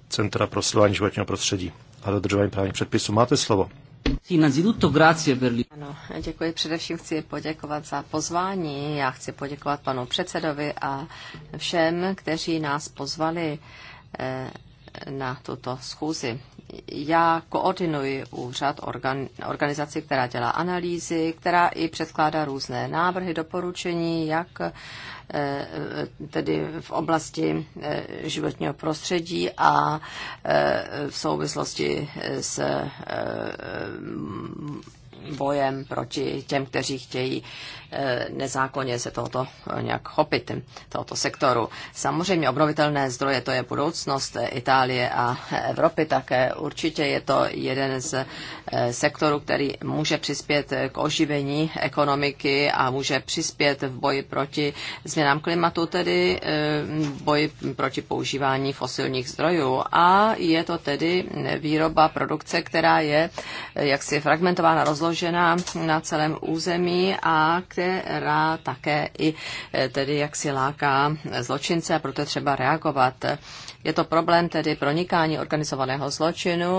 [SPEAKER 3] Centra pro sledování životního prostředí a dodržování právních předpisů. Máte slovo.
[SPEAKER 2] Ano, děkuji především, chci poděkovat za pozvání. Já chci poděkovat panu předsedovi a všem, kteří nás pozvali eh, na tuto schůzi. Já koordinuji úřad organ, organizaci, která dělá analýzy, která i předkládá různé návrhy, doporučení, jak eh, tedy v oblasti eh, životního prostředí a eh, v souvislosti s bojem proti těm, kteří chtějí Eh, nezákonně se tohoto eh, nějak chopit, tohoto sektoru. Samozřejmě obnovitelné zdroje, to je budoucnost Itálie a Evropy také. Určitě je to jeden z eh, sektorů, který může přispět k oživení ekonomiky a může přispět v boji proti změnám klimatu, tedy boji proti používání fosilních zdrojů. A je to tedy výroba produkce, která je jaksi fragmentována, rozložená na celém území a který která také i eh, tedy jak si láká zločince a proto je třeba reagovat. Je to problém tedy pronikání organizovaného zločinu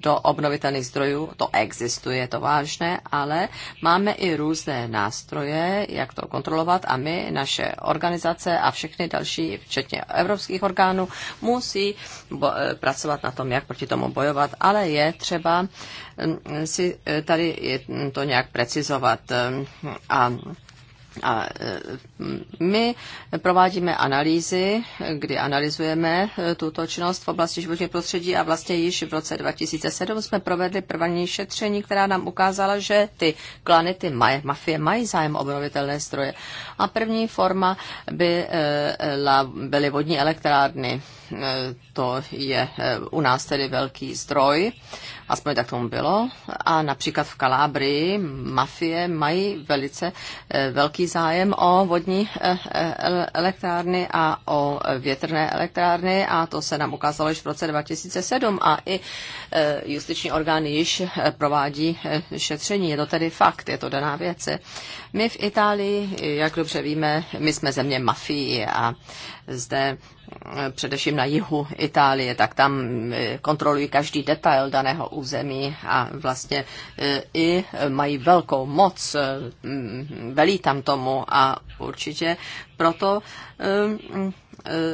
[SPEAKER 2] do obnovitelných zdrojů. To existuje, to vážné, ale máme i různé nástroje, jak to kontrolovat a my, naše organizace a všechny další, včetně evropských orgánů, musí eh, pracovat na tom, jak proti tomu bojovat, ale je třeba mm, si eh, tady mm, to nějak precizovat eh, a a e, my provádíme analýzy, kdy analyzujeme e, tuto činnost v oblasti životního prostředí a vlastně již v roce 2007 jsme provedli první šetření, která nám ukázala, že ty klany, ty mafie mají zájem obnovitelné stroje. A první forma by e, byly vodní elektrárny. To je u nás tedy velký zdroj aspoň tak tomu bylo. A například v Kalábrii mafie mají velice eh, velký zájem o vodní eh, eh, elektrárny a o větrné elektrárny a to se nám ukázalo již v roce 2007 a i justiční orgány již provádí šetření. Je to tedy fakt, je to daná věc. My v Itálii, jak dobře víme, my jsme země mafii a zde především na jihu Itálie, tak tam eh, kontrolují každý detail daného území a vlastně eh, i mají velkou moc, eh, mm, velí tam tomu a určitě proto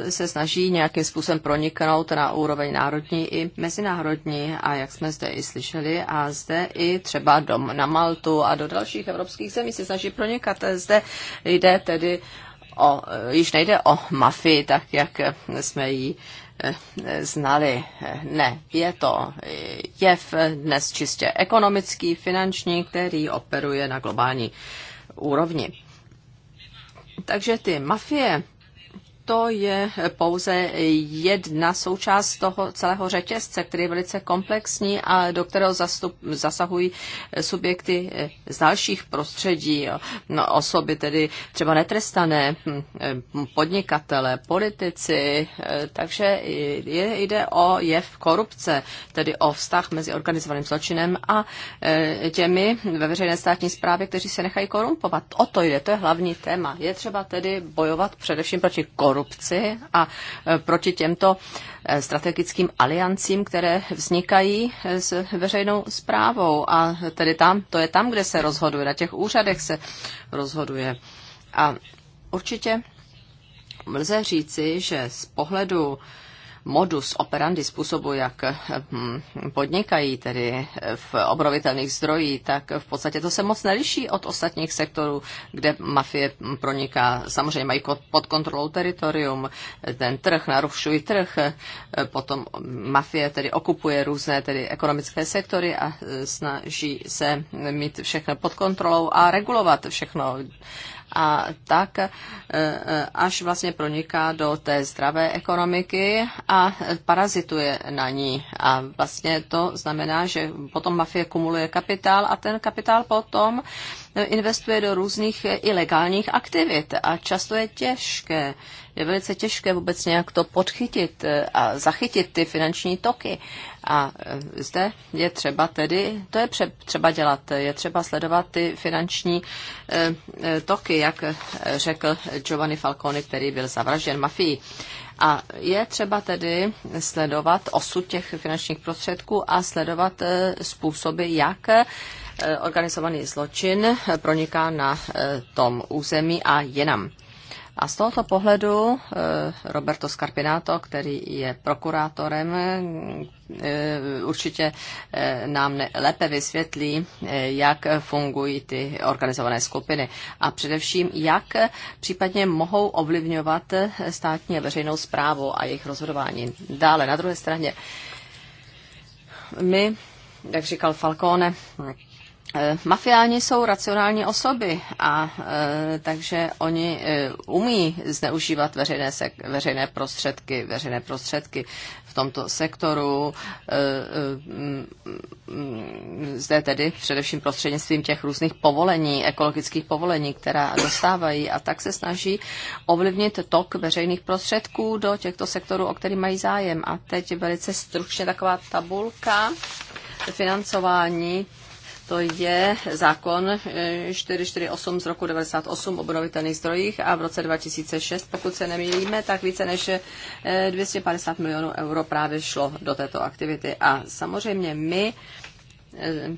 [SPEAKER 2] se snaží nějakým způsobem proniknout na úroveň národní i mezinárodní a jak jsme zde i slyšeli a zde i třeba dom na Maltu a do dalších evropských zemí se snaží pronikat. Zde jde tedy o, již nejde o mafii, tak jak jsme ji eh, znali. Ne, je to jev dnes čistě ekonomický, finanční, který operuje na globální úrovni. Takže ty mafie to je pouze jedna součást toho celého řetězce, který je velice komplexní a do kterého zastup, zasahují subjekty z dalších prostředí. No, osoby tedy třeba netrestané, hm, podnikatele, politici, takže je, jde o jev korupce, tedy o vztah mezi organizovaným zločinem a eh, těmi ve veřejné státní správě, kteří se nechají korumpovat. O to jde, to je hlavní téma. Je třeba tedy bojovat především proti korupci korupci a e, proti těmto e, strategickým aliancím, které vznikají e, s veřejnou zprávou. A tedy tam, to je tam, kde se rozhoduje, na těch úřadech se rozhoduje. A určitě lze říci, že z pohledu uh, modus operandi způsobu, jak eh, hm, podnikají tedy eh, v obrovitelných zdrojích, tak v podstatě to se moc neliší od ostatních sektorů, kde mafie hm, proniká. Samozřejmě mají pod kontrolou teritorium, eh, ten trh, narušují trh, potom mafie tedy okupuje různé tedy ekonomické sektory a snaží se mít všechno pod kontrolou a regulovat všechno a tak e, e, až vlastně proniká do té zdravé ekonomiky a parazituje na ní. A vlastně to znamená, že potom mafie kumuluje kapitál a ten kapitál potom investuje do různých ilegálních aktivit a často je těžké, je velice těžké vůbec nějak to podchytit a zachytit ty finanční toky. A e, zde je třeba tedy, to je třeba dělat, je třeba sledovat ty finanční e, e, toky, jak řekl Giovanni Falcone, který byl zavražděn mafií. A je třeba tedy sledovat osud těch finančních prostředků a sledovat způsoby, jak organizovaný zločin proniká na tom území a jinam. A z tohoto pohledu eh, Roberto Scarpinato, který je prokurátorem, eh, určitě eh, nám lépe vysvětlí, jak fungují ty organizované skupiny a především, jak případně mohou ovlivňovat státní a veřejnou zprávu a jejich rozhodování. Dále, na druhé straně, my, jak říkal Falcone, hm, Eh, mafiáni jsou racionální osoby a e, takže oni e, umí zneužívat veřejné, sek, veřejné prostředky, veřejné prostředky v tomto sektoru. E, e, zde tedy především prostřednictvím těch různých povolení, ekologických povolení, která dostávají a tak se snaží ovlivnit tok veřejných prostředků do těchto sektorů, o který mají zájem. A teď velice stručně taková tabulka financování to je zákon 448 eh, z roku 98 o obnovitelných zdrojích a v roce 2006, pokud se nemýlíme, tak více než 250 eh, milionů euro právě šlo do této aktivity. A samozřejmě my eh,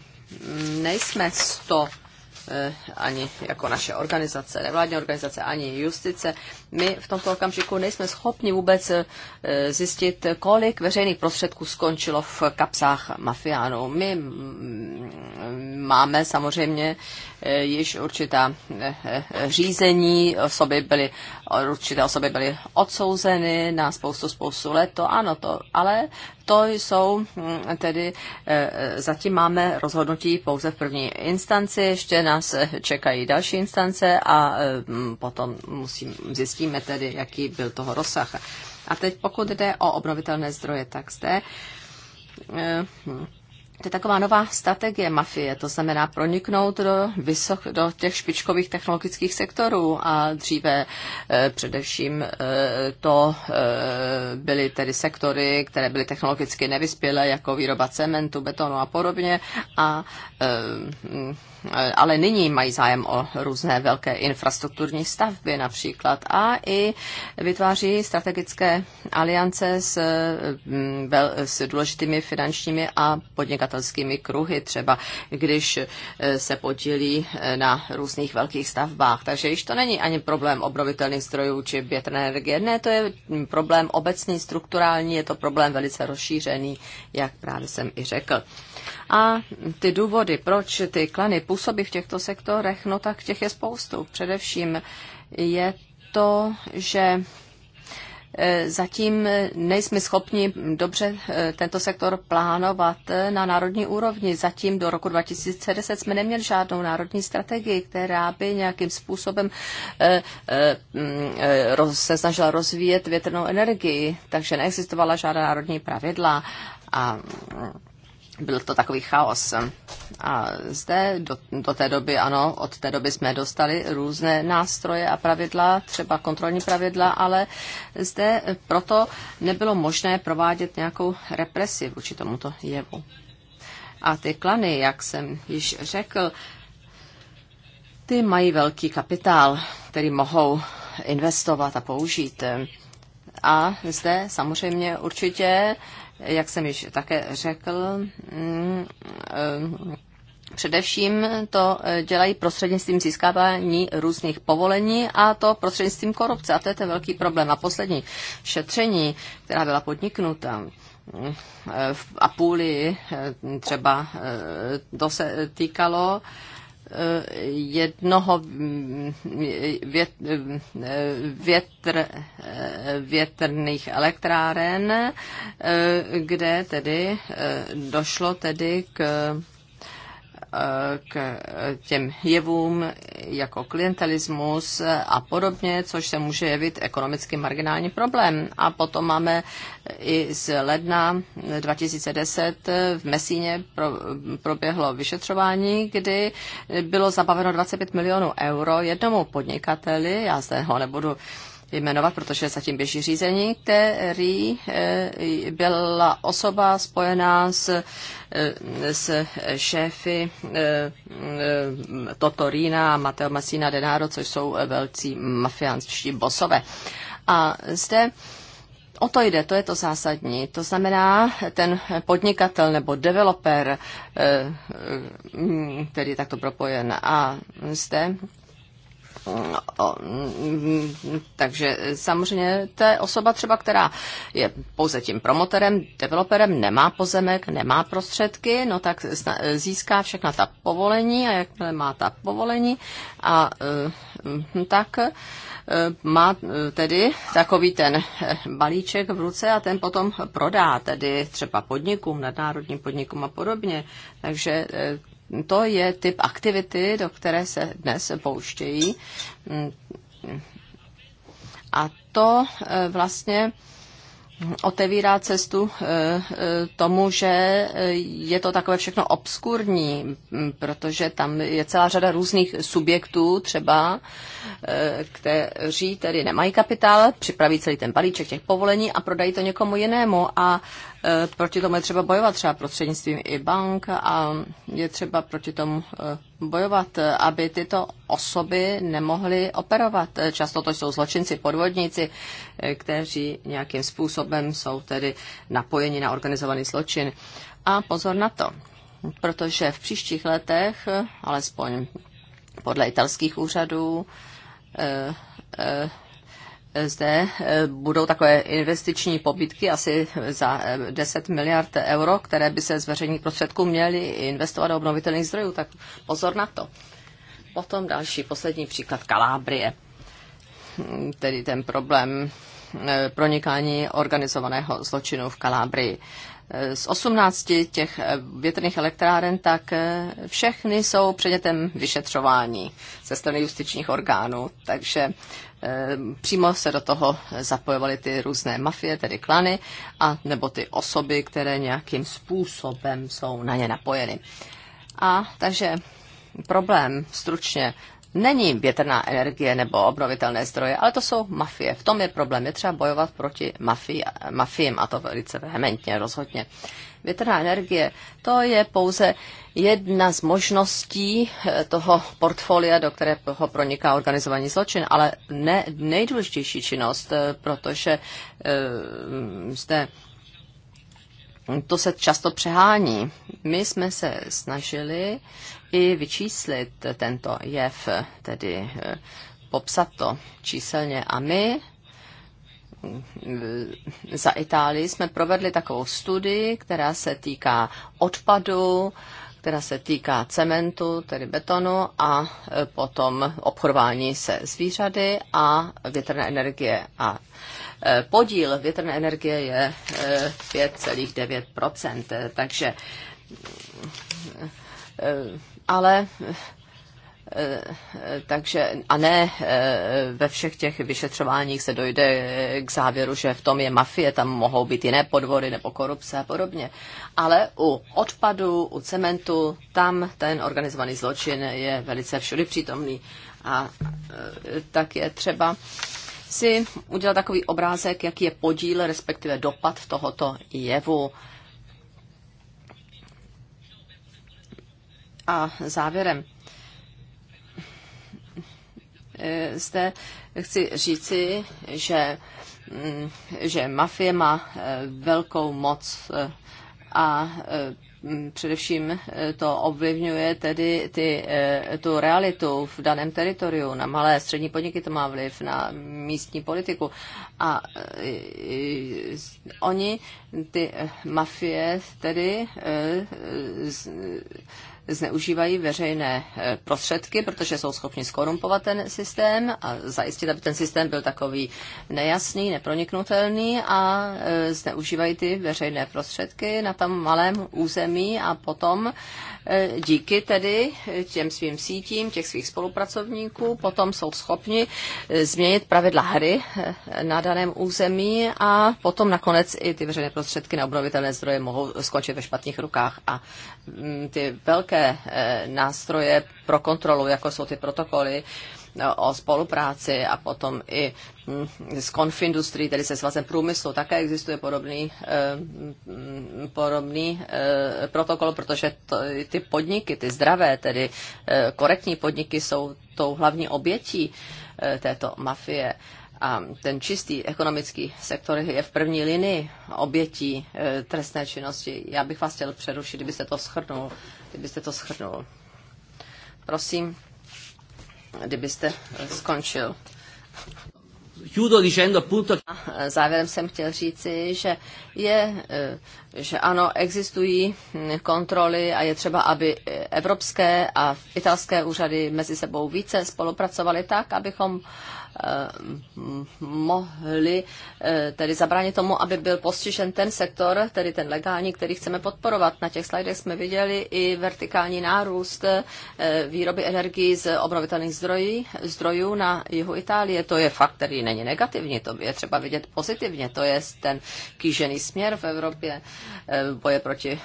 [SPEAKER 2] nejsme 100 ani jako naše organizace, nevládní organizace, ani justice, my v tomto okamžiku nejsme schopni vůbec eh, zjistit, kolik veřejných prostředků skončilo v kapsách mafiánů. My mm, máme samozřejmě eh, již určitá eh, řízení, osoby byly, určité osoby byly odsouzeny na spoustu, spoustu let, to ano, to, ale to jsou mm, tedy, zatím máme rozhodnutí pouze v první instanci, ještě nás čekají další instance a mm, potom musím zjistit, zjistíme tedy, jaký byl toho rozsah. A teď pokud jde o obnovitelné zdroje, tak zde eh, to je taková nová strategie mafie, to znamená proniknout do, vysok, do těch špičkových technologických sektorů a dříve eh, především eh, to eh, byly tedy sektory, které byly technologicky nevyspělé, jako výroba cementu, betonu a podobně a eh, Eh, ale nyní mají zájem o různé velké infrastrukturní stavby například a i vytváří strategické aliance s, mm, s důležitými finančními a podnikatelskými kruhy, třeba když eh, se podílí eh, na různých velkých stavbách. Takže již to není ani problém obnovitelných zdrojů či větrné energie. Ne, to je mm, problém obecný, strukturální, je to problém velice rozšířený, jak právě jsem i řekl. A ty důvody, proč ty klany působí v těchto sektorech, no tak těch je spoustu. Především je to, že e, zatím nejsme schopni dobře e, tento sektor plánovat na národní úrovni. Zatím do roku 2010 jsme neměli žádnou národní strategii, která by nějakým způsobem e, se snažila rozvíjet větrnou energii, takže neexistovala žádná národní pravidla a byl to takový chaos. A zde do, do té doby, ano, od té doby jsme dostali různé nástroje a pravidla, třeba kontrolní pravidla, ale zde proto nebylo možné provádět nějakou represi vůči tomuto jevu. A ty klany, jak jsem již řekl, ty mají velký kapitál, který mohou investovat a použít. A zde samozřejmě určitě jak jsem již také řekl, mm, eh, Především to eh, dělají prostřednictvím získávání různých povolení a to prostřednictvím korupce. A to je ten velký problém. A poslední šetření, která byla podniknuta, mm, eh, v Apulii třeba to se týkalo jednoho vět, větr, větrných elektráren, kde tedy došlo tedy k k těm jevům jako klientelismus a podobně, což se může jevit ekonomicky marginální problém. A potom máme i z ledna 2010 v Mesíně proběhlo vyšetřování, kdy bylo zabaveno 25 milionů euro jednomu podnikateli, já zde ho nebudu uh, jmenovat, protože zatím běží řízení, který eh, byla osoba spojená s, eh, s šéfy eh, Totorína a Mateo Masina Denaro, což jsou velcí mafiánští bosové. A zde O to jde, to je to zásadní. To znamená, ten podnikatel nebo developer, který je takto propojen a zde Mm, takže samozřejmě to je osoba třeba, která je pouze tím promoterem, developerem, nemá pozemek, nemá prostředky, no tak získá všechna ta povolení a jakmile má ta povolení a eh, tak eh, má eh, tedy takový ten balíček v ruce a ten potom prodá tedy třeba podnikům, nadnárodním podnikům a podobně. Takže to je typ aktivity, do které se dnes pouštějí. A to eh, vlastně otevírá cestu eh, eh, tomu, že je to takové všechno obskurní, hm, protože tam je celá řada různých subjektů třeba, kteří tedy nemají kapitál, připraví celý ten balíček těch povolení a prodají to někomu jinému a Eh, proti tomu je třeba bojovat třeba prostřednictvím i bank a je třeba proti tomu eh, bojovat, eh, aby tyto osoby nemohly operovat. Často to jsou zločinci, podvodníci, kteří nějakým způsobem jsou tedy napojeni na organizovaný zločin. A pozor na to, protože v příštích letech, alespoň podle italských úřadů, zde eh, budou takové investiční pobytky asi za 10 eh, miliard euro, které by se z veřejných prostředků měly investovat do obnovitelných zdrojů, tak pozor na to. Potom další, poslední příklad Kalábrie, hm, tedy ten problém eh, pronikání organizovaného zločinu v Kalábrii z 18 těch eh, větrných elektráren, tak eh, všechny jsou předmětem vyšetřování ze strany justičních orgánů. Takže eh, přímo se do toho zapojovaly ty různé mafie, tedy klany, a nebo ty osoby, které nějakým způsobem jsou na ně napojeny. A takže problém stručně není větrná energie nebo obnovitelné zdroje, ale to jsou mafie. V tom je problém. Je třeba bojovat proti mafii, mafím a to velice vehementně, rozhodně. Větrná energie, to je pouze jedna z možností eh, toho portfolia, do kterého proniká organizovaný zločin, ale ne nejdůležitější činnost, eh, protože e, zde to se často přehání. My jsme se snažili i vyčíslit tento jev, tedy eh, popsat to číselně. A my mm, za Itálii jsme provedli takovou studii, která se týká odpadu, která se týká cementu, tedy betonu, a eh, potom obchodování se zvířady a větrné energie. A eh, podíl větrné energie je 5,9 takže mm, ale eh, eh, takže a ne eh, ve všech těch vyšetřováních se dojde k závěru, že v tom je mafie, tam mohou být jiné podvody nebo korupce a podobně. Ale u odpadu, u cementu, tam ten organizovaný zločin je velice všudy přítomný. A tak je třeba si udělat takový obrázek, jaký je podíl, respektive dopad tohoto jevu A závěrem. Zde chci říci, že, že mafie má eh, velkou moc eh, a eh, především to ovlivňuje tedy ty, tu realitu v daném teritoriu. Na malé střední podniky to má vliv, na místní politiku. A oni, ty mafie, tedy zneužívají veřejné eh, prostředky, protože jsou schopni skorumpovat ten systém a zajistit, aby ten systém byl takový nejasný, neproniknutelný a eh, zneužívají ty veřejné prostředky na tom malém území a potom eh, díky tedy těm svým sítím, těch svých spolupracovníků, potom jsou schopni změnit pravidla hry na daném území a potom nakonec i ty veřejné prostředky na obnovitelné zdroje mohou skončit ve špatných rukách a mm, ty velké nějaké eh, nástroje pro kontrolu, jako jsou ty protokoly eh, o spolupráci a potom i mm, z konfindustrií, tedy se svazem průmyslu, také existuje podobný, eh, mm, podobný protokol, protože to, ty podniky, ty zdravé, tedy korektní podniky jsou tou hlavní obětí této mafie. A ten čistý ekonomický sektor je v první linii obětí trestné činnosti. Já bych vás chtěl přerušit, kdybyste to shrnul kdybyste to shrnul. Prosím, kdybyste eh, skončil. Eh, závěrem jsem chtěl říci, že, je, eh, že ano, existují hm, kontroly a je třeba, aby evropské a italské úřady mezi sebou více spolupracovaly tak, abychom uh, Eh, mohli eh, tedy zabránit tomu, aby byl postižen ten sektor, tedy ten legální, který chceme podporovat. Na těch slajdech jsme viděli i vertikální nárůst eh, výroby energii z obnovitelných zdrojů, zdrojů na jihu Itálie. To je fakt, který není negativní, to je třeba vidět pozitivně. To je ten kýžený směr v Evropě boje proti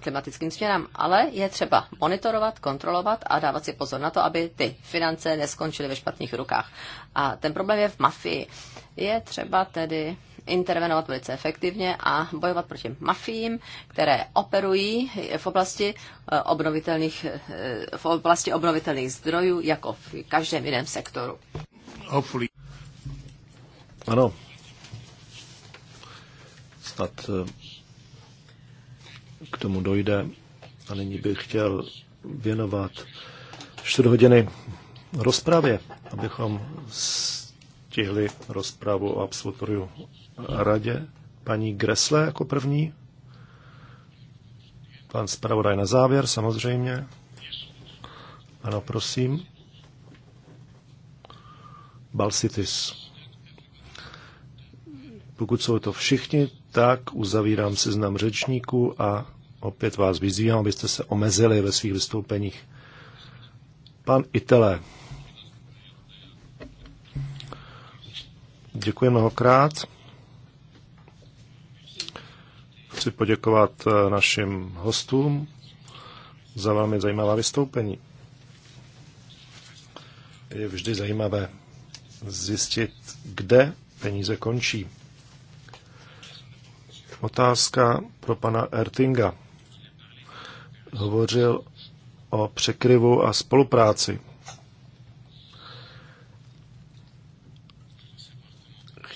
[SPEAKER 2] klimatickým změnám. Ale je třeba monitorovat, kontrolovat a dávat si pozor na to, aby ty finance neskončily ve špatných rukách. A ten problém je v mafii. Je třeba tedy intervenovat velice efektivně a bojovat proti mafiím, které operují v oblasti eh, obnovitelných, eh, v oblasti obnovitelných zdrojů, jako v každém jiném sektoru.
[SPEAKER 1] Hopefully. Ano.
[SPEAKER 3] Snad eh, k tomu dojde. A nyní bych chtěl věnovat čtvrt hodiny rozpravě, abychom stihli rozpravu o absolutoriu radě. Paní Gresle jako první. Pan zpravodaj na závěr, samozřejmě. Ano, prosím. Balsitis. Pokud jsou to všichni, tak uzavírám seznam řečníků a opět vás vyzývám, abyste se omezili ve svých vystoupeních. Pan Itele. Děkuji mnohokrát. Chci poděkovat eh, našim hostům za velmi zajímavá vystoupení. Je vždy zajímavé zjistit, kde peníze končí. Otázka pro pana Ertinga. Hovořil o překryvu a spolupráci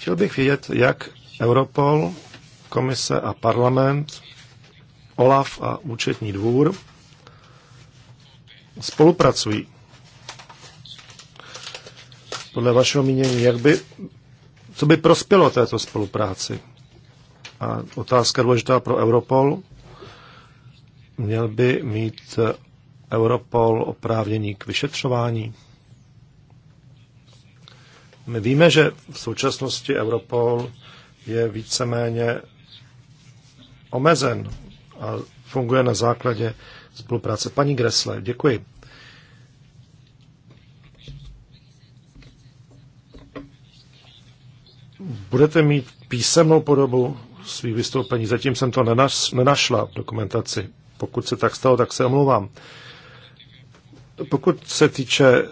[SPEAKER 3] Chtěl bych vědět, jak Europol, komise a parlament, OLAF a účetní dvůr spolupracují. Podle vašeho mínění, jak by, co by prospělo této spolupráci? A otázka důležitá pro Europol. Měl by mít Europol oprávnění k vyšetřování? My víme, že v současnosti Europol je víceméně omezen a funguje na základě spolupráce. Paní Gresle, děkuji. Budete mít písemnou podobu svých vystoupení. Zatím jsem to nenašla v dokumentaci. Pokud se tak stalo, tak se omlouvám. Pokud se týče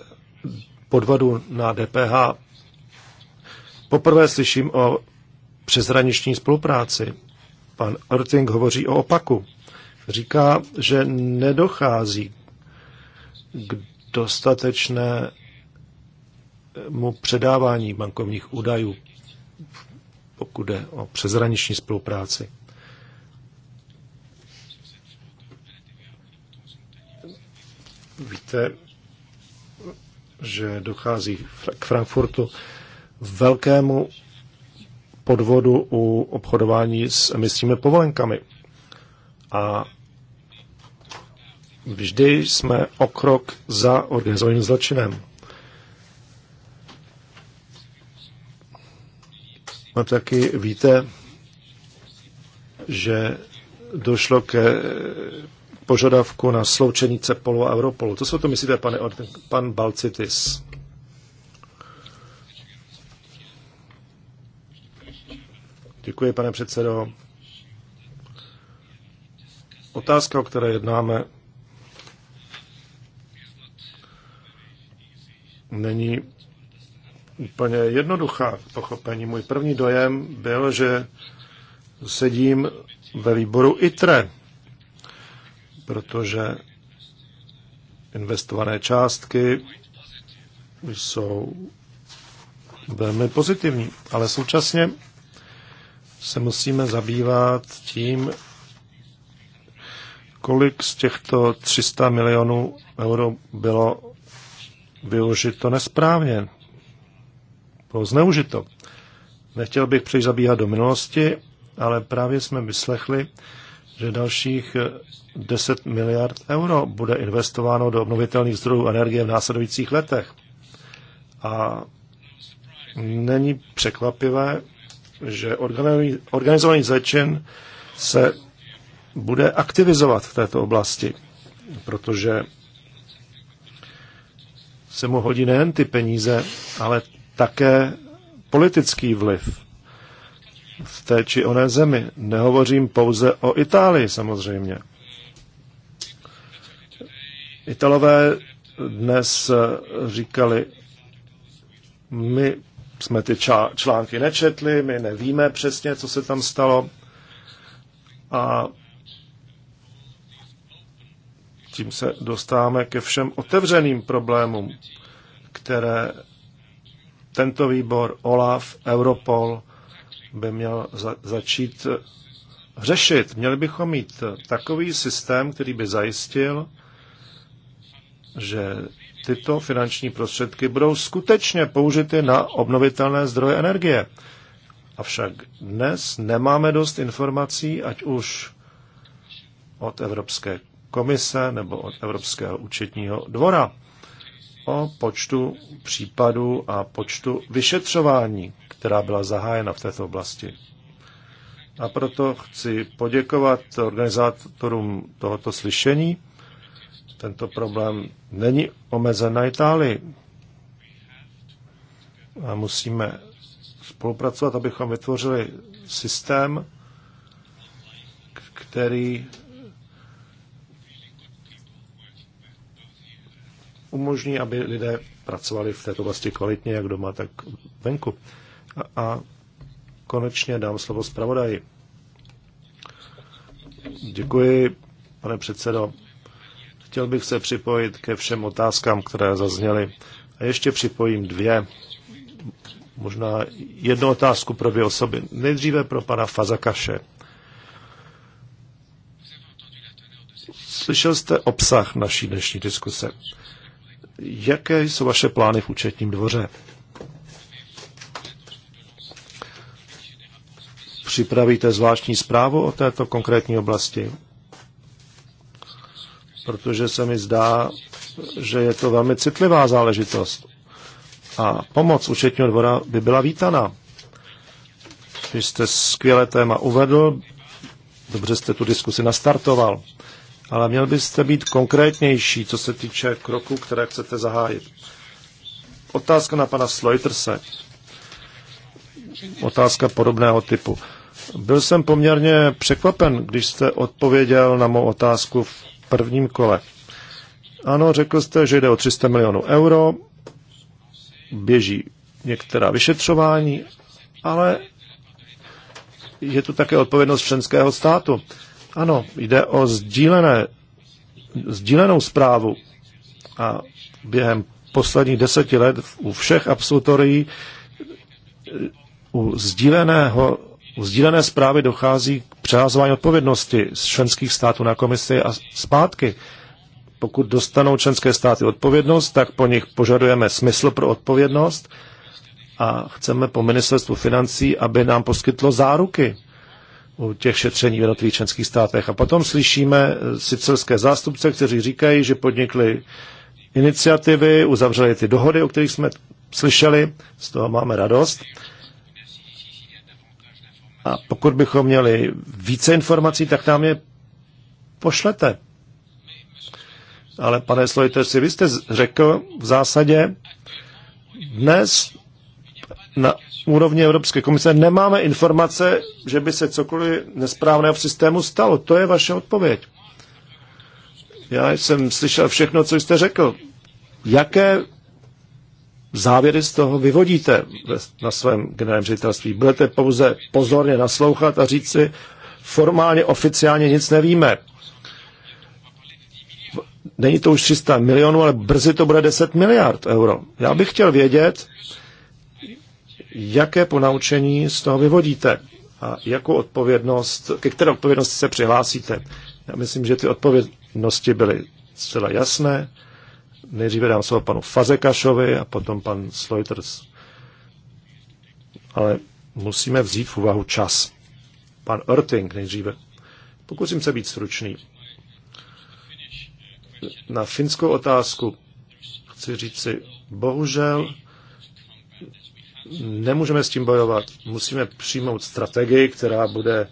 [SPEAKER 3] podvodu na DPH, Poprvé slyším o přeshraniční spolupráci. Pan Orting hovoří o opaku. Říká, že nedochází k dostatečnému předávání bankovních údajů, pokud jde o přeshraniční spolupráci. Víte, že dochází k Frankfurtu velkému podvodu u obchodování s emisními povolenkami. A vždy jsme o krok za organizovaným zločinem. A taky víte, že došlo ke požadavku na sloučení CEPOLu a Europolu. Co se o to myslíte, pane, pan Balcitis? Děkuji, pane předsedo. Otázka, o které jednáme, není úplně jednoduchá k pochopení. Můj první dojem byl, že sedím ve výboru ITRE, protože investované částky jsou velmi pozitivní, ale současně se musíme zabývat tím, kolik z těchto 300 milionů euro bylo využito nesprávně, bylo zneužito. Nechtěl bych příliš zabíhat do minulosti, ale právě jsme vyslechli, že dalších 10 miliard euro bude investováno do obnovitelných zdrojů energie v následujících letech. A není překvapivé, že organizovaný zločin se bude aktivizovat v této oblasti, protože se mu hodí nejen ty peníze, ale také politický vliv v té či oné zemi. Nehovořím pouze o Itálii samozřejmě. Italové dnes říkali, my jsme ty články nečetli, my nevíme přesně, co se tam stalo. A tím se dostáváme ke všem otevřeným problémům, které tento výbor, OLAF, Europol by měl za- začít řešit. Měli bychom mít takový systém, který by zajistil, že tyto finanční prostředky budou skutečně použity na obnovitelné zdroje energie. Avšak dnes nemáme dost informací, ať už od Evropské komise nebo od Evropského účetního dvora o počtu případů a počtu vyšetřování, která byla zahájena v této oblasti. A proto chci poděkovat organizátorům tohoto slyšení tento problém není omezen na Itálii. A musíme spolupracovat, abychom vytvořili systém, který umožní, aby lidé pracovali v této oblasti kvalitně, jak doma, tak venku. A, a konečně dám slovo zpravodaji. Děkuji, pane předsedo. Chtěl bych se připojit ke všem otázkám, které zazněly. A ještě připojím dvě, možná jednu otázku pro dvě osoby. Nejdříve pro pana Fazakaše. Slyšel jste obsah naší dnešní diskuse. Jaké jsou vaše plány v účetním dvoře? Připravíte zvláštní zprávu o této konkrétní oblasti? protože se mi zdá, že je to velmi citlivá záležitost. A pomoc účetního dvora by byla vítaná. Vy jste skvělé téma uvedl, dobře jste tu diskusi nastartoval, ale měl byste být konkrétnější, co se týče kroku, které chcete zahájit. Otázka na pana Slojtrse. Otázka podobného typu. Byl jsem poměrně překvapen, když jste odpověděl na mou otázku v prvním kole. Ano, řekl jste, že jde o 300 milionů euro, běží některá vyšetřování, ale je tu také odpovědnost členského státu. Ano, jde o sdílené, sdílenou zprávu a během posledních deseti let u všech absolutorií u sdíleného u sdílené zprávy dochází k přehazování odpovědnosti z členských států na komisi a zpátky. Pokud dostanou členské státy odpovědnost, tak po nich požadujeme smysl pro odpovědnost a chceme po ministerstvu financí, aby nám poskytlo záruky u těch šetření v jednotlivých členských státech. A potom slyšíme sicilské zástupce, kteří říkají, že podnikli iniciativy, uzavřeli ty dohody, o kterých jsme slyšeli, z toho máme radost. A pokud bychom měli více informací, tak nám je pošlete. Ale pane si vy jste řekl v zásadě, dnes na úrovni Evropské komise nemáme informace, že by se cokoliv nesprávného v systému stalo. To je vaše odpověď. Já jsem slyšel všechno, co jste řekl. Jaké závěry z toho vyvodíte na svém generálním ředitelství. Budete pouze pozorně naslouchat a říct si, formálně, oficiálně nic nevíme. Není to už 300 milionů, ale brzy to bude 10 miliard euro. Já bych chtěl vědět, jaké ponaučení z toho vyvodíte a jakou odpovědnost, ke které odpovědnosti se přihlásíte. Já myslím, že ty odpovědnosti byly zcela jasné nejdříve dám slovo panu Fazekašovi a potom pan Sloiters. Ale musíme vzít v úvahu čas. Pan Erting nejdříve. Pokusím se být stručný. Na finskou otázku chci říct, si, bohužel nemůžeme s tím bojovat. Musíme přijmout strategii, která bude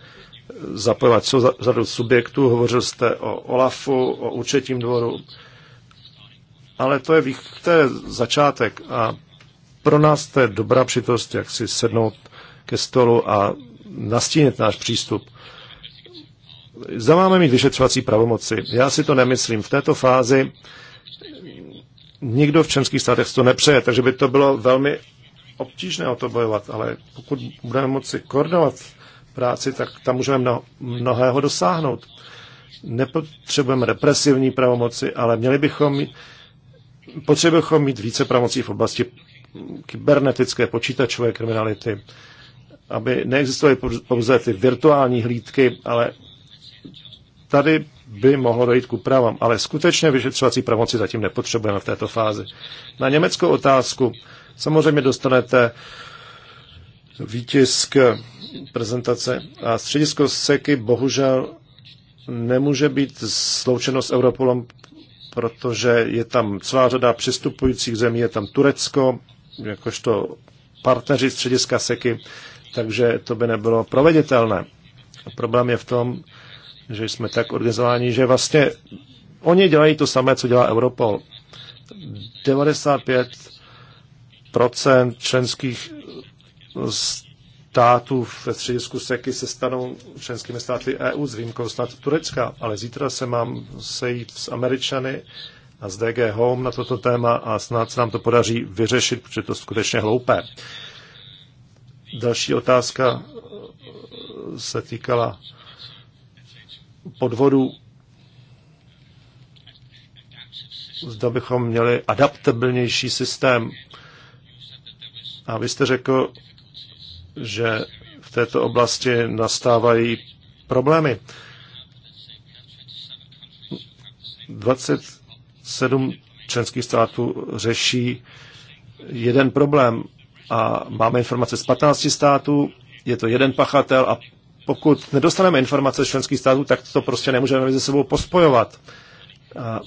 [SPEAKER 3] zapojovat řadu subjektů. Hovořil jste o OLAFu, o účetním dvoru, ale to je, to je začátek a pro nás to je dobrá přitost, jak si sednout ke stolu a nastínit náš přístup. Za máme mít vyšetřovací pravomoci. Já si to nemyslím. V této fázi nikdo v členských státech to nepřeje, takže by to bylo velmi obtížné o to bojovat, ale pokud budeme moci koordinovat práci, tak tam můžeme mnohého dosáhnout. Nepotřebujeme represivní pravomoci, ale měli bychom potřebujeme bychom mít více pravomocí v oblasti kybernetické počítačové kriminality, aby neexistovaly pouze ty virtuální hlídky, ale tady by mohlo dojít k úpravám, ale skutečně vyšetřovací pravomoci zatím nepotřebujeme v této fázi. Na německou otázku samozřejmě dostanete výtisk prezentace a středisko SEKY bohužel nemůže být sloučeno s Europolem protože je tam celá řada přistupujících zemí, je tam Turecko, jakožto partneři střediska SEKy, takže to by nebylo proveditelné. A problém je v tom, že jsme tak organizováni, že vlastně oni dělají to samé, co dělá Europol. 95% členských států ve středisku SEKy se stanou členskými státy EU s výjimkou státu Turecka, ale zítra se mám sejít s Američany a s DG Home na toto téma a snad se nám to podaří vyřešit, protože to skutečně hloupé. Další otázka se týkala podvodu. Zda bychom měli adaptabilnější systém. A vy jste řekl, že v této oblasti nastávají problémy. 27 členských států řeší jeden problém a máme informace z 15 států, je to jeden pachatel a pokud nedostaneme informace z členských států, tak to prostě nemůžeme mezi sebou pospojovat. A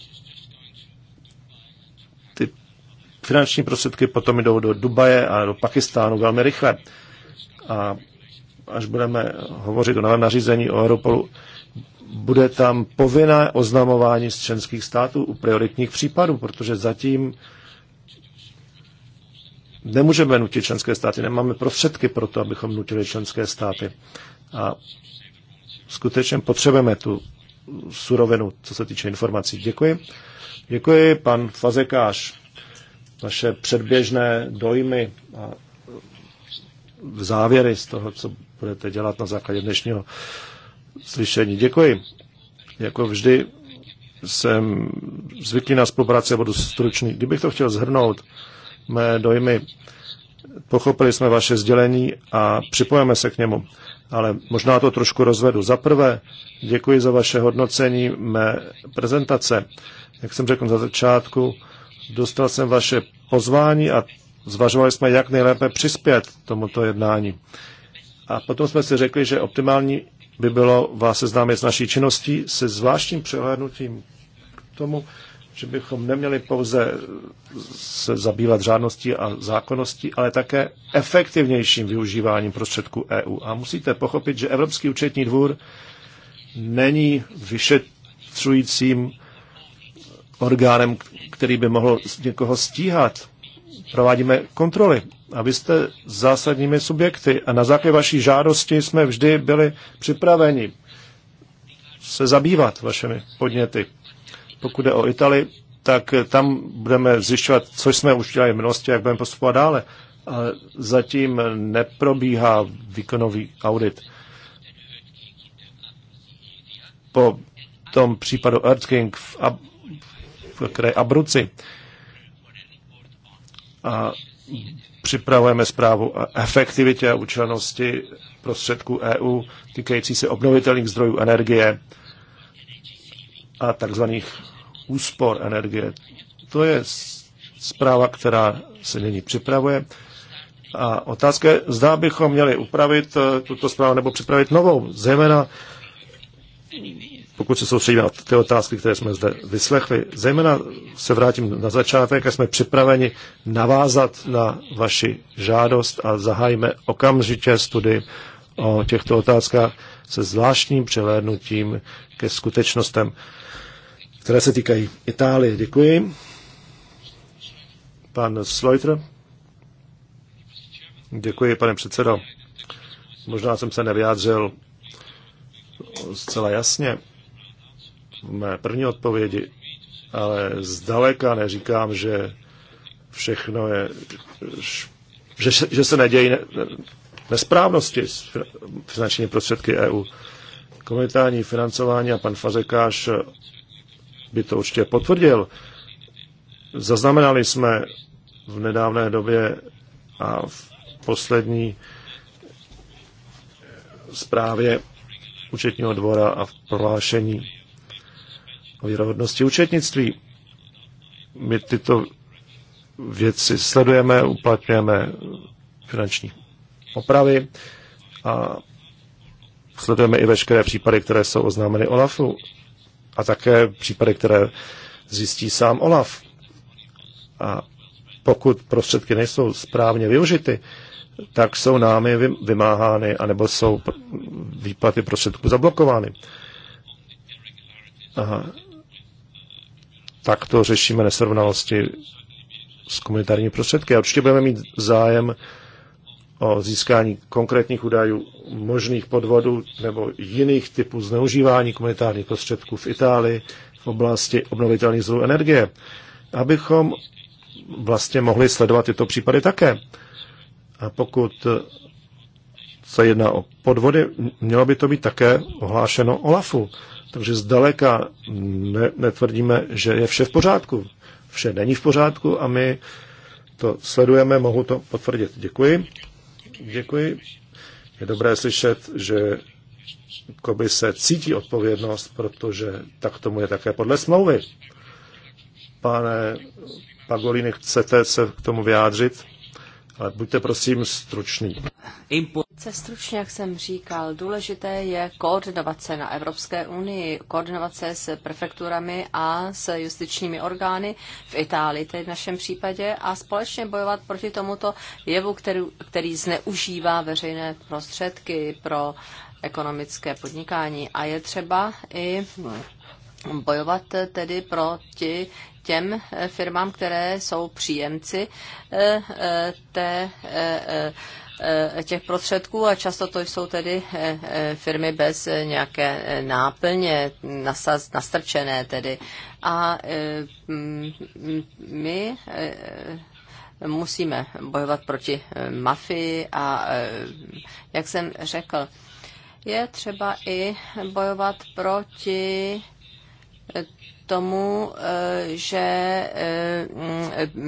[SPEAKER 3] ty finanční prostředky potom jdou do Dubaje a do Pakistánu velmi rychle a až budeme hovořit o novém nařízení o Europolu, bude tam povinné oznamování z členských států u prioritních případů, protože zatím nemůžeme nutit členské státy, nemáme prostředky pro to, abychom nutili členské státy. A skutečně potřebujeme tu surovinu, co se týče informací. Děkuji. Děkuji, pan Fazekáš. Vaše předběžné dojmy a v závěry z toho, co budete dělat na základě dnešního slyšení. Děkuji. Jako vždy jsem zvyklý na spolupráci a budu stručný. Kdybych to chtěl zhrnout, mé dojmy, pochopili jsme vaše sdělení a připojeme se k němu. Ale možná to trošku rozvedu. Za prvé, děkuji za vaše hodnocení mé prezentace. Jak jsem řekl na začátku, dostal jsem vaše pozvání a zvažovali jsme, jak nejlépe přispět tomuto jednání. A potom jsme si řekli, že optimální by bylo vás seznámit s naší činností se zvláštním přehlédnutím k tomu, že bychom neměli pouze se zabývat řádností a zákonností, ale také efektivnějším využíváním prostředků EU. A musíte pochopit, že Evropský účetní dvůr není vyšetřujícím orgánem, který by mohl někoho stíhat provádíme kontroly. A vy jste zásadními subjekty a na základě vaší žádosti jsme vždy byli připraveni se zabývat vašimi podněty. Pokud jde o Itálii, tak tam budeme zjišťovat, co jsme už dělali v minulosti, jak budeme postupovat dále. Ale zatím neprobíhá výkonový audit. Po tom případu Earth King v, Ab- v kraji Abruci, a připravujeme zprávu o efektivitě a účelnosti prostředků EU týkající se obnovitelných zdrojů energie a takzvaných úspor energie. To je zpráva, která se nyní připravuje. A otázka je, zda bychom měli upravit eh, tuto zprávu nebo připravit novou, zejména pokud se soustředíme na ty otázky, které jsme zde vyslechli, zejména se vrátím na začátek a jsme připraveni navázat na vaši žádost a zahájíme okamžitě studii o těchto otázkách se zvláštním přehlédnutím ke skutečnostem, které se týkají Itálie. Děkuji. Pan Sleuter. Děkuji, pane předsedo. Možná jsem se nevyjádřil zcela jasně mé první odpovědi, ale zdaleka neříkám, že všechno je, že, že se nedějí nesprávnosti s finanční prostředky EU. Komunitární financování a pan Fazekáš by to určitě potvrdil. Zaznamenali jsme v nedávné době a v poslední zprávě účetního dvora a v prohlášení o věrohodnosti účetnictví. My tyto věci sledujeme, uplatňujeme finanční opravy a sledujeme i veškeré případy, které jsou oznámeny OLAFu a také případy, které zjistí sám OLAF. A pokud prostředky nejsou správně využity, tak jsou námi vymáhány, anebo jsou výplaty prostředků zablokovány. Aha takto řešíme nesrovnalosti s komunitárními prostředky. A určitě budeme mít zájem o získání konkrétních údajů možných podvodů nebo jiných typů zneužívání komunitárních prostředků v Itálii v oblasti obnovitelných zdrojů energie, abychom vlastně mohli sledovat tyto případy také. A pokud se jedná o podvody, mělo by to být také ohlášeno OLAFu. Takže zdaleka ne, netvrdíme, že je vše v pořádku. Vše není v pořádku a my to sledujeme, mohu to potvrdit. Děkuji. Děkuji. Je dobré slyšet, že koby se cítí odpovědnost, protože tak tomu je také podle smlouvy. Pane Pagolini, chcete se k tomu vyjádřit? Ale buďte prosím stručný.
[SPEAKER 2] Se stručně, jak jsem říkal, důležité je koordinovat se na Evropské unii, koordinovat se s prefekturami a s justičními orgány v Itálii, tedy v našem případě, a společně bojovat proti tomuto jevu, který, který zneužívá veřejné prostředky pro ekonomické podnikání. A je třeba i bojovat tedy proti těm eh, firmám, které jsou příjemci eh, eh, té, těch prostředků a často to jsou tedy firmy bez nějaké náplně, nasaz, nastrčené tedy. A mm, my musíme bojovat proti mafii a, jak jsem řekl, je třeba i bojovat proti tomu, eh, že eh,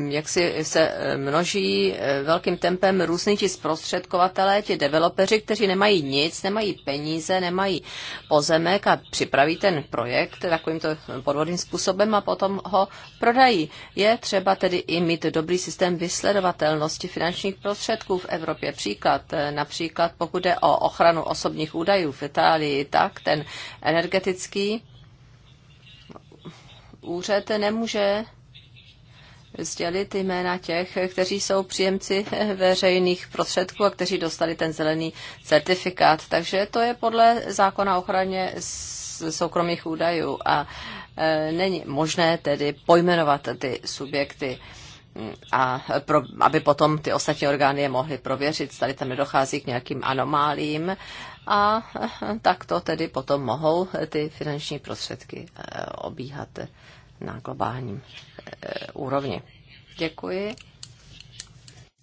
[SPEAKER 2] jak si se eh, množí velkým tempem různí ti zprostředkovatelé, ti developeři, kteří nemají nic, nemají peníze, nemají pozemek a připraví ten projekt takovýmto podvodným způsobem a potom ho prodají. Je třeba tedy i mít dobrý systém vysledovatelnosti finančních prostředků v Evropě. Příklad, například pokud jde o ochranu osobních údajů v Itálii, tak ten energetický úřad nemůže sdělit jména těch, kteří jsou příjemci veřejných prostředků a kteří dostali ten zelený certifikát. Takže to je podle zákona ochraně soukromých údajů a e, není možné tedy pojmenovat ty subjekty mm, a pro, aby potom ty ostatní orgány je mohly prověřit, zda tam nedochází k nějakým anomálím a takto tedy potom mohou ty finanční prostředky eh, obíhat na globálním eh, úrovni.
[SPEAKER 4] Děkuji.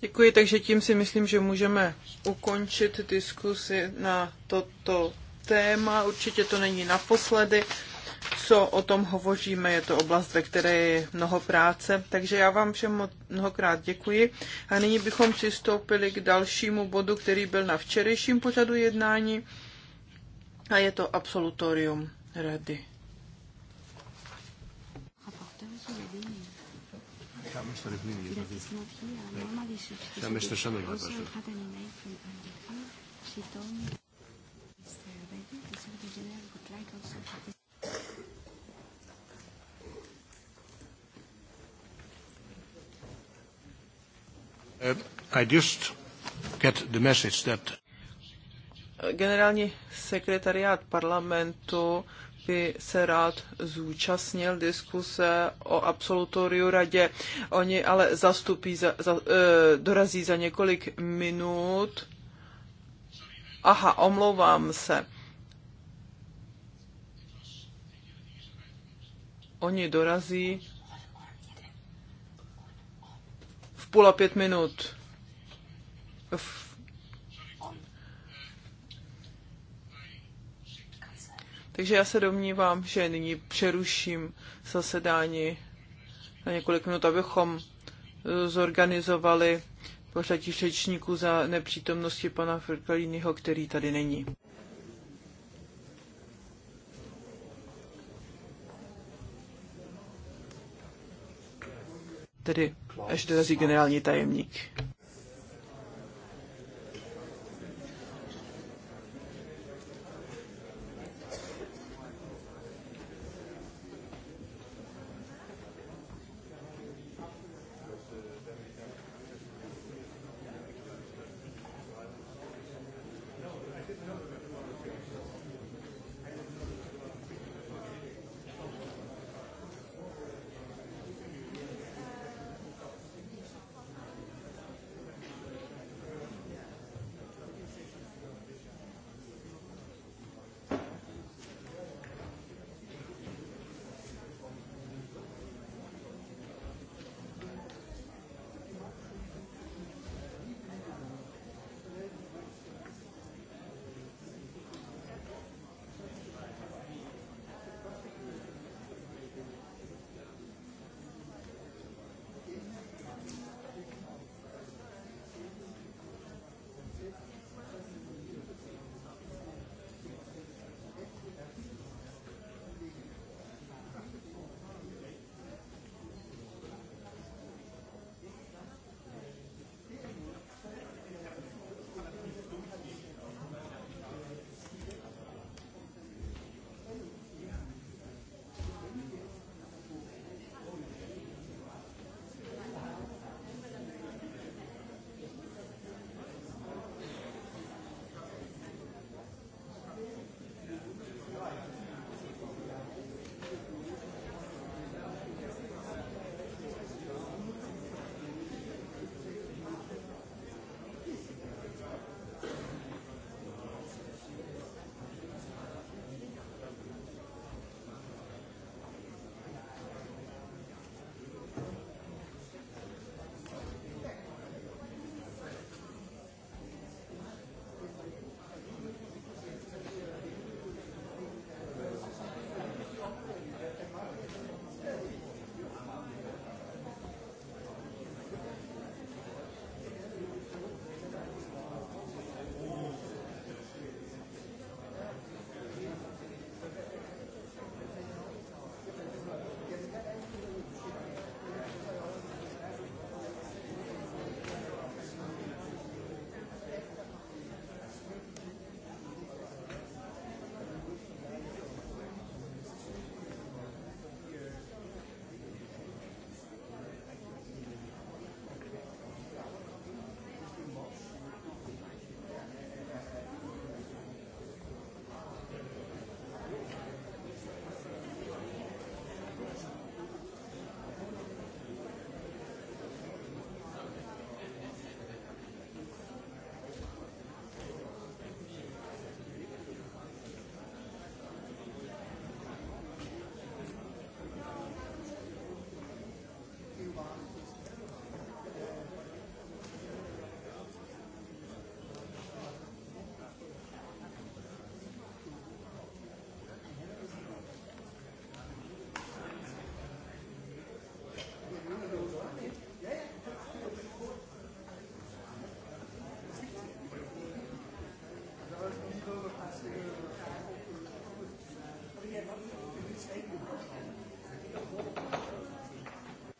[SPEAKER 4] Děkuji, takže tím si myslím, že můžeme ukončit diskusi na toto téma. Určitě to není naposledy co o tom hovoříme. Je to oblast, ve které je mnoho práce. Takže já vám všem mnohokrát děkuji. A nyní bychom přistoupili k dalšímu bodu, který byl na včerejším pořadu jednání. A je to absolutorium rady. Já myslím,
[SPEAKER 1] že Já myslím, že Uh, I just get the message that...
[SPEAKER 4] Generální sekretariát parlamentu by se rád zúčastnil diskuse o absolutoriu radě. Oni ale zastupí, za, za, uh, dorazí za několik minut. Aha, omlouvám se. Oni dorazí půl a pět minut. V... Takže já se domnívám, že nyní přeruším zasedání na několik minut, abychom zorganizovali pořadí řečníků za nepřítomnosti pana Frkalínyho, který tady není. Tedy až dorazí generální tajemník.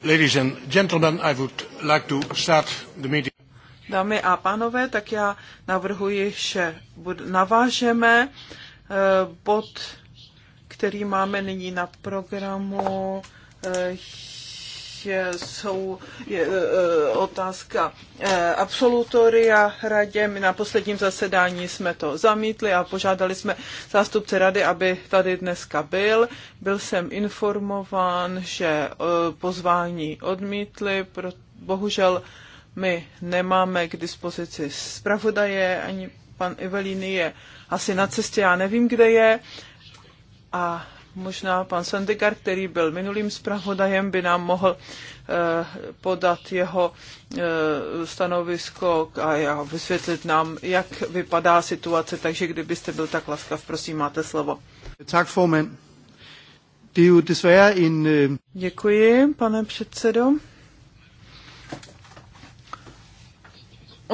[SPEAKER 1] Ladies and gentlemen, I would like to start the meeting.
[SPEAKER 4] Dámy a pánové, tak já navrhuji, že navážeme eh, bod, který máme nyní na programu, eh, jsou je, eh, otázka Eh, absolutoria radě. My na posledním zasedání jsme to zamítli a požádali jsme zástupce rady, aby tady dneska byl. Byl jsem informován, že eh, pozvání odmítli, bohužel my nemáme k dispozici zpravodaje, ani pan Ivelíny je asi na cestě, já nevím, kde je. A možná pan Sandekar, který byl minulým zpravodajem, by nám mohl Eh, podat jeho eh, stanovisko a vysvětlit nám, jak vypadá situace, takže kdybyste byl tak laskav, prosím, máte slovo. Tak, formen. Er eh, Děkuji, pane předsedo.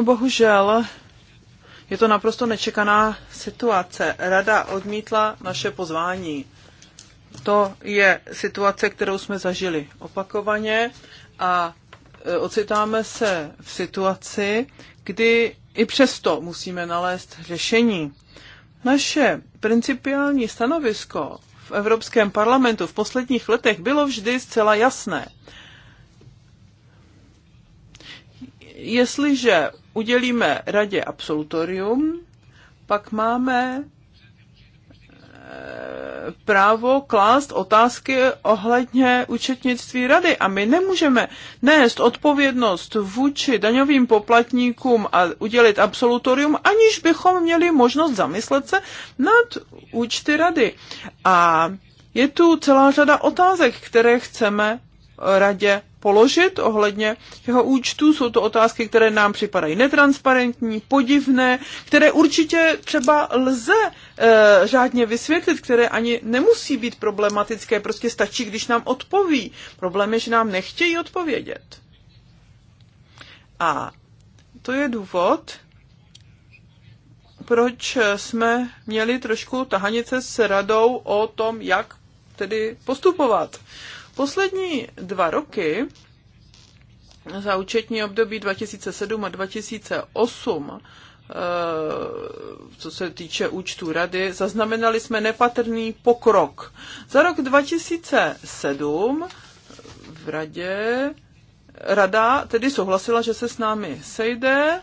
[SPEAKER 4] Bohužel je to naprosto nečekaná situace. Rada odmítla naše pozvání. To je situace, kterou jsme zažili opakovaně a e, ocitáme se v situaci, kdy i přesto musíme nalézt řešení. Naše principiální stanovisko v Evropském parlamentu v posledních letech bylo vždy zcela jasné. Jestliže udělíme radě absolutorium, pak máme právo klást otázky ohledně účetnictví rady a my nemůžeme nést odpovědnost vůči daňovým poplatníkům a udělit absolutorium, aniž bychom měli možnost zamyslet se nad účty rady. A je tu celá řada otázek, které chceme radě položit ohledně jeho účtu. Jsou to otázky, které nám připadají netransparentní, podivné, které určitě třeba lze e, řádně vysvětlit, které ani nemusí být problematické, prostě stačí, když nám odpoví. Problém je, že nám nechtějí odpovědět. A to je důvod, proč jsme měli trošku tahanice s radou o tom, jak tedy postupovat. Poslední dva roky za účetní období 2007 a 2008 eh, co se týče účtu rady, zaznamenali jsme nepatrný pokrok. Za rok 2007 v radě rada tedy souhlasila, že se s námi sejde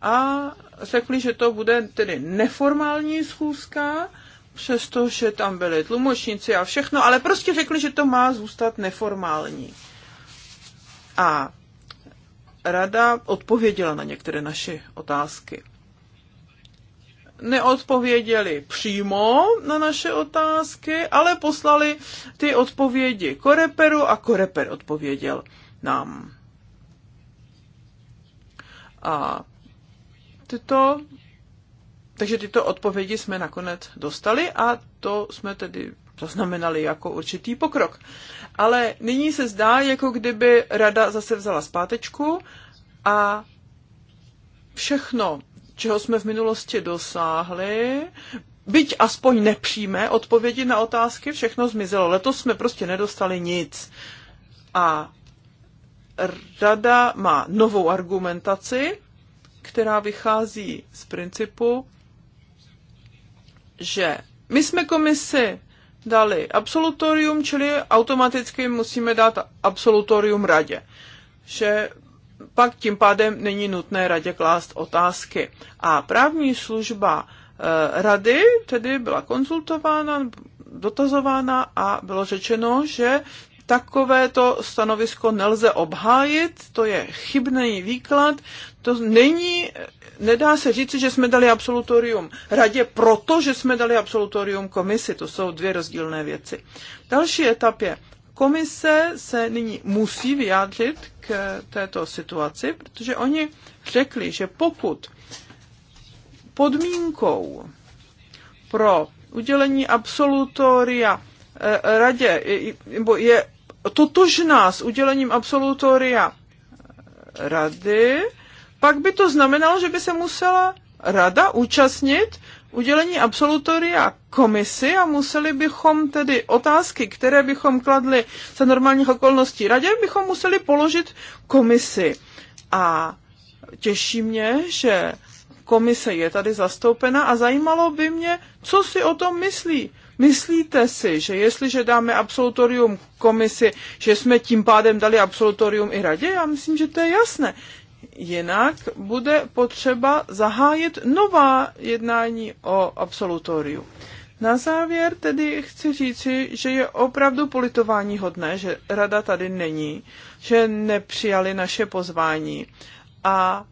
[SPEAKER 4] a řekli, že to bude tedy neformální schůzka přestože tam byli tlumočníci a všechno, ale prostě řekli, že to má zůstat neformální. A rada odpověděla na některé naše otázky. Neodpověděli přímo na naše otázky, ale poslali ty odpovědi Koreperu a Koreper odpověděl nám. A tyto takže tyto odpovědi jsme nakonec dostali a to jsme tedy zaznamenali jako určitý pokrok. Ale nyní se zdá, jako kdyby rada zase vzala zpátečku a všechno, čeho jsme v minulosti dosáhli, byť aspoň nepřímé odpovědi na otázky, všechno zmizelo. Letos jsme prostě nedostali nic. A rada má novou argumentaci, která vychází z principu, že my jsme komisi dali absolutorium, čili automaticky musíme dát absolutorium radě. Že pak tím pádem není nutné radě klást otázky. A právní služba eh, rady tedy byla konzultována, dotazována a bylo řečeno, že takovéto stanovisko nelze obhájit, to je chybný výklad, to není nedá se říci, že jsme dali absolutorium radě, protože jsme dali absolutorium komisi. To jsou dvě rozdílné věci. Další další etapě komise se nyní musí vyjádřit k této situaci, protože oni řekli, že pokud podmínkou pro udělení absolutoria eh, radě je, je totožná s udělením absolutoria eh, rady, pak by to znamenalo, že by se musela rada účastnit udělení absolutoria komisi a museli bychom tedy otázky, které bychom kladli za normálních okolností radě, bychom museli položit komisi. A těší mě, že komise je tady zastoupena a zajímalo by mě, co si o tom myslí. Myslíte si, že jestliže dáme absolutorium komisi, že jsme tím pádem dali absolutorium i radě? Já myslím, že to je jasné jinak bude potřeba zahájit nová jednání o absolutoriu. Na závěr tedy chci říci, že je opravdu politování hodné, že rada tady není, že nepřijali naše pozvání. A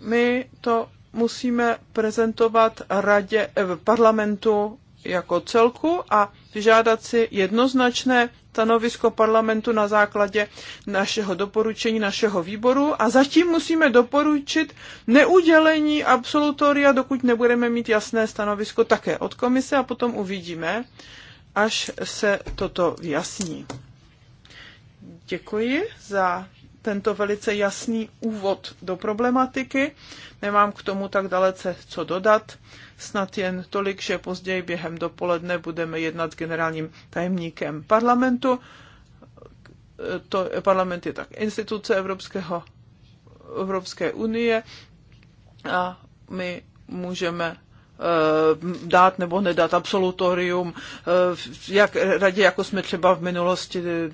[SPEAKER 4] my to musíme prezentovat radě, eh, v parlamentu jako celku a vyžádat si jednoznačné stanovisko parlamentu na základě našeho doporučení našeho výboru a zatím musíme doporučit neudělení absolutoria, dokud nebudeme mít jasné stanovisko také od komise a potom uvidíme, až se toto vyjasní. Děkuji za tento velice jasný úvod do problematiky. Nemám k tomu tak dalece co dodat. Snad jen tolik, že později během dopoledne budeme jednat s generálním tajemníkem parlamentu. To, parlament je tak instituce Evropského, Evropské unie a my můžeme eh, dát nebo nedat absolutorium, eh, jak radě, jako jsme třeba v minulosti eh,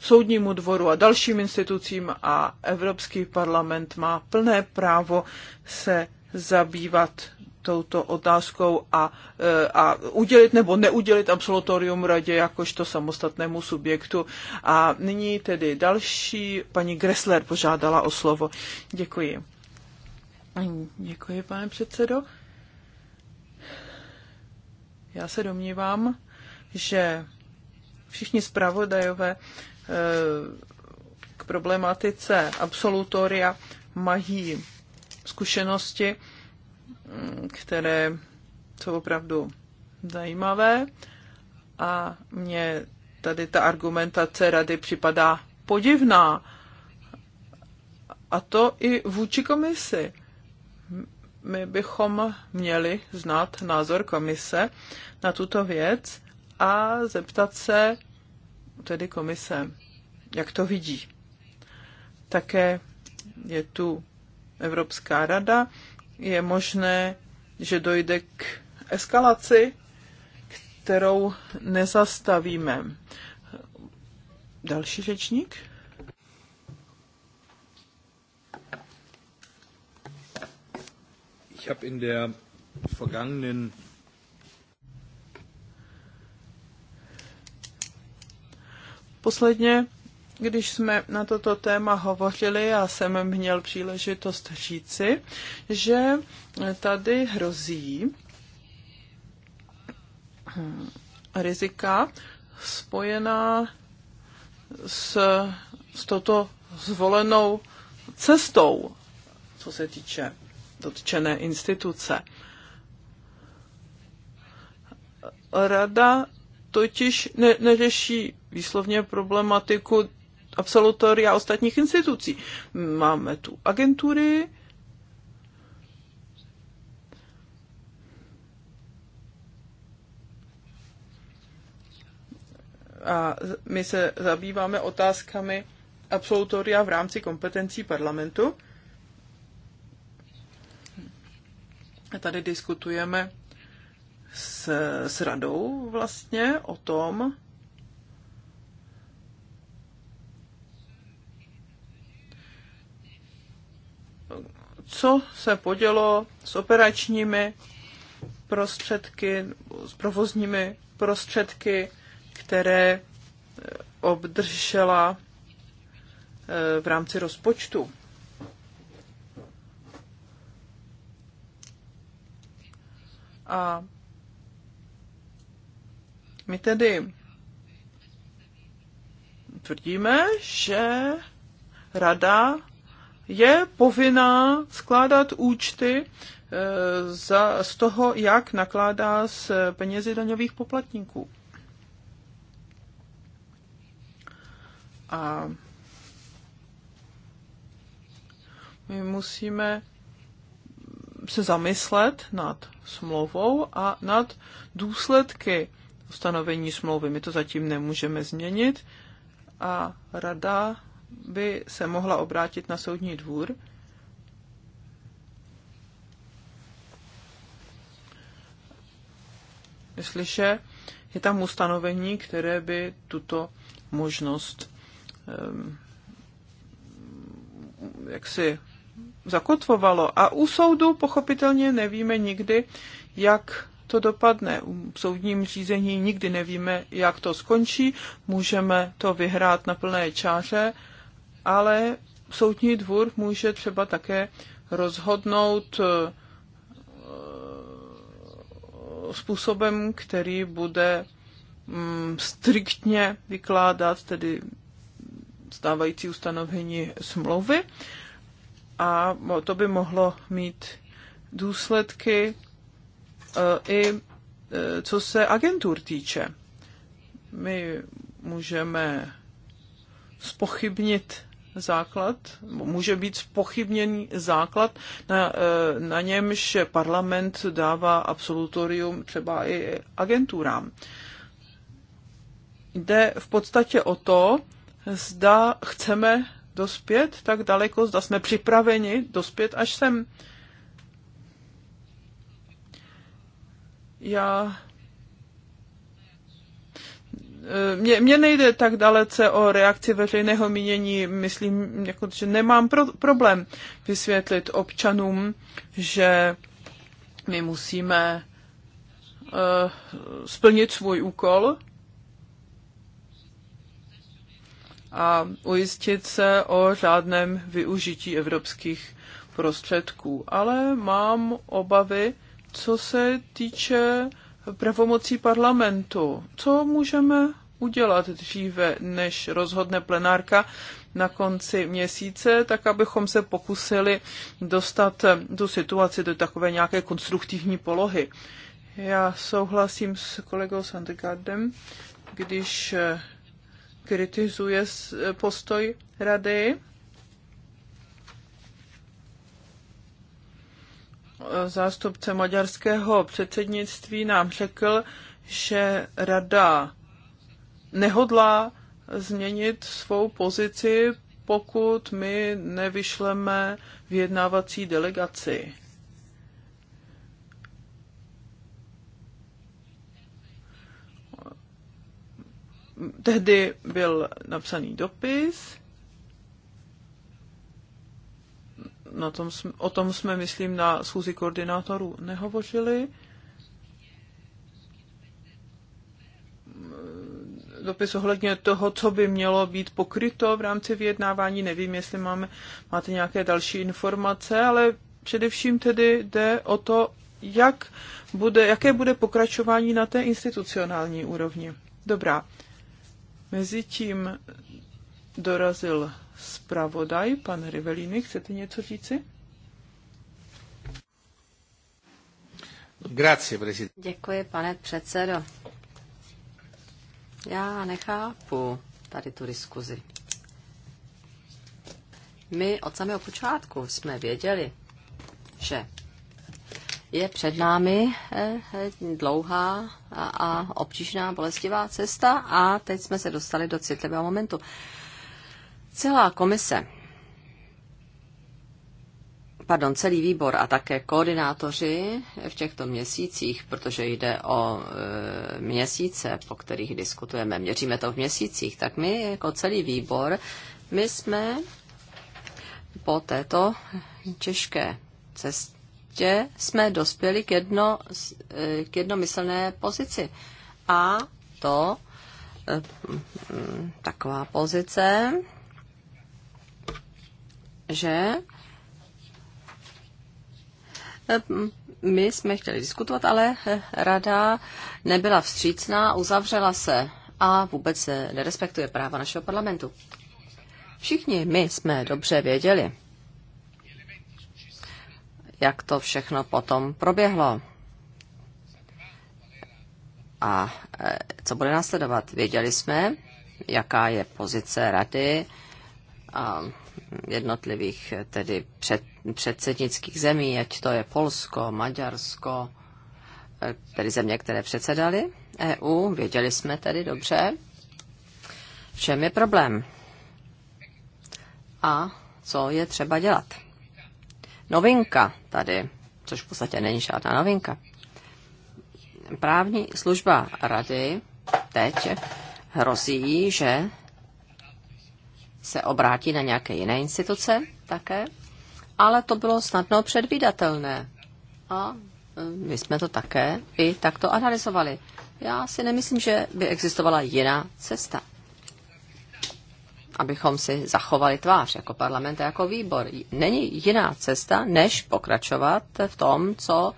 [SPEAKER 4] soudnímu dvoru a dalším institucím a Evropský parlament má plné právo se zabývat touto otázkou a, e, a udělit nebo neudělit absolutorium radě jakožto samostatnému subjektu. A nyní tedy další, paní Gressler požádala o slovo. Děkuji. Děkuji, pane předsedo. Já se domnívám, že všichni zpravodajové e, k problematice absolutoria mají zkušenosti které jsou opravdu zajímavé a mně tady ta argumentace rady připadá podivná. A to i vůči komisi. My bychom měli znát názor komise na tuto věc a zeptat se tedy komise, jak to vidí. Také je tu Evropská rada, je možné, že dojde k eskalaci, kterou nezastavíme. Další řečník?
[SPEAKER 1] Ich habe in der vergangenen
[SPEAKER 4] Posledně když jsme na toto téma hovořili, já jsem měl příležitost říci, že tady hrozí hm, rizika spojená s, s toto zvolenou cestou, co se týče dotčené instituce. Rada totiž ne, neřeší výslovně problematiku absolutoria ostatních institucí. Máme tu agentury, a my se zabýváme otázkami absolutoria v rámci kompetencí parlamentu. A tady diskutujeme s, s radou vlastně o tom, co se podělo s operačními prostředky, s provozními prostředky, které eh, obdržela eh, v rámci rozpočtu. A my tedy tvrdíme, že rada je povinná skládat účty e, za, z toho, jak nakládá s penězi daňových poplatníků. A my musíme se zamyslet nad smlouvou a nad důsledky ustanovení smlouvy. My to zatím nemůžeme změnit a rada by se mohla obrátit na soudní dvůr. Jestliže je tam ustanovení, které by tuto možnost jaksi zakotvovalo. A u soudu pochopitelně nevíme nikdy, jak to dopadne. U soudním řízení nikdy nevíme, jak to skončí. Můžeme to vyhrát na plné čáře ale soudní dvůr může třeba také rozhodnout eh, způsobem, který bude mm, striktně vykládat tedy stávající ustanovení smlouvy a to by mohlo mít důsledky eh, i eh, co se agentur týče. My můžeme spochybnit základ, může být spochybněný základ, na, eh, na němž parlament dává absolutorium třeba i agenturám. Jde v podstatě o to, zda chceme dospět tak daleko, zda jsme připraveni dospět až sem. Já Eh, mě, mě nejde tak dalece o reakci veřejného mínění, myslím, jako, že nemám pro, problém vysvětlit občanům, že my musíme uh, splnit svůj úkol a ujistit se o řádném využití evropských prostředků. Ale mám obavy, co se týče pravomocí parlamentu. Co můžeme udělat dříve, než rozhodne plenárka na konci měsíce, tak abychom se pokusili dostat tu situaci do takové nějaké konstruktivní polohy. Já souhlasím s kolegou Sandegardem, když kritizuje postoj rady zástupce maďarského předsednictví nám řekl, že rada nehodlá změnit svou pozici, pokud my nevyšleme vyjednávací delegaci. Tehdy byl napsaný dopis, na tom, o tom jsme, myslím, na schůzi koordinátorů nehovořili. Dopis ohledně toho, co by mělo být pokryto v rámci vyjednávání, nevím, jestli máme, máte nějaké další informace, ale především tedy jde o to, jak bude, jaké bude pokračování na té institucionální úrovni. Dobrá. Mezitím dorazil zpravodaj, pan Rivelini, chcete něco říci?
[SPEAKER 1] Grazie, prezident.
[SPEAKER 4] Děkuji, pane předsedo.
[SPEAKER 2] Já nechápu tady tu diskuzi. My od samého počátku jsme věděli, že je před námi eh, dlouhá a obtížná bolestivá cesta a teď jsme se dostali do citlivého momentu. Celá komise, pardon, celý výbor a také koordinátoři v těchto měsících, protože jde o e, měsíce, po kterých diskutujeme, měříme to v měsících, tak my jako celý výbor, my jsme po této těžké cestě jsme dospěli k, jedno, e, k jednomyslné pozici. A to e, taková pozice že eh, my jsme chtěli diskutovat, ale eh, rada nebyla vstřícná, uzavřela se a vůbec nerespektuje práva našeho parlamentu. Všichni my jsme dobře věděli, jak to všechno potom proběhlo a eh, co bude následovat. Věděli jsme, jaká je pozice rady a jednotlivých eh, tedy před, předsednických zemí, ať to je Polsko, Maďarsko, eh, tedy země, které předsedaly EU, věděli jsme tedy dobře, v čem je problém a co je třeba dělat. Novinka tady, což v podstatě není žádná novinka. Právní služba rady teď hrozí, že se obrátí na nějaké jiné instituce také, ale to bylo snadno předvídatelné. A eh, my jsme to také i takto analyzovali. Já si nemyslím, že by existovala jiná cesta, abychom si zachovali tvář jako parlament a jako výbor. Není jiná cesta, než pokračovat v tom, co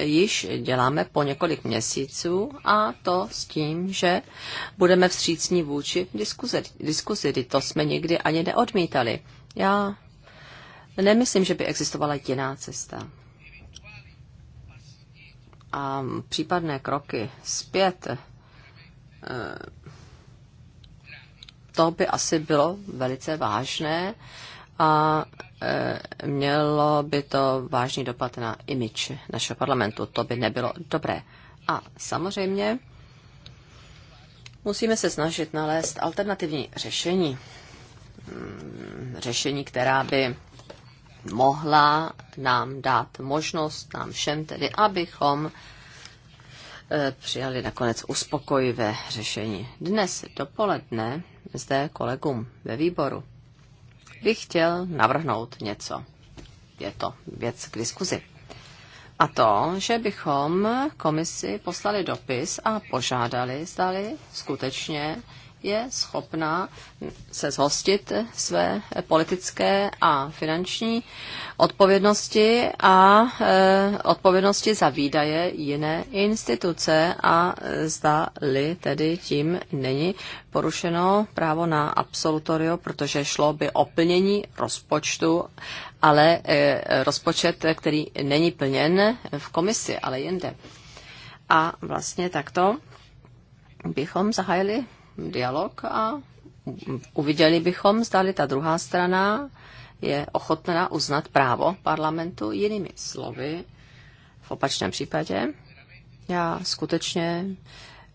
[SPEAKER 2] již děláme po několik měsíců a to s tím, že budeme vstřícní vůči diskuzi. diskuzi. To jsme nikdy ani neodmítali. Já nemyslím, že by existovala jiná cesta. A případné kroky zpět, eh, to by asi bylo velice vážné a Eh, mělo by to vážný dopad na imič našeho parlamentu. To by nebylo dobré. A samozřejmě musíme se snažit nalézt alternativní řešení. Mm, řešení, která by mohla nám dát možnost, nám všem tedy, abychom eh, přijali nakonec uspokojivé řešení. Dnes dopoledne zde kolegům ve výboru bych chtěl navrhnout něco. Je to věc k diskuzi. A to, že bychom komisi poslali dopis a požádali, zdali skutečně je schopna se zhostit své politické a finanční odpovědnosti a eh, odpovědnosti za výdaje jiné instituce a zda-li tedy tím není porušeno právo na absolutorio, protože šlo by o plnění rozpočtu, ale eh, rozpočet, který není plněn v komisi, ale jinde. A vlastně takto bychom zahájili dialog a uviděli bychom, zdali ta druhá strana je ochotná uznat právo parlamentu jinými slovy. V opačném případě já skutečně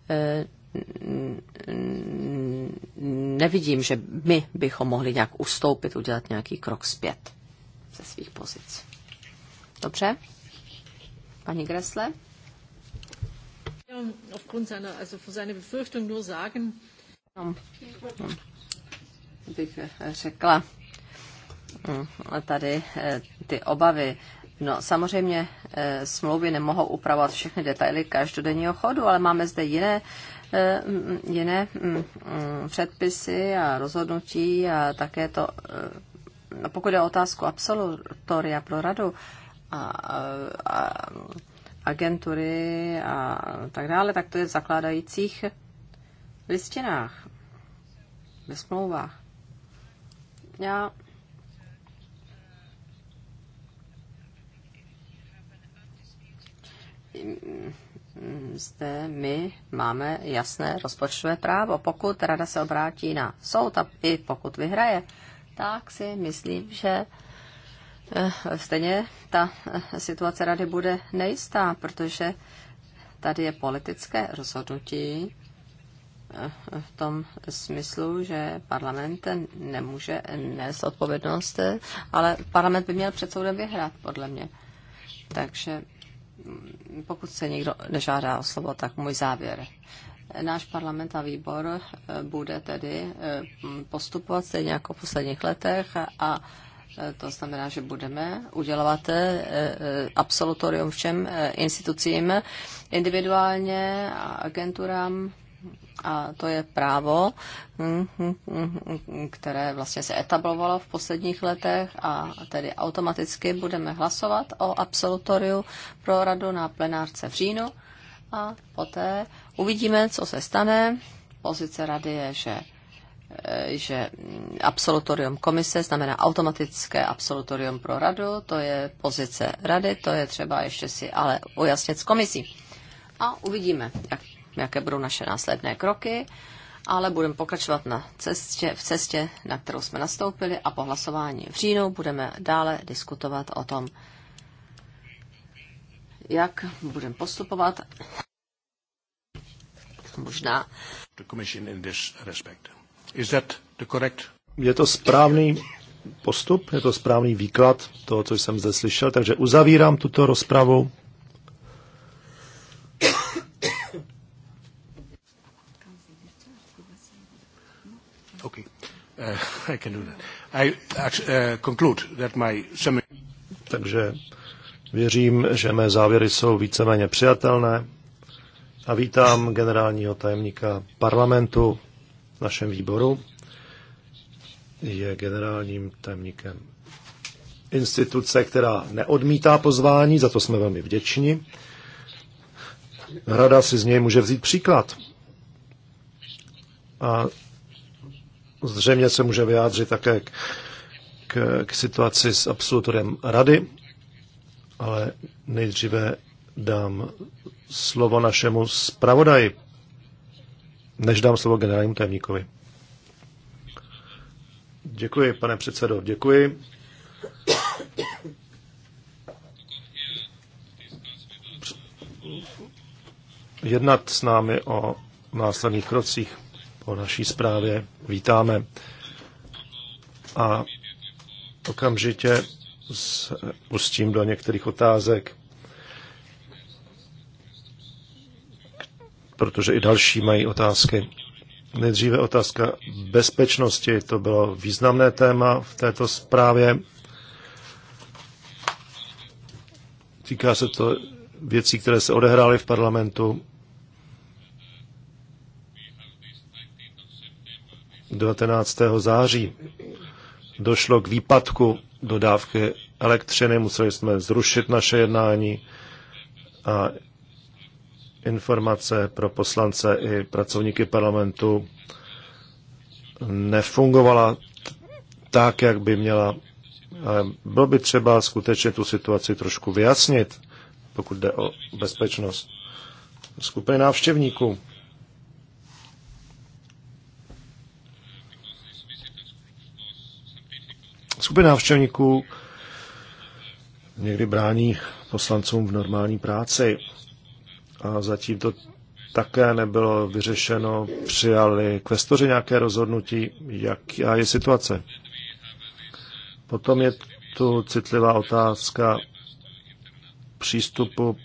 [SPEAKER 2] eh, nevidím, že my bychom mohli nějak ustoupit, udělat nějaký krok zpět ze svých pozic. Dobře? Paní Gressle? Ähm, aufgrund seiner, also von seiner Befürchtung nur sagen. Bych eh, řekla mm, tady eh, ty obavy. No, samozřejmě eh, smlouvy nemohou upravovat všechny detaily každodenního chodu, ale máme zde jiné mm, mm, jiné předpisy a rozhodnutí a také to, no, pokud je o otázku absolutoria pro radu, a, a, agentury a tak dále, tak to je v zakládajících listinách, ve smlouvách. Já zde my máme jasné rozpočtové právo. Pokud rada se obrátí na soud a i pokud vyhraje, tak si myslím, že Eh, stejně ta eh, situace rady bude nejistá, protože tady je politické rozhodnutí eh, v tom smyslu, že parlament nemůže nést odpovědnost, ale parlament by měl před soudem vyhrát, podle mě. Takže mm, pokud se někdo nežádá o slovo, tak můj závěr. Náš parlament a výbor bude tedy postupovat stejně jako v posledních letech a to znamená, že budeme udělovat e, e, absolutorium všem e, institucím, individuálně a agenturám a to je právo, hm, hm, hm, které vlastně se etablovalo v posledních letech a tedy automaticky budeme hlasovat o absolutoriu pro radu na plenárce v říjnu a poté uvidíme, co se stane. Pozice rady je, že Eh, že absolutorium komise znamená automatické absolutorium pro radu, to je pozice rady, to je třeba ještě si ale ujasnit s komisí. A uvidíme, jak, jaké budou naše následné kroky, ale budeme pokračovat na cestě, v cestě, na kterou jsme nastoupili a po hlasování v říjnu budeme dále diskutovat o tom, jak budeme postupovat.
[SPEAKER 1] Možná. The commission in this respect.
[SPEAKER 2] Is that
[SPEAKER 3] the correct? Je to správný postup, je to správný výklad toho, co jsem zde slyšel, takže uzavírám tuto rozpravu.
[SPEAKER 1] Okay. Uh, I can do that. I uh, conclude that my summary... Takže
[SPEAKER 3] věřím, že mé závěry jsou víceméně přijatelné
[SPEAKER 1] a vítám generálního
[SPEAKER 3] tajemníka parlamentu našem výboru. Je generálním tajemníkem instituce, která neodmítá pozvání, za to jsme velmi vděční. Rada si z něj může vzít příklad. A zřejmě se může vyjádřit také k, k, k situaci s absolutorem rady, ale nejdříve dám slovo našemu zpravodaji, než dám slovo generálnímu tajemníkovi. Děkuji, pane předsedo, děkuji. Jednat s námi o následných krocích po naší zprávě vítáme. A okamžitě se pustím do některých otázek, protože i další mají otázky. Nejdříve otázka bezpečnosti. To bylo významné téma v této zprávě. Týká se to věcí, které se odehrály v parlamentu. 19. září došlo k výpadku dodávky elektřiny, museli jsme zrušit naše jednání a informace pro poslance i pracovníky parlamentu nefungovala tak, jak by měla. bylo by třeba skutečně tu situaci trošku vyjasnit, pokud jde o bezpečnost skupiny návštěvníků. Skupiny návštěvníků někdy brání poslancům v normální práci a zatím to také nebylo vyřešeno. Přijali kvestoři nějaké rozhodnutí, jaká je situace. Potom je tu citlivá otázka přístupu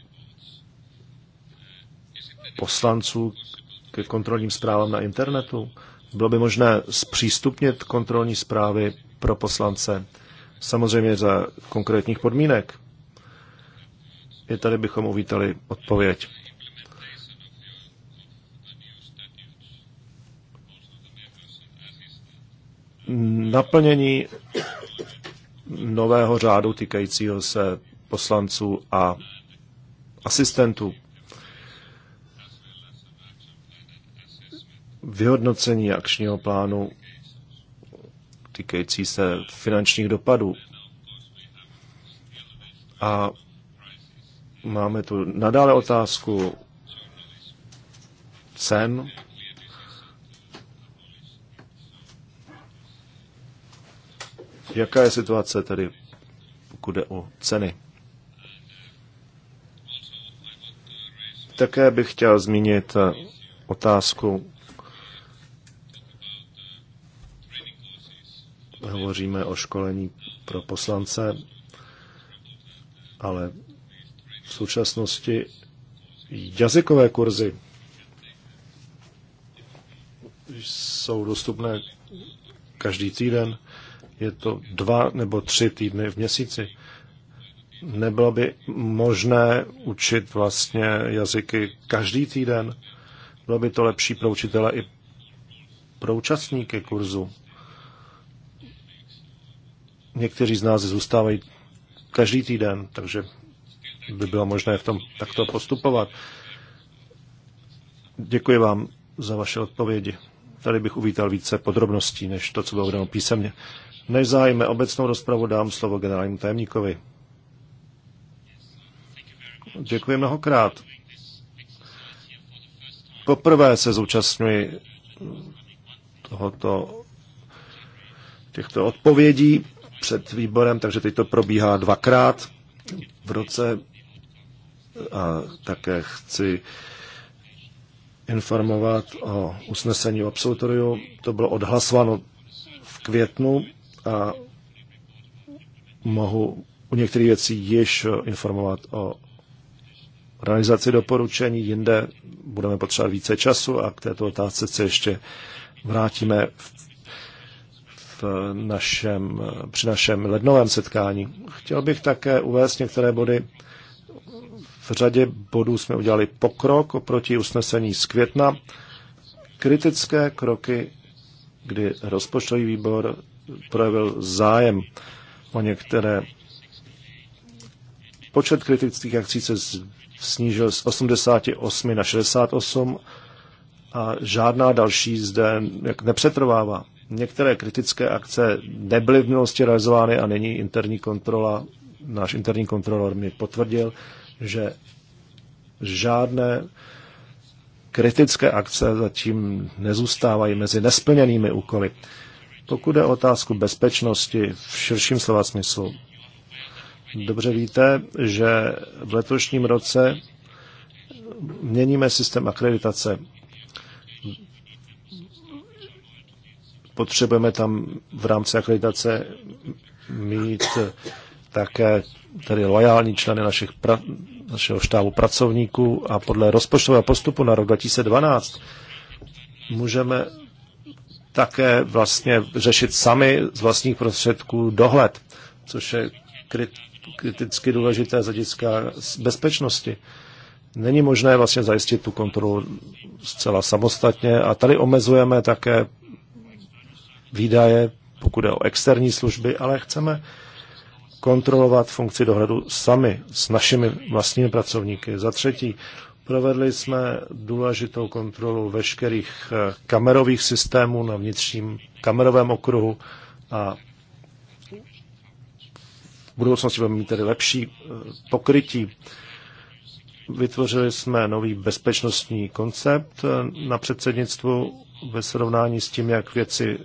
[SPEAKER 3] poslanců ke kontrolním zprávám na internetu. Bylo by možné zpřístupnit kontrolní zprávy pro poslance, samozřejmě za konkrétních podmínek. I tady bychom uvítali odpověď. naplnění nového řádu týkajícího se poslanců a asistentů. Vyhodnocení akčního plánu týkající se finančních dopadů. A máme tu nadále otázku cen Jaká je situace tedy, pokud jde o ceny? Také bych chtěl zmínit eh, otázku. Hovoříme o školení pro poslance, ale v současnosti jazykové kurzy jsou dostupné každý týden je to dva nebo tři týdny v měsíci. Nebylo by možné učit vlastně jazyky každý týden? Bylo by to lepší pro učitele i pro účastníky kurzu. Někteří z nás zůstávají každý týden, takže by bylo možné v tom takto postupovat. Děkuji vám za vaše odpovědi. Tady bych uvítal více podrobností, než to, co bylo uvedeno písemně. Než zájme obecnou rozpravu, dám slovo generálnímu tajemníkovi. Děkuji mnohokrát. Poprvé se zúčastňuji tohoto, těchto odpovědí před výborem, takže teď to probíhá dvakrát v roce a také chci informovat o usnesení absolutoriu. To bylo odhlasováno v květnu a mohu u některých věcí již informovat o realizaci doporučení, jinde budeme potřebovat více času a k této otázce se ještě vrátíme v, v našem, při našem lednovém setkání. Chtěl bych také uvést některé body. V řadě bodů jsme udělali pokrok oproti usnesení z května. Kritické kroky, kdy rozpočtový výbor projevil zájem o některé. Počet kritických akcí se snížil z 88 na 68 a žádná další zde nepřetrvává. Některé kritické akce nebyly v minulosti realizovány a není interní kontrola. Náš interní kontrolor mi potvrdil, že žádné kritické akce zatím nezůstávají mezi nesplněnými úkoly. Pokud je otázku bezpečnosti v širším slova smyslu, dobře víte, že v letošním roce měníme systém akreditace. Potřebujeme tam v rámci akreditace mít také tedy lojální členy našich pra, našeho štábu pracovníků a podle rozpočtového postupu na rok 2012 můžeme také vlastně řešit sami z vlastních prostředků dohled, což je kriticky důležité z hlediska bezpečnosti. Není možné vlastně zajistit tu kontrolu zcela samostatně a tady omezujeme také výdaje, pokud je o externí služby, ale chceme kontrolovat funkci dohledu sami s našimi vlastními pracovníky. Za třetí, Provedli jsme důležitou kontrolu veškerých eh, kamerových systémů na vnitřním kamerovém okruhu a v budoucnosti budeme mít tedy lepší eh, pokrytí. Vytvořili jsme nový bezpečnostní koncept eh, na předsednictvu ve srovnání s tím, jak věci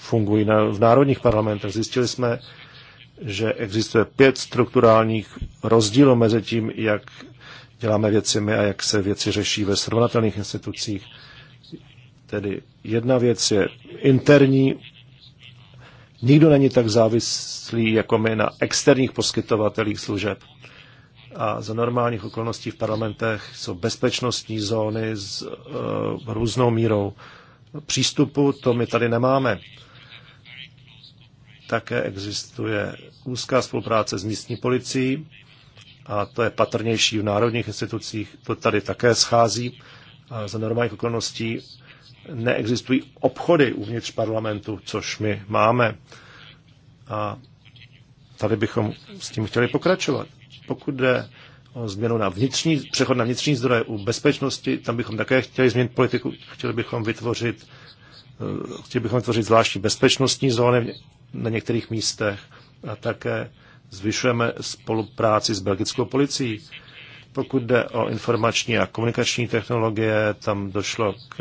[SPEAKER 3] fungují v národních parlamentech. Zjistili jsme, že existuje pět strukturálních rozdílů mezi tím, jak děláme věci my a jak se věci řeší ve srovnatelných institucích. Tedy jedna věc je interní. Nikdo není tak závislý jako my na externích poskytovatelích služeb. A za normálních okolností v parlamentech jsou bezpečnostní zóny s uh, různou mírou přístupu. To my tady nemáme. Také existuje úzká spolupráce s místní policií a to je patrnější v národních institucích, to tady také schází. A za normálních okolností neexistují obchody uvnitř parlamentu, což my máme. A tady bychom s tím chtěli pokračovat. Pokud jde o změnu na vnitřní, přechod na vnitřní zdroje u bezpečnosti, tam bychom také chtěli změnit politiku, chtěli bychom vytvořit eh, chtěli bychom vytvořit zvláštní bezpečnostní zóny na některých místech a také zvyšujeme spolupráci s belgickou policií. Pokud jde o informační a komunikační technologie, tam došlo k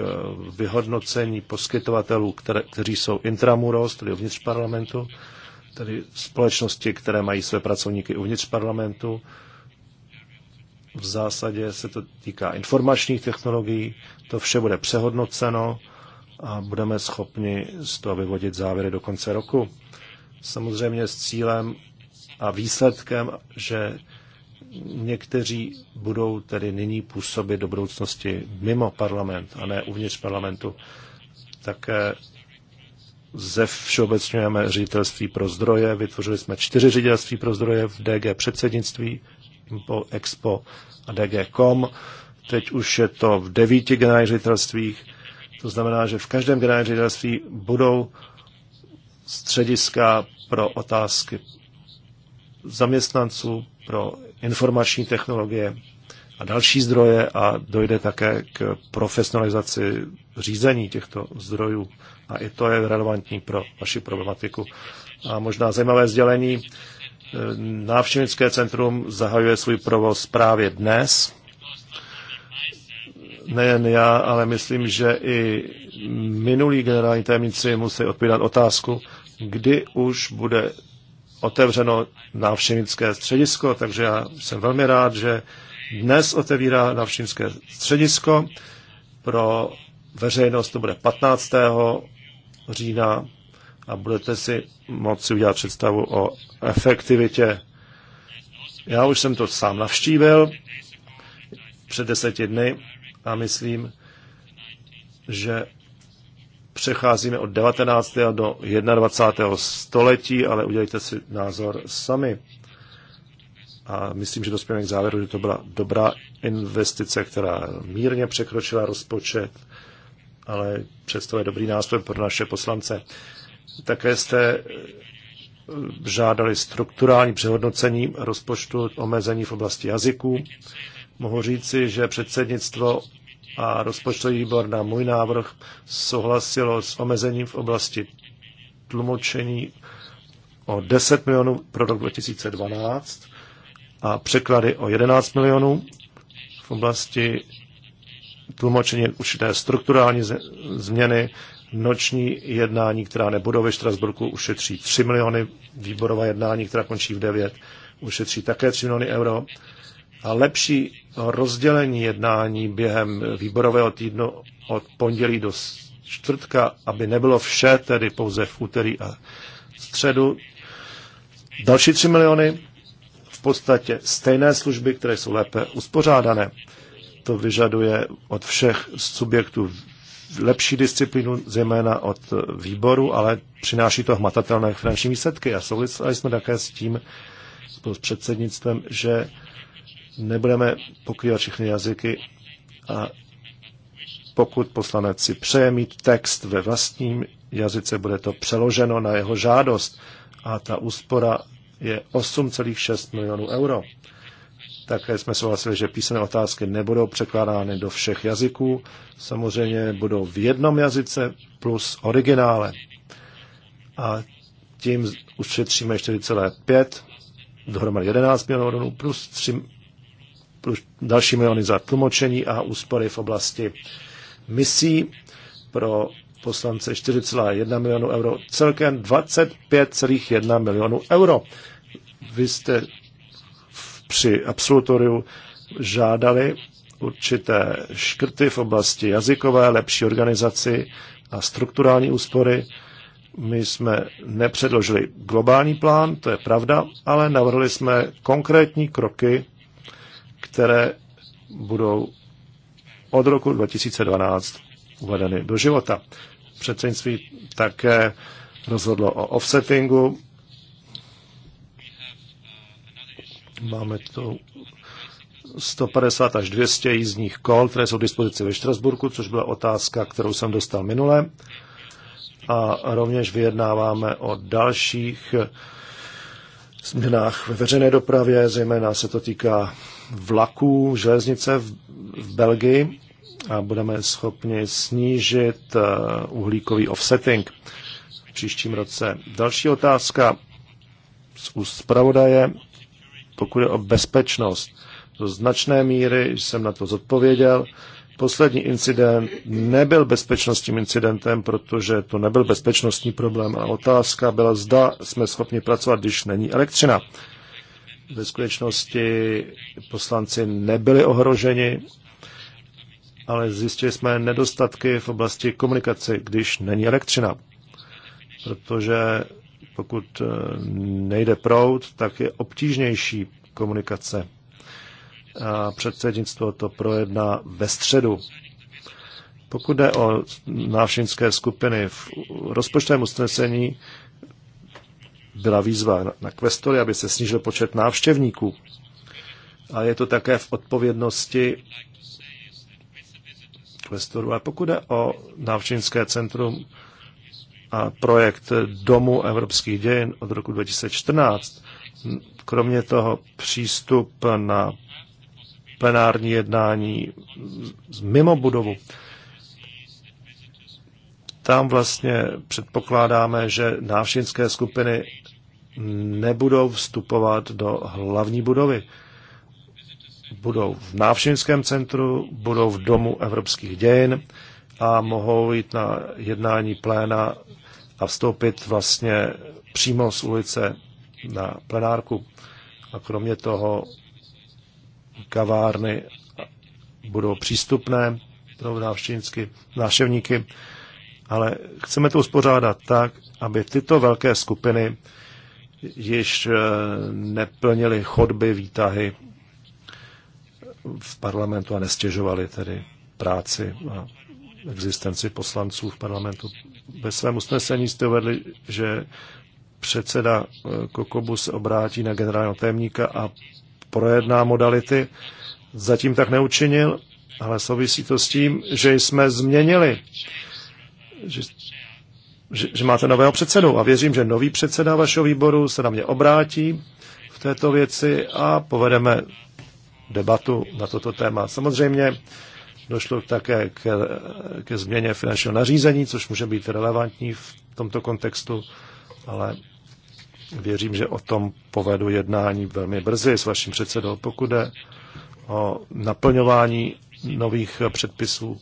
[SPEAKER 3] vyhodnocení poskytovatelů, které, kteří jsou intramuros, tedy uvnitř parlamentu, tedy společnosti, které mají své pracovníky uvnitř parlamentu. V zásadě se to týká informačních technologií, to vše bude přehodnoceno a budeme schopni z toho vyvodit závěry do konce roku. Samozřejmě s cílem a výsledkem, že někteří budou tedy nyní působit do budoucnosti mimo parlament a ne uvnitř parlamentu. Také ze všeobecňujeme ředitelství pro zdroje, vytvořili jsme čtyři ředitelství pro zdroje v DG předsednictví, Impo, Expo a DG.com. Teď už je to v devíti generálních ředitelstvích, to znamená, že v každém generálním ředitelství budou střediska pro otázky zaměstnanců pro informační technologie a další zdroje a dojde také k profesionalizaci řízení těchto zdrojů. A i to je relevantní pro vaši problematiku. A možná zajímavé sdělení. Návštěvnické centrum zahajuje svůj provoz právě dnes. Nejen já, ale myslím, že i minulí generální tajemníci musí odpovídat otázku, kdy už bude otevřeno návštěvnické středisko, takže já jsem velmi rád, že dnes otevírá návštěvnické středisko. Pro veřejnost to bude 15. října a budete si moci udělat představu o efektivitě. Já už jsem to sám navštívil před deseti dny a myslím, že přecházíme od 19. do 21. století, ale udělejte si názor sami. A myslím, že dospějeme k závěru, že to byla dobrá investice, která mírně překročila rozpočet, ale přesto je dobrý nástroj pro naše poslance. Také jste eh, žádali strukturální přehodnocení rozpočtu, omezení v oblasti jazyků. Mohu říci, že předsednictvo a rozpočtový výbor na můj návrh souhlasilo s omezením v oblasti tlumočení o 10 milionů pro rok 2012 a překlady o 11 milionů v oblasti tlumočení určité strukturální změny, noční jednání, která nebudou ve Štrasburku, ušetří 3 miliony, výborová jednání, která končí v 9, ušetří také 3 miliony euro a lepší rozdělení jednání během výborového týdnu od pondělí do čtvrtka, aby nebylo vše, tedy pouze v úterý a středu. Další 3 miliony v podstatě stejné služby, které jsou lépe uspořádané. To vyžaduje od všech subjektů lepší disciplínu, zejména od výboru, ale přináší to hmatatelné finanční výsledky. A souviseli jsme také s tím, s předsednictvem, že Nebudeme pokrývat všechny jazyky a pokud poslanec si přeje mít text ve vlastním jazyce, bude to přeloženo na jeho žádost a ta úspora je 8,6 milionů euro. Také jsme souhlasili, že písemné otázky nebudou překládány do všech jazyků. Samozřejmě budou v jednom jazyce plus originále. A tím ušetříme 4,5, dohromady 11 milionů plus 3 další miliony za tlumočení a úspory v oblasti misí pro poslance 4,1 milionu euro, celkem 25,1 milionu euro. Vy jste při absolutoriu žádali určité škrty v oblasti jazykové, lepší organizaci a strukturální úspory. My jsme nepředložili globální plán, to je pravda, ale navrhli jsme konkrétní kroky které budou od roku 2012 uvedeny do života. Předsednictví také rozhodlo o offsettingu. Máme tu 150 až 200 jízdních kol, které jsou k dispozici ve Štrasburku, což byla otázka, kterou jsem dostal minule. A rovněž vyjednáváme o dalších změnách ve veřejné dopravě, zejména se to týká vlaků železnice v, v Belgii a budeme schopni snížit eh, uhlíkový offsetting v příštím roce. Další otázka z úst zpravodaje, pokud je o bezpečnost. Do značné míry jsem na to zodpověděl. Poslední incident nebyl bezpečnostním incidentem, protože to nebyl bezpečnostní problém a otázka byla, zda jsme schopni pracovat, když není elektřina ve skutečnosti poslanci nebyli ohroženi, ale zjistili jsme nedostatky v oblasti komunikace, když není elektřina. Protože pokud eh, nejde proud, tak je obtížnější komunikace. A předsednictvo to projedná ve středu. Pokud jde o návštěvnické skupiny, v rozpočtovém usnesení byla výzva na kvestory, aby se snížil počet návštěvníků. A je to také v odpovědnosti kvestorů. A pokud je o návštěvnické centrum a projekt Domu evropských dějin od roku 2014, kromě toho přístup na plenární jednání mimo budovu, tam vlastně předpokládáme, že návštěvnické skupiny nebudou vstupovat do hlavní budovy. Budou v návštěvnickém centru, budou v Domu evropských dějin a mohou jít na jednání pléna a vstoupit vlastně přímo z ulice na plenárku. A kromě toho kavárny budou přístupné pro návštěvníky, ale chceme to uspořádat tak, aby tyto velké skupiny již eh, neplnili chodby, výtahy v parlamentu a nestěžovali tedy práci a existenci poslanců v parlamentu. Ve svém usnesení jste uvedli, že předseda eh, Kokobu se obrátí na generálního témníka a projedná modality. Zatím tak neučinil, ale souvisí to s tím, že jsme změnili že že, že máte nového předsedu a věřím, že nový předseda vašeho výboru se na mě obrátí v této věci a povedeme debatu na toto téma. Samozřejmě došlo také ke, ke změně finančního nařízení, což může být relevantní v tomto kontextu, ale věřím, že o tom povedu jednání velmi brzy s vaším předsedou, pokud jde o naplňování nových předpisů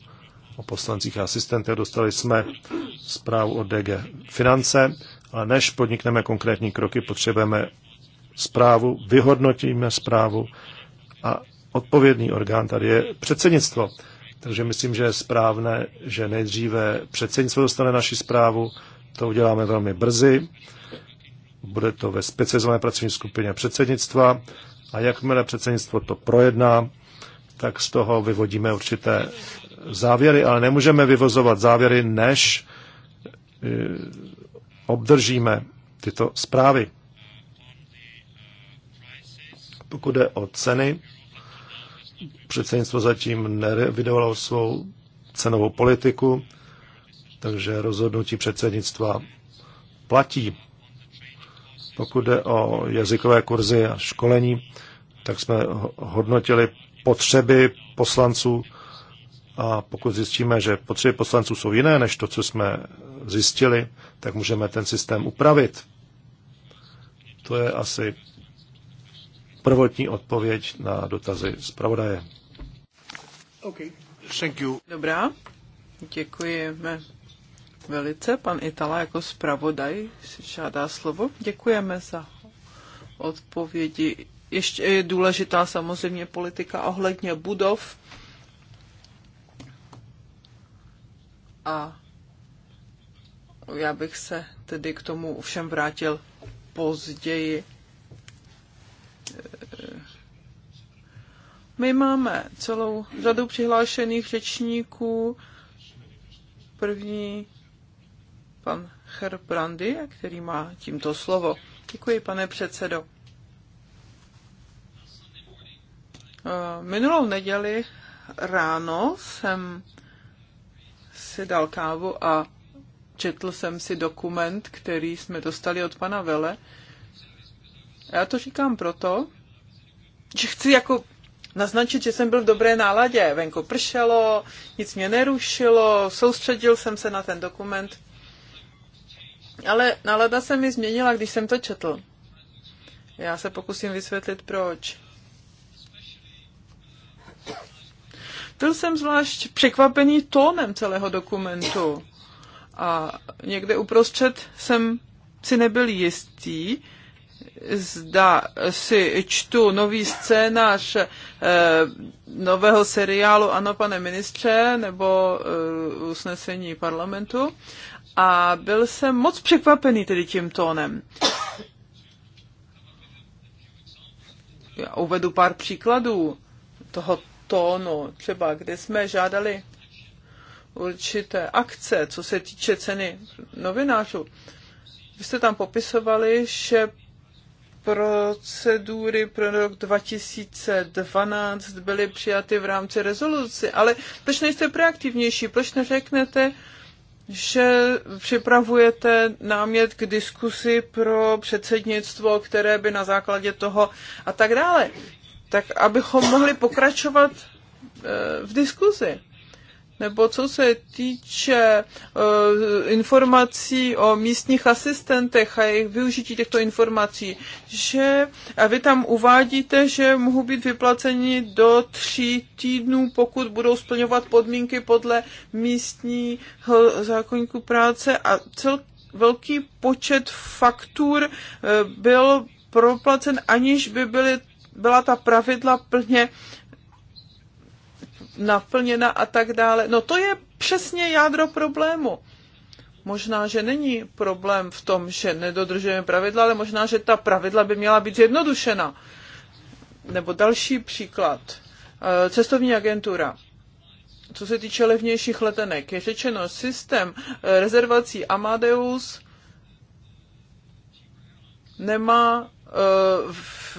[SPEAKER 3] o poslancích a asistentech. Dostali jsme zprávu od DG Finance, ale než podnikneme konkrétní kroky, potřebujeme zprávu, vyhodnotíme zprávu a odpovědný orgán tady je předsednictvo. Takže myslím, že je správné, že nejdříve předsednictvo dostane naši zprávu, to uděláme velmi brzy, bude to ve specializované pracovní skupině předsednictva a jakmile předsednictvo to projedná, tak z toho vyvodíme určité závěry, ale nemůžeme vyvozovat závěry, než e, obdržíme tyto zprávy. Pokud jde o ceny, předsednictvo zatím nerevidovalo svou cenovou politiku, takže rozhodnutí předsednictva platí. Pokud jde o jazykové kurzy a školení, tak jsme hodnotili potřeby poslanců a pokud zjistíme, že potřeby poslanců jsou jiné než to, co jsme zjistili, tak můžeme ten systém upravit. To je asi prvotní odpověď na dotazy zpravodaje.
[SPEAKER 4] Okay. Dobrá, děkujeme velice. Pan Itala jako zpravodaj si žádá slovo. Děkujeme za odpovědi. Ještě je důležitá samozřejmě politika ohledně budov a já bych se tedy k tomu ovšem vrátil později. My máme celou řadu přihlášených řečníků. První pan Herbrandy, který má tímto slovo. Děkuji, pane předsedo. Minulou neděli ráno jsem si dal kávu a četl jsem si dokument, který jsme dostali od pana Vele. já to říkám proto, že chci jako naznačit, že jsem byl v dobré náladě. Venko pršelo, nic mě nerušilo, soustředil jsem se na ten dokument. Ale nálada se mi změnila, když jsem to četl. Já se pokusím vysvětlit, proč. Byl jsem zvlášť překvapený tónem celého dokumentu. A někde uprostřed jsem si nebyl jistý, zda si čtu nový scénář eh, nového seriálu Ano, pane ministře, nebo eh, usnesení parlamentu. A byl jsem moc překvapený tedy tím tónem. Já uvedu pár příkladů toho tónu, třeba kde jsme žádali určité akce, co se týče ceny novinářů. Vy jste tam popisovali, že procedury pro rok 2012 byly přijaty v rámci rezoluci, ale proč nejste proaktivnější? Proč neřeknete, že připravujete námět k diskusi pro předsednictvo, které by na základě toho a tak dále tak abychom mohli pokračovat eh, v diskuzi. Nebo co se týče eh, informací o místních asistentech a jejich využití těchto informací, že a vy tam uvádíte, že mohou být vyplaceni do tří týdnů, pokud budou splňovat podmínky podle místního zákonníku práce a cel, velký počet faktur eh, byl proplacen, aniž by byly byla ta pravidla plně naplněna a tak dále. No to je přesně jádro problému. Možná, že není problém v tom, že nedodržujeme pravidla, ale možná, že ta pravidla by měla být zjednodušena. Nebo další příklad. Eh, cestovní agentura. Co se týče levnějších letenek, je řečeno systém eh, rezervací Amadeus nemá Eh,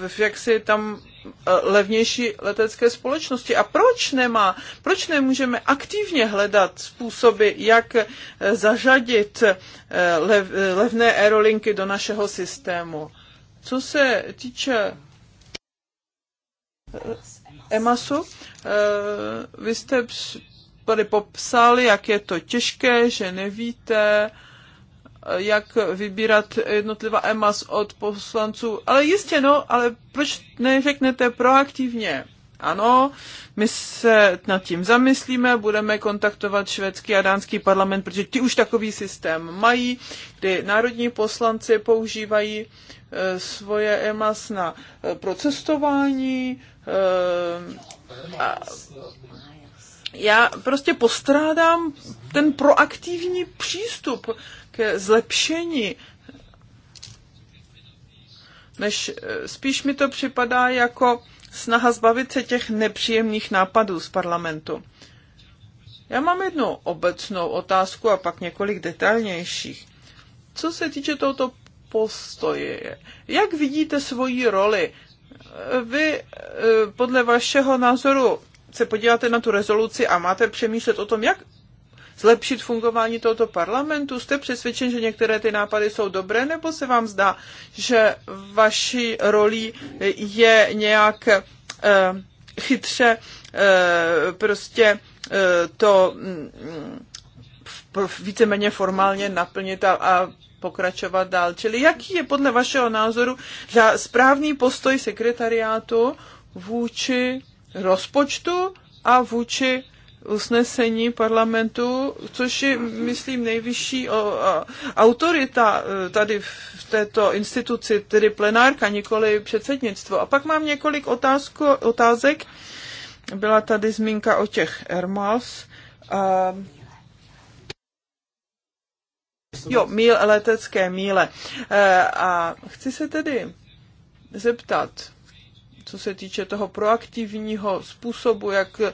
[SPEAKER 4] v jaksi tam eh, levnější letecké společnosti. A proč nemá, proč nemůžeme aktivně hledat způsoby, jak eh, zařadit lev, levné aerolinky do našeho systému? Co se týče EMASu, vy jste tady popsali, jak je to těžké, že nevíte, jak vybírat jednotlivá EMAS od poslanců. Ale jistě, no, ale proč neřeknete proaktivně? Ano, my se nad tím zamyslíme, budeme kontaktovat švédský a dánský parlament, protože ti už takový systém mají, kdy národní poslanci používají e, svoje EMAS na e, procestování e, a, já prostě postrádám ten proaktivní přístup ke zlepšení než eh, spíš mi to připadá jako snaha zbavit se těch nepříjemných nápadů z parlamentu. Já mám jednu obecnou otázku a pak několik detailnějších. Co se týče tohoto postoje, jak vidíte svoji roli? Vy eh, podle vašeho názoru se podíváte na tu rezoluci a máte přemýšlet o tom, jak zlepšit fungování tohoto parlamentu? Jste přesvědčen, že některé ty nápady jsou dobré, nebo se vám zdá, že vaší roli je nějak eh, chytře eh, prostě eh, to mm, mm, víceméně formálně naplnit a, a pokračovat dál. Čili jaký je podle vašeho názoru správný postoj sekretariátu vůči rozpočtu a vůči usnesení parlamentu, což je, myslím, nejvyšší autorita e, tady v této instituci, tedy plenárka, nikoli předsednictvo. A pak mám několik otázku, otázek. Byla tady zmínka o těch A, Jo, míl, letecké míle. E, a chci se tedy zeptat, co se týče toho proaktivního způsobu, jak eh,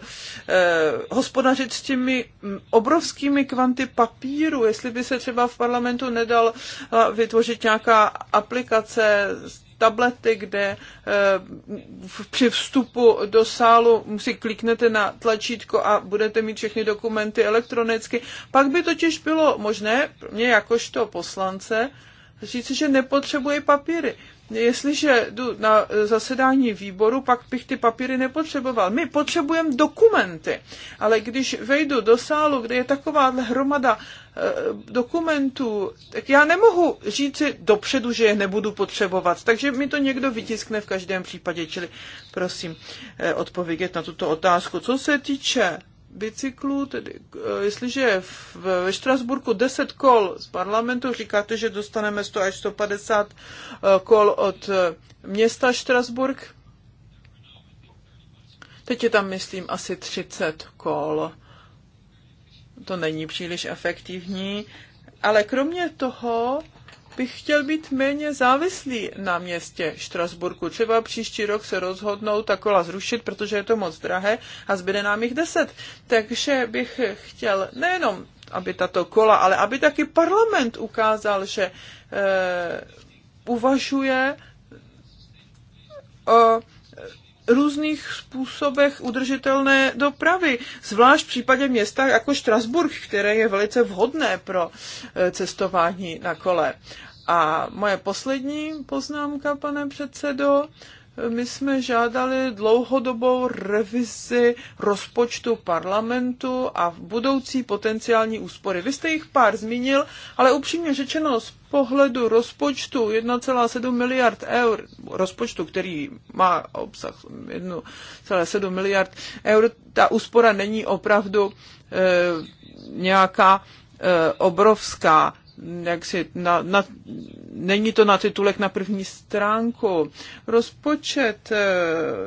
[SPEAKER 4] hospodařit s těmi mm, obrovskými kvanty papíru, jestli by se třeba v parlamentu nedal eh, vytvořit nějaká aplikace tablety, kde eh, při vstupu do sálu si kliknete na tlačítko a budete mít všechny dokumenty elektronicky. Pak by totiž bylo možné, mě jakožto poslance, říci, že nepotřebuji papíry. Jestliže jdu na zasedání výboru, pak bych ty papíry nepotřeboval. My potřebujeme dokumenty, ale když vejdu do sálu, kde je taková hromada eh, dokumentů, tak já nemohu říci dopředu, že je nebudu potřebovat. Takže mi to někdo vytiskne v každém případě, čili prosím eh, odpovědět na tuto otázku. Co se týče bicyklu, tedy eh, jestliže ve Štrasburku 10 kol z parlamentu, říkáte, že dostaneme 100 až 150 eh, kol od eh, města Štrasburg. Teď je tam, myslím, asi 30 kol. To není příliš efektivní. Ale kromě toho bych chtěl být méně závislý na městě Štrasburku. Třeba příští rok se rozhodnou ta kola zrušit, protože je to moc drahé a zbyde nám jich deset. Takže bych chtěl nejenom, aby tato kola, ale aby taky parlament ukázal, že e, uvažuje o různých způsobech udržitelné dopravy, zvlášť v případě města jako Štrasburg, které je velice vhodné pro eh, cestování na kole. A moje poslední poznámka, pane předsedo, my jsme žádali dlouhodobou revizi rozpočtu parlamentu a budoucí potenciální úspory. Vy jste jich pár zmínil, ale upřímně řečeno z pohledu rozpočtu 1,7 miliard eur, rozpočtu, který má obsah 1,7 miliard eur, ta úspora není opravdu e, nějaká e, obrovská jaksi na, na, není to na titulek na první stránku. Rozpočet eh,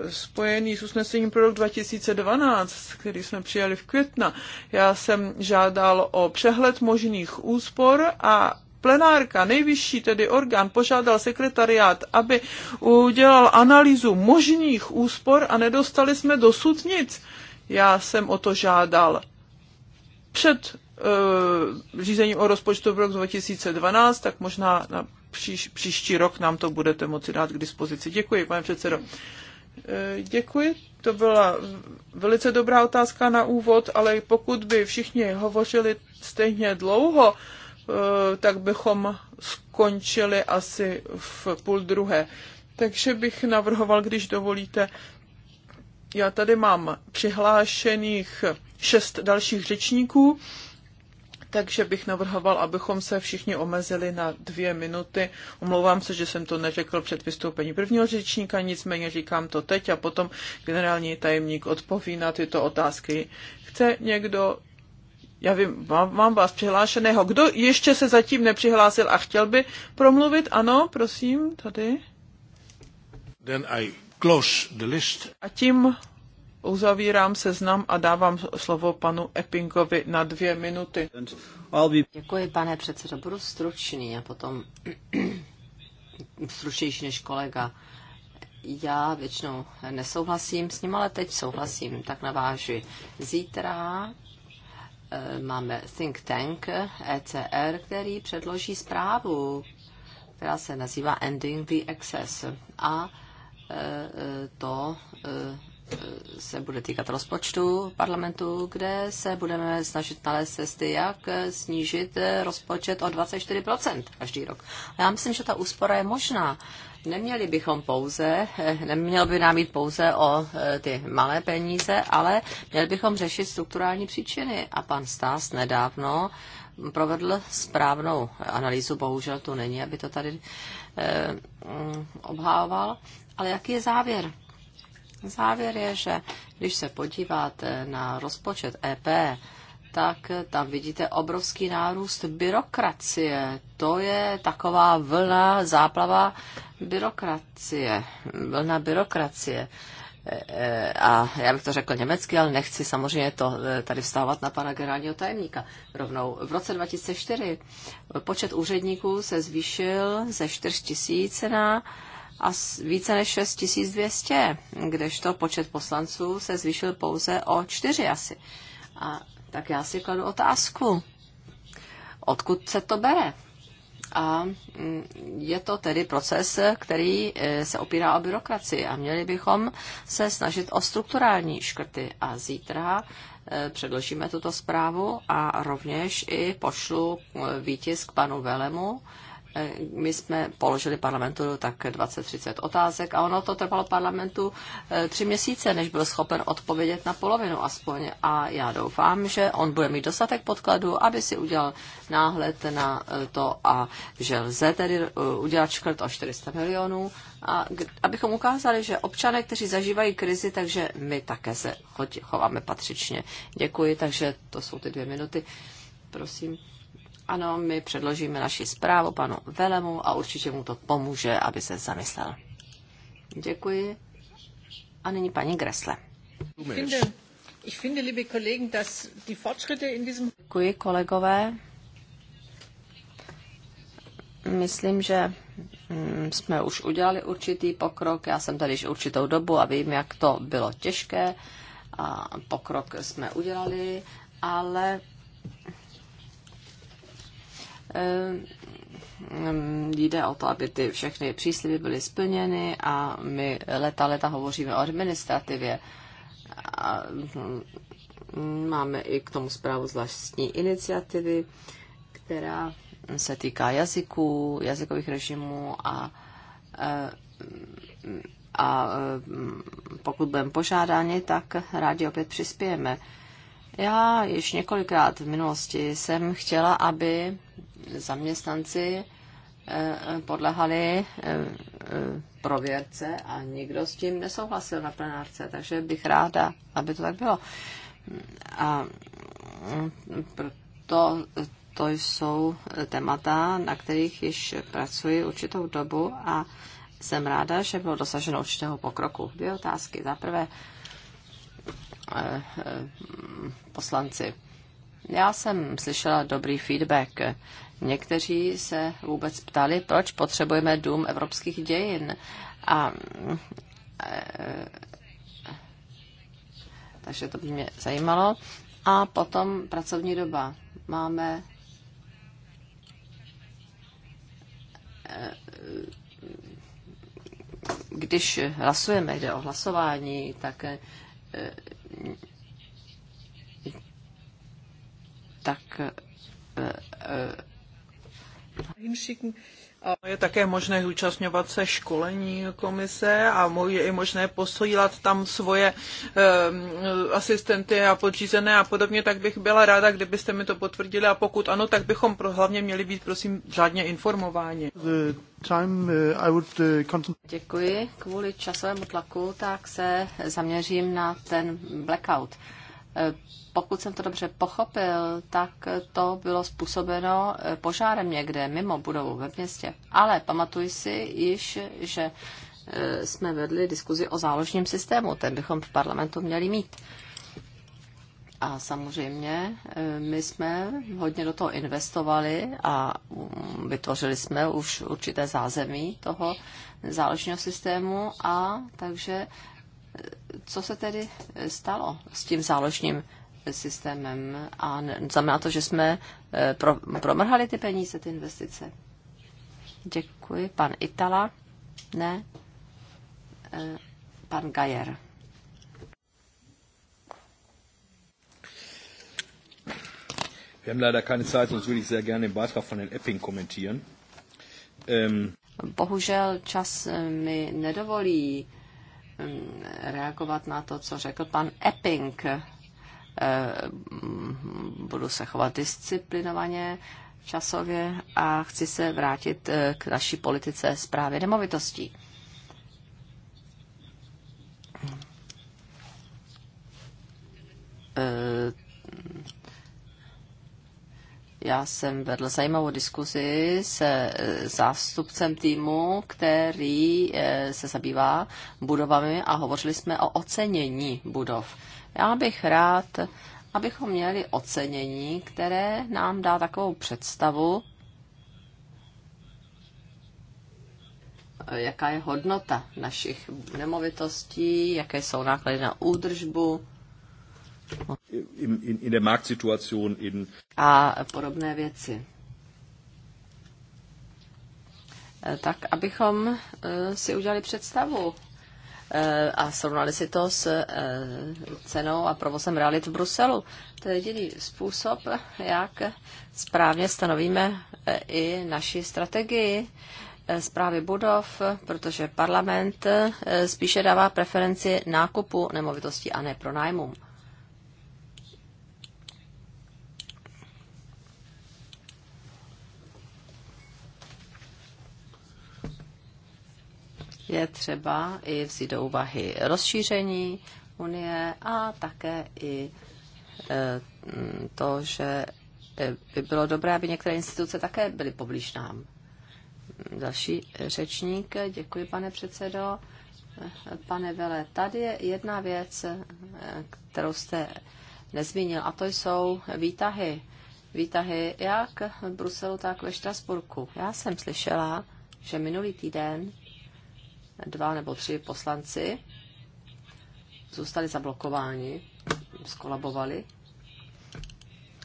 [SPEAKER 4] spojený s usnesením pro rok 2012, který jsme přijali v května, já jsem žádal o přehled možných úspor a plenárka, nejvyšší tedy orgán, požádal sekretariát, aby udělal analýzu možných úspor a nedostali jsme dosud nic. Já jsem o to žádal před Eh, řízení o rozpočtu v rok 2012, tak možná na příš, příští rok nám to budete moci dát k dispozici. Děkuji, pane předsedo. Eh, děkuji, to byla velice dobrá otázka na úvod, ale pokud by všichni hovořili stejně dlouho, eh, tak bychom skončili asi v půl druhé. Takže bych navrhoval, když dovolíte, já tady mám přihlášených šest dalších řečníků takže bych navrhoval, abychom se všichni omezili na dvě minuty. Omlouvám se, že jsem to neřekl před vystoupení. prvního řečníka, nicméně říkám to teď a potom generální tajemník odpoví na tyto otázky. Chce někdo já vím, mám, mám vás přihlášeného. Kdo ještě se zatím nepřihlásil a chtěl by promluvit? Ano, prosím, tady.
[SPEAKER 1] Then I close the list.
[SPEAKER 4] A tím Uzavírám seznam a dávám slovo panu Eppingovi na dvě minuty. Děkuji, pane předsedo. Budu stručný a potom
[SPEAKER 2] stručnější než kolega. Já většinou nesouhlasím s ním, ale teď souhlasím, tak naváži. Zítra eh, máme think tank ECR, který předloží zprávu, která se nazývá Ending the Excess. A eh, eh, to se bude týkat rozpočtu parlamentu, kde se budeme snažit nalézt cesty, jak snížit rozpočet o 24% každý rok. A já myslím, že ta úspora je možná. Neměli bychom pouze, eh, neměl by nám jít pouze o eh, ty malé peníze, ale měli bychom řešit strukturální příčiny. A pan Stás nedávno provedl správnou analýzu, bohužel tu není, aby to tady eh, mm, obhával. Ale jaký je závěr? Závěr je, že když se podíváte na rozpočet EP, tak tam vidíte obrovský nárůst byrokracie. To je taková vlna, záplava byrokracie. Vlna byrokracie. E, e, a já bych to řekl německy, ale nechci samozřejmě to e, tady vstávat na pana generálního tajemníka rovnou. V roce 2004 počet úředníků se zvýšil ze 4000 na a více než 6200, kdežto počet poslanců se zvýšil pouze o čtyři asi. A tak já si kladu otázku, odkud se to bere? A mm, je to tedy proces, který e, se opírá o byrokracii a měli bychom se snažit o strukturální škrty. A zítra e, předložíme tuto zprávu a rovněž i pošlu e, výtisk panu Velemu Eh, my jsme položili parlamentu tak 20-30 otázek a ono to trvalo parlamentu eh, tři měsíce, než byl schopen odpovědět na polovinu aspoň. A já doufám, že on bude mít dostatek podkladů, aby si udělal náhled na eh, to a že lze tedy udělat škrt o 400 milionů, a abychom ukázali, že občané, kteří zažívají krizi, takže my také se chováme patřičně. Děkuji, takže to jsou ty dvě minuty. Prosím. Ano, my předložíme naši zprávu panu Velemu a určitě mu to pomůže, aby se zamyslel. Děkuji. A nyní paní Gresle. Děkuji, kolegové. Myslím, že mm, jsme už udělali určitý pokrok. Já jsem tady již určitou dobu a vím, jak to bylo těžké. A pokrok jsme udělali, ale Ehm, jde o to, aby ty všechny přísliby byly splněny a my leta leta hovoříme o administrativě. A hm, máme i k tomu zprávu zvláštní iniciativy, která se týká jazyků, jazykových režimů a, eh, a, a hm, pokud budeme požádáni, tak rádi opět přispějeme. Já již několikrát v minulosti jsem chtěla, aby zaměstnanci eh, podlehali eh, prověrce a nikdo s tím nesouhlasil na plenárce, takže bych ráda, aby to tak bylo. A mm, proto to jsou témata, na kterých již pracuji určitou dobu a jsem ráda, že bylo dosaženo určitého pokroku. Dvě otázky. Za prvé, eh, mm, poslanci. Já jsem slyšela dobrý feedback Někteří se vůbec ptali, proč potřebujeme dům evropských dějin. A, e, takže to by mě zajímalo. A potom pracovní doba. Máme eh, když hlasujeme, jde o hlasování, tak eh,
[SPEAKER 4] tak je také možné zúčastňovat se školení komise a je i možné posílat tam svoje um, asistenty a podřízené a podobně, tak bych byla ráda, kdybyste mi to potvrdili a pokud ano, tak bychom pro, hlavně měli být, prosím, řádně informováni. Time, uh, would, uh,
[SPEAKER 2] Děkuji. Kvůli časovému tlaku tak se zaměřím na ten blackout. Pokud jsem to dobře pochopil, tak to bylo způsobeno eh, požárem někde mimo budovu ve městě. Ale pamatuj si již, že eh, jsme vedli diskuzi o záložním systému, ten bychom v parlamentu měli mít. A samozřejmě eh, my jsme hodně do toho investovali a mm, vytvořili jsme už určité zázemí toho záložního systému a takže co se tedy eh, stalo s tím záložním systémem a znamená to, že jsme eh, pro, promrhali ty peníze, ty investice. Děkuji. Pan Itala? Ne. Eh, pan Gajer. Ähm. Bohužel čas mi nedovolí Ehm, reagovat na to, co řekl pan Epping. Ehm, budu se chovat disciplinovaně, časově a chci se vrátit eh, k naší politice zprávy nemovitostí. Ehm, já jsem vedl zajímavou diskuzi se eh, zástupcem týmu, který eh, se zabývá budovami a hovořili jsme o ocenění budov. Já bych rád, abychom měli ocenění, které nám dá takovou představu, eh, jaká je hodnota našich nemovitostí, jaké jsou náklady na údržbu
[SPEAKER 1] in, in, in der Marktsituation in. A
[SPEAKER 2] podobné věci. E, tak, abychom e, si udělali představu e, a srovnali si to s cenou a provozem realit v Bruselu. To je jediný způsob, jak správně stanovíme i naši strategii zprávy budov, protože parlament spíše dává preferenci nákupu nemovitostí a ne pronájmům. je třeba i vzít do úvahy rozšíření Unie a také i e, to, že e, by bylo dobré, aby některé instituce také byly poblíž nám. Další řečník, děkuji pane předsedo. Pane Vele, tady je jedna věc, e, kterou jste nezmínil, a to jsou výtahy. Výtahy jak v Bruselu, tak ve Štrasburku. Já jsem slyšela, že minulý týden dva nebo tři poslanci zůstali zablokováni, skolabovali.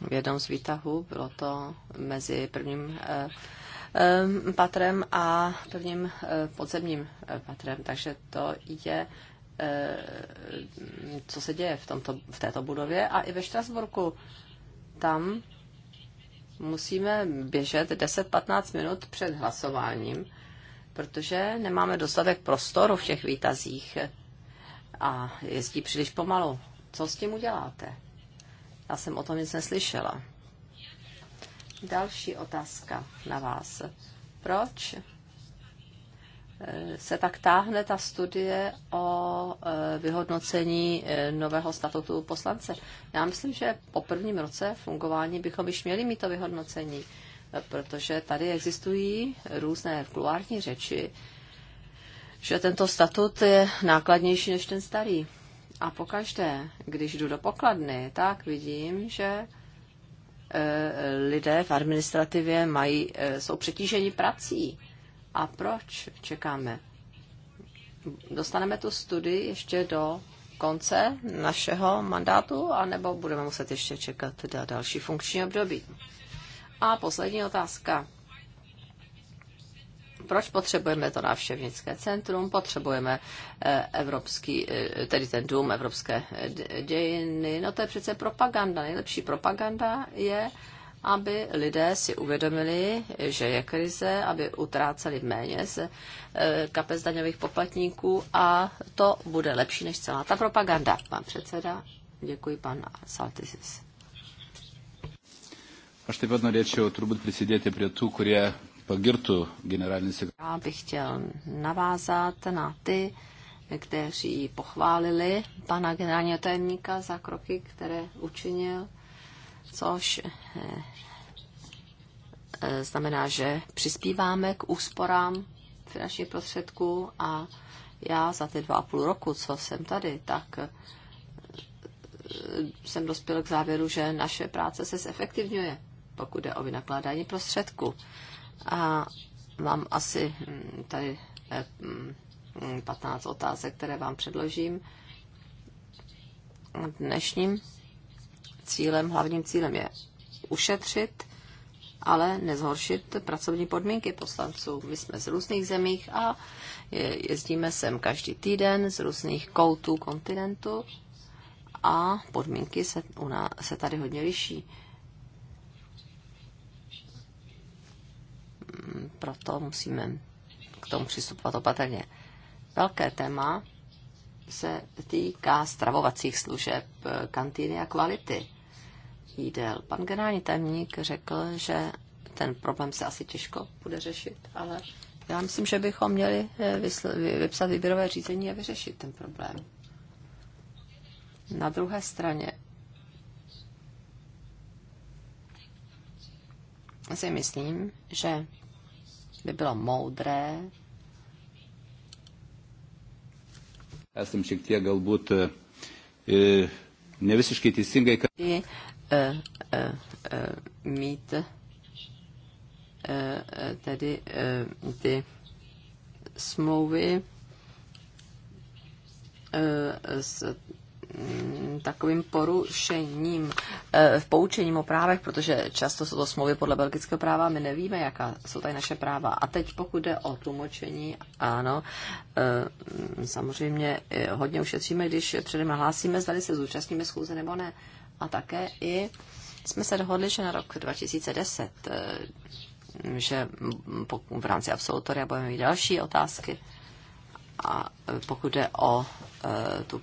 [SPEAKER 2] V jednom z výtahů bylo to mezi prvním eh, eh, patrem a prvním eh, podzemním patrem, takže to je co se děje v, tomto, v této budově a i ve Štrasburku. Tam musíme běžet 10-15 minut před hlasováním, protože nemáme dostatek prostoru v těch výtazích a jezdí příliš pomalu. Co s tím uděláte? Já jsem o tom nic neslyšela. Další otázka na vás. Proč eh, se tak táhne ta studie o eh, vyhodnocení eh, nového statutu poslance. Já myslím, že po prvním roce fungování bychom již měli mít to vyhodnocení protože tady existují různé kluární řeči, že tento statut je nákladnější než ten starý. A pokaždé, když jdu do pokladny, tak vidím, že e, lidé v administrativě mají, e, jsou přetíženi prací. A proč čekáme? Dostaneme tu studii ještě do konce našeho mandátu, anebo budeme muset ještě čekat další funkční období? A poslední otázka. Proč potřebujeme to návštěvnické centrum? Potřebujeme eh, evropský, eh, tedy ten dům evropské eh, dějiny. No to je přece propaganda. Nejlepší propaganda je, aby lidé si uvědomili, že je krize, aby utráceli méně z kapes daňových poplatníků a to bude lepší než celá ta propaganda. Pan předseda, děkuji pan Saltisis.
[SPEAKER 4] Aš taip pat norėčiau turbūt prisidėti prie tų, kurie pagirtų generalinį sekretář.
[SPEAKER 2] Já bych chtěl navázat na ty, kteří pochválili pana generálního tajemníka za kroky, které učinil, což eh, eh, znamená, že přispíváme k úsporám finančních prostředků a já za ty dva a půl roku, co jsem tady, tak eh, jsem dospěl k závěru, že naše práce se zefektivňuje pokud jde o vynakládání prostředků. A mám asi hm, tady 15 eh, hm, otázek, které vám předložím. Dnešním cílem, hlavním cílem je ušetřit, ale nezhoršit pracovní podmínky poslanců. My jsme z různých zemích a jezdíme sem každý týden z různých koutů kontinentu a podmínky se, u nás, se tady hodně liší. proto musíme k tomu přistupovat opatrně. Velké téma se týká stravovacích služeb, kantýny a kvality jídel. Pan generální tajemník řekl, že ten problém se asi těžko bude řešit, ale já myslím, že bychom měli eh, vypsat výběrové řízení a vyřešit ten problém. Na druhé straně si myslím, že by bylo moudré.
[SPEAKER 1] Jsem šiek tiek galbūt eh, eh, ne visiškai teisingai, kad... Eh,
[SPEAKER 2] mít tedy ty smlouvy s Mm, takovým porušením, eh, v poučením o právech, protože často jsou to smlouvy podle belgického práva, my nevíme, jaká jsou tady naše práva. A teď pokud jde o tlumočení, ano, eh, samozřejmě eh, hodně ušetříme, když předem nahlásíme, zda se zúčastníme schůze nebo ne. A také i jsme se dohodli, že na rok 2010 že v rámci absolutoria budeme mít další otázky a e, pokud jde o e, tu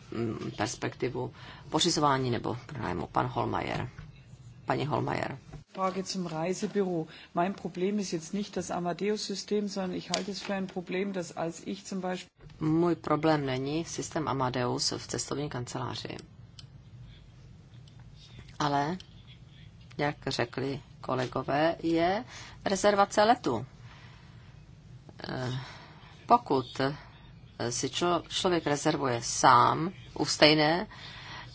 [SPEAKER 2] perspektivu pořizování nebo pronájmu. Pan Holmajer. Paní Holmajer.
[SPEAKER 4] Frage zum Reisebüro. Mein Problem ist jetzt nicht das Amadeus-System, sondern ich halte es für ein Problem, dass als ich
[SPEAKER 2] zum Beispiel... Můj problém není systém Amadeus v cestovní kanceláři. Ale, jak řekli kolegové, je rezervace letu. E, pokud si člo, člověk rezervuje sám u stejné,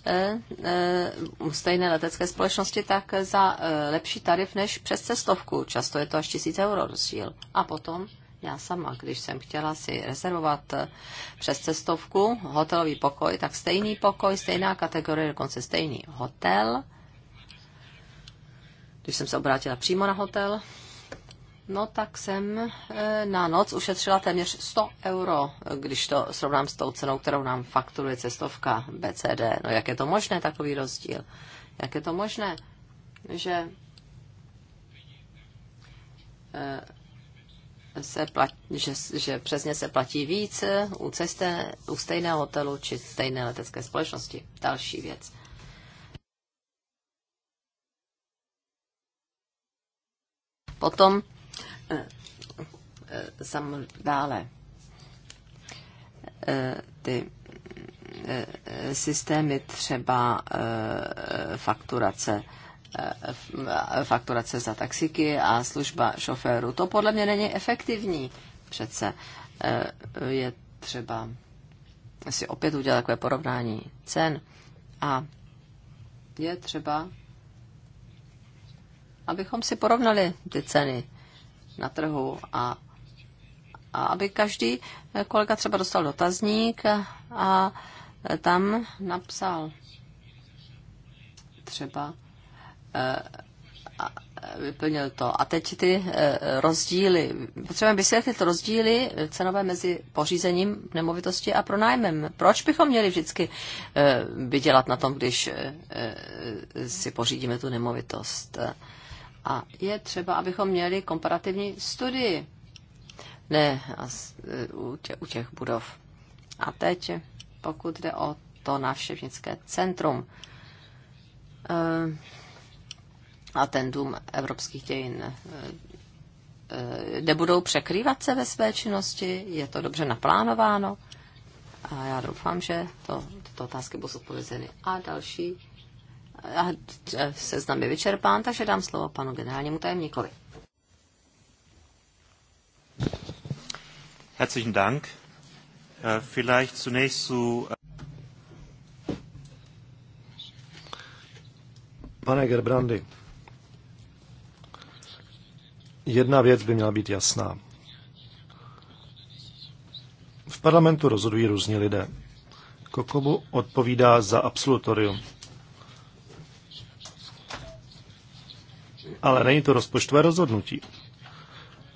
[SPEAKER 2] eh, eh, u stejné letecké společnosti, tak za eh, lepší tarif než přes cestovku. Často je to až tisíc euro rozdíl. A potom já sama, když jsem chtěla si rezervovat přes cestovku hotelový pokoj, tak stejný pokoj, stejná kategorie, dokonce stejný hotel. Když jsem se obrátila přímo na hotel, No tak jsem e, na noc ušetřila téměř 100 euro, když to srovnám s tou cenou, kterou nám fakturuje cestovka BCD. No jak je to možné, takový rozdíl? Jak je to možné, že e, se platí, že, že přesně se platí víc e, u, cesté, u stejného hotelu či stejné letecké společnosti. Další věc. Potom sam dále eh, ty eh, systémy třeba eh, fakturace fakturace za taxiky a služba šoféru. To podle mě není efektivní. Přece je třeba si opět udělat takové porovnání cen a je třeba, abychom si porovnali ty ceny na trhu a, a aby každý kolega třeba dostal dotazník a tam napsal třeba e, a vyplnil to. A teď ty e, rozdíly, potřebujeme vysvětlit rozdíly cenové mezi pořízením nemovitosti a pronájmem. Proč bychom měli vždycky e, vydělat na tom, když si pořídíme tu nemovitost? A je třeba, abychom měli komparativní studii. Ne, u těch budov. A teď, pokud jde o to návštěvnické centrum eh, a ten dům evropských dějin, eh, eh, budou překrývat se ve své činnosti, je to dobře naplánováno a já doufám, že to, tyto otázky budou zodpovězeny. A další Seznam je vyčerpán, takže dám slovo panu generálnímu tajemníkovi.
[SPEAKER 1] Herzlichen Dank. Äh, vielleicht zunächst zu äh
[SPEAKER 3] Pane Gerbrandy, jedna věc by měla být jasná. V parlamentu rozhodují různí lidé. Kokobu odpovídá za absolutorium. ale není to rozpočtové rozhodnutí.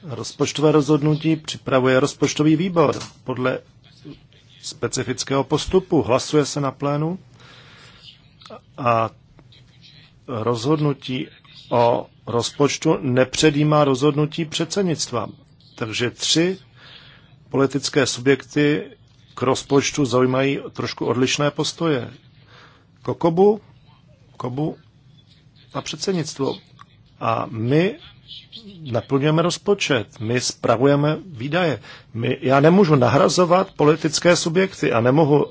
[SPEAKER 3] Rozpočtové rozhodnutí připravuje rozpočtový výbor podle specifického postupu. Hlasuje se na plénu a rozhodnutí o rozpočtu nepředjímá rozhodnutí předsednictva. Takže tři politické subjekty k rozpočtu zaujímají trošku odlišné postoje. Kokobu, Kobu a předsednictvo. A my naplňujeme rozpočet, my spravujeme výdaje. My, já nemůžu nahrazovat politické subjekty a nemohu eh,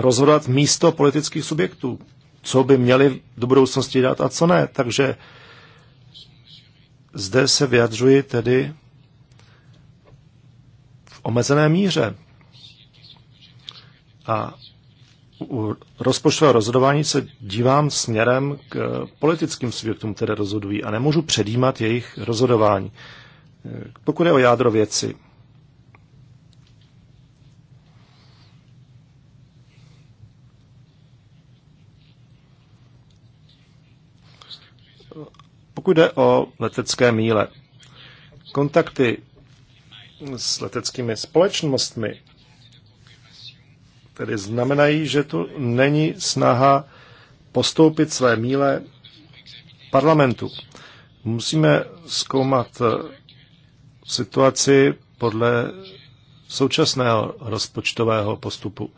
[SPEAKER 3] rozhodovat místo politických subjektů, co by měli do budoucnosti dát a co ne. Takže zde se vyjadřuji tedy v omezené míře. A u rozpočtového rozhodování se dívám směrem k politickým subjektům, které rozhodují a nemůžu předjímat jejich rozhodování. Pokud je o jádro věci, Pokud jde o letecké míle, kontakty s leteckými společnostmi tedy znamenají, že tu není snaha postoupit své míle parlamentu. Musíme zkoumat eh, situaci podle současného rozpočtového postupu.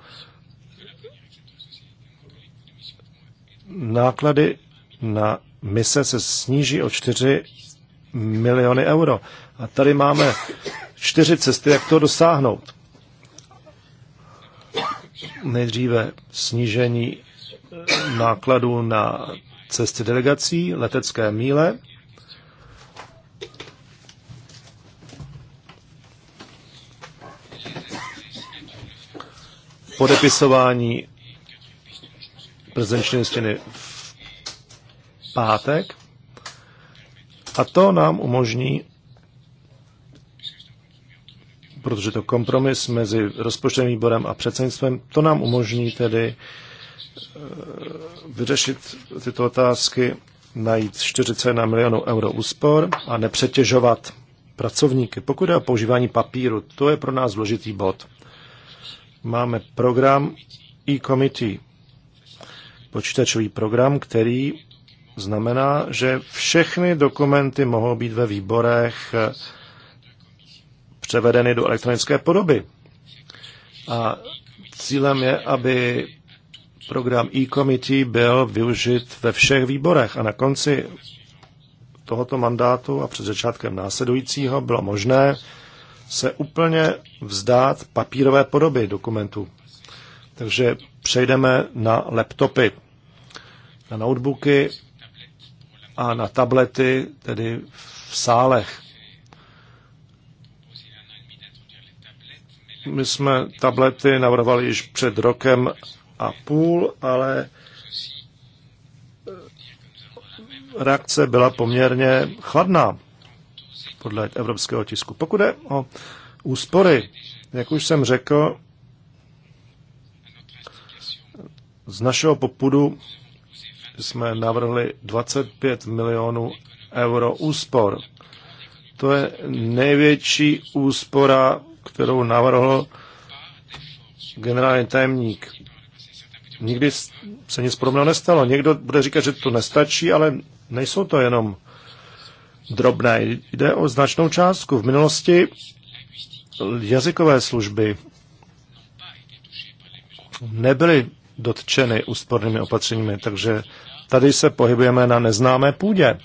[SPEAKER 3] Náklady na mise se sníží o 4 miliony euro. A tady máme čtyři cesty, jak to dosáhnout nejdříve snížení nákladů na cesty delegací, letecké míle. Podepisování prezenční listiny v pátek. A to nám umožní protože to kompromis mezi rozpočtovým výborem a předsednictvem, to nám umožní tedy eh, vyřešit tyto otázky, najít 41 milionů euro úspor a nepřetěžovat pracovníky. Pokud je o používání papíru, to je pro nás důležitý bod. Máme program e-committee, počítačový program, který znamená, že všechny dokumenty mohou být ve výborech eh, převedeny do elektronické podoby. A cílem je, aby program e-committee byl využit ve všech výborech a na konci tohoto mandátu a před začátkem následujícího bylo možné se úplně vzdát papírové podoby dokumentů. Takže přejdeme na laptopy, na notebooky a na tablety, tedy v sálech. My jsme tablety navrhovali již před rokem a půl, ale eh, reakce byla poměrně chladná podle evropského tisku. Pokud je o úspory, jak už jsem řekl, z našeho popudu jsme navrhli 25 milionů euro úspor. To je největší úspora kterou navrhl generální tajemník. Nikdy se nic podobného nestalo. Někdo bude říkat, že to nestačí, ale nejsou to jenom drobné. Jde o značnou částku. V minulosti jazykové služby nebyly dotčeny úspornými opatřeními, takže tady se pohybujeme na neznámé půdě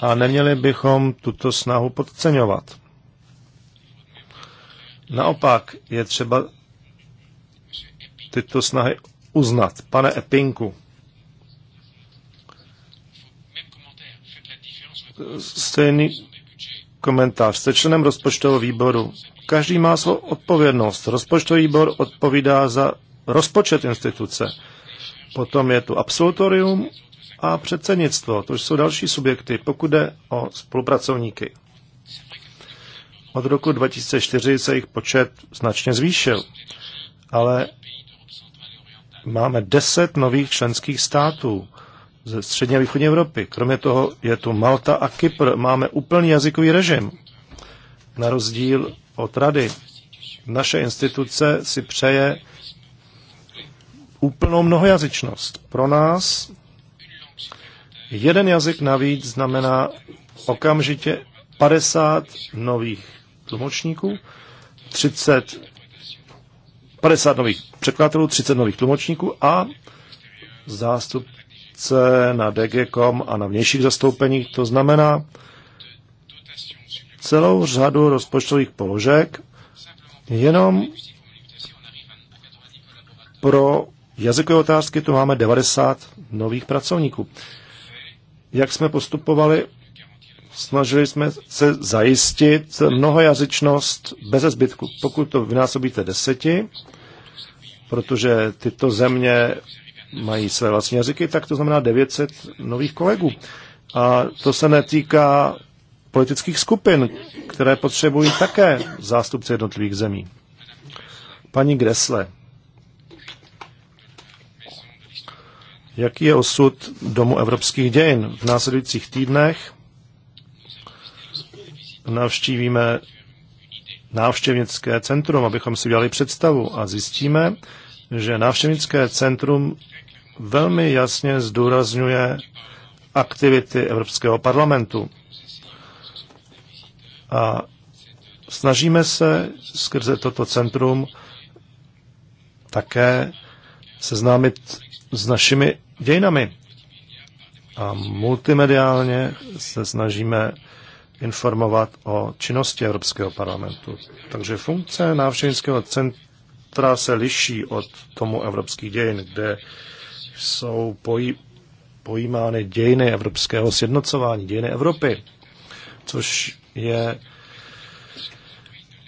[SPEAKER 3] a neměli bychom tuto snahu podceňovat. Naopak je třeba tyto snahy uznat. Pane Epinku, stejný komentář. Jste členem rozpočtového výboru. Každý má svou odpovědnost. Rozpočtový výbor odpovídá za rozpočet instituce. Potom je tu absolutorium a předsednictvo. To jsou další subjekty, pokud jde o spolupracovníky. Od roku 2004 se jich počet značně zvýšil, ale máme deset nových členských států ze střední a východní Evropy. Kromě toho je tu Malta a Kypr. Máme úplný jazykový režim. Na rozdíl od rady. Naše instituce si přeje úplnou mnohojazyčnost. Pro nás jeden jazyk navíc znamená okamžitě 50 nových tlumočníků, 30, 50 nových překladatelů, 30 nových tlumočníků a zástupce na DGCOM a na vnějších zastoupeních. To znamená celou řadu rozpočtových položek jenom pro jazykové otázky tu máme 90 nových pracovníků. Jak jsme postupovali Snažili jsme se zajistit mnohojazyčnost bez zbytku. Pokud to vynásobíte deseti, protože tyto země mají své vlastní jazyky, tak to znamená 900 nových kolegů. A to se netýká politických skupin, které potřebují také zástupce jednotlivých zemí. Paní Gresle, jaký je osud Domu evropských dějin? V následujících týdnech navštívíme návštěvnické centrum, abychom si udělali představu a zjistíme, že návštěvnické centrum velmi jasně zdůrazňuje aktivity Evropského parlamentu. A snažíme se skrze toto centrum také seznámit s našimi dějinami. A multimediálně se snažíme informovat o činnosti Evropského parlamentu. Takže funkce návštěvnického centra se liší od tomu evropských dějin, kde jsou pojí, pojímány dějiny evropského sjednocování, dějiny Evropy, což je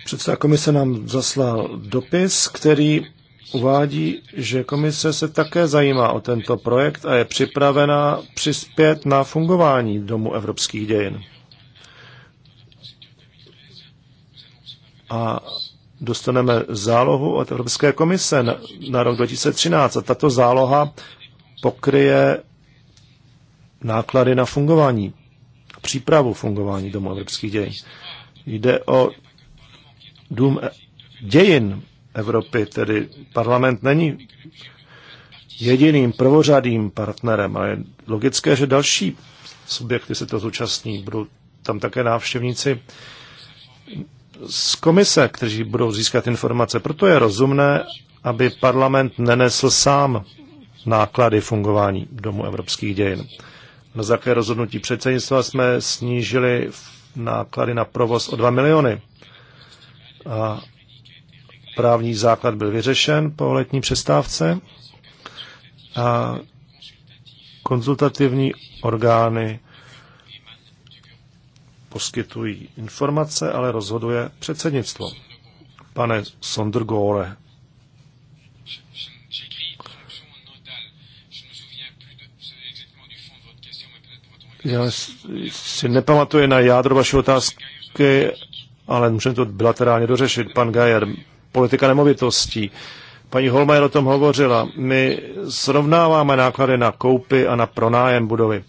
[SPEAKER 3] Předseda komise nám zaslal dopis, který uvádí, že komise se také zajímá o tento projekt a je připravena přispět na fungování Domu evropských dějin. a dostaneme zálohu od Evropské komise na, na rok 2013 a tato záloha pokryje náklady na fungování, přípravu fungování Domu evropských dějin. Jde o dům e, dějin Evropy, tedy parlament není jediným prvořadým partnerem, ale je logické, že další subjekty se to zúčastní. Budou tam také návštěvníci z komise, kteří budou získat informace. Proto je rozumné, aby parlament nenesl sám náklady fungování Domu evropských dějin. Na základě rozhodnutí předsednictva jsme snížili náklady na provoz o 2 miliony. A právní základ byl vyřešen po letní přestávce a konzultativní orgány poskytují informace, ale rozhoduje předsednictvo. Pane Sondrgore, Já si nepamatuji na jádro vaší otázky, ale můžeme to bilaterálně dořešit. Pan Gajer, politika nemovitostí. Paní Holmajer o tom hovořila. My srovnáváme náklady na koupy a na pronájem budovy.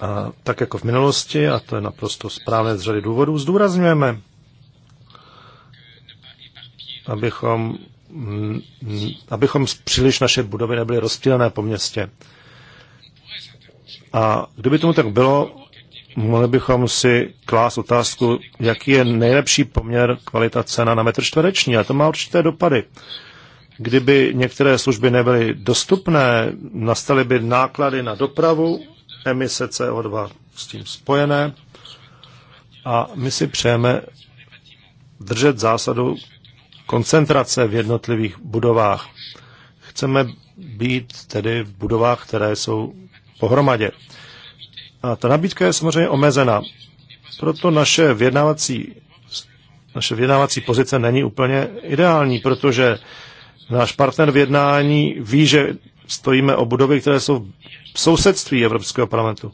[SPEAKER 3] A tak jako v minulosti, a to je naprosto správné z řady důvodů, zdůrazňujeme, abychom, mm, abychom příliš naše budovy nebyly rozptýlené po městě. A kdyby tomu tak bylo, mohli bychom si klást otázku, jaký je nejlepší poměr kvalita cena na metr čtvereční. A to má určité dopady. Kdyby některé služby nebyly dostupné, nastaly by náklady na dopravu emise CO2 s tím spojené. A my si přejeme držet zásadu koncentrace v jednotlivých budovách. Chceme být tedy v budovách, které jsou pohromadě. A ta nabídka je samozřejmě omezená. Proto naše vyjednávací, naše vyjednávací pozice není úplně ideální, protože náš partner v jednání ví, že stojíme o budovy, které jsou sousedství Evropského parlamentu.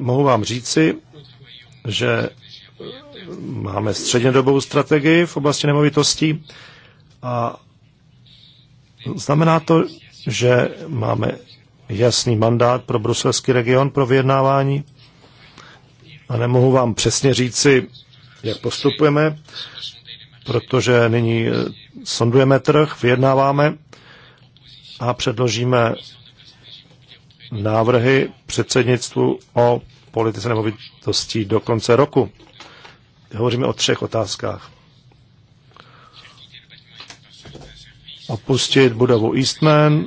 [SPEAKER 3] Mohu vám říci, že máme střednědobou strategii v oblasti nemovitostí a znamená to, že máme jasný mandát pro bruselský region pro vyjednávání a nemohu vám přesně říci, jak postupujeme, protože nyní eh, sondujeme trh, vyjednáváme a předložíme návrhy předsednictvu o politice nemovitostí do konce roku. Hovoříme o třech otázkách. Opustit budovu Eastman,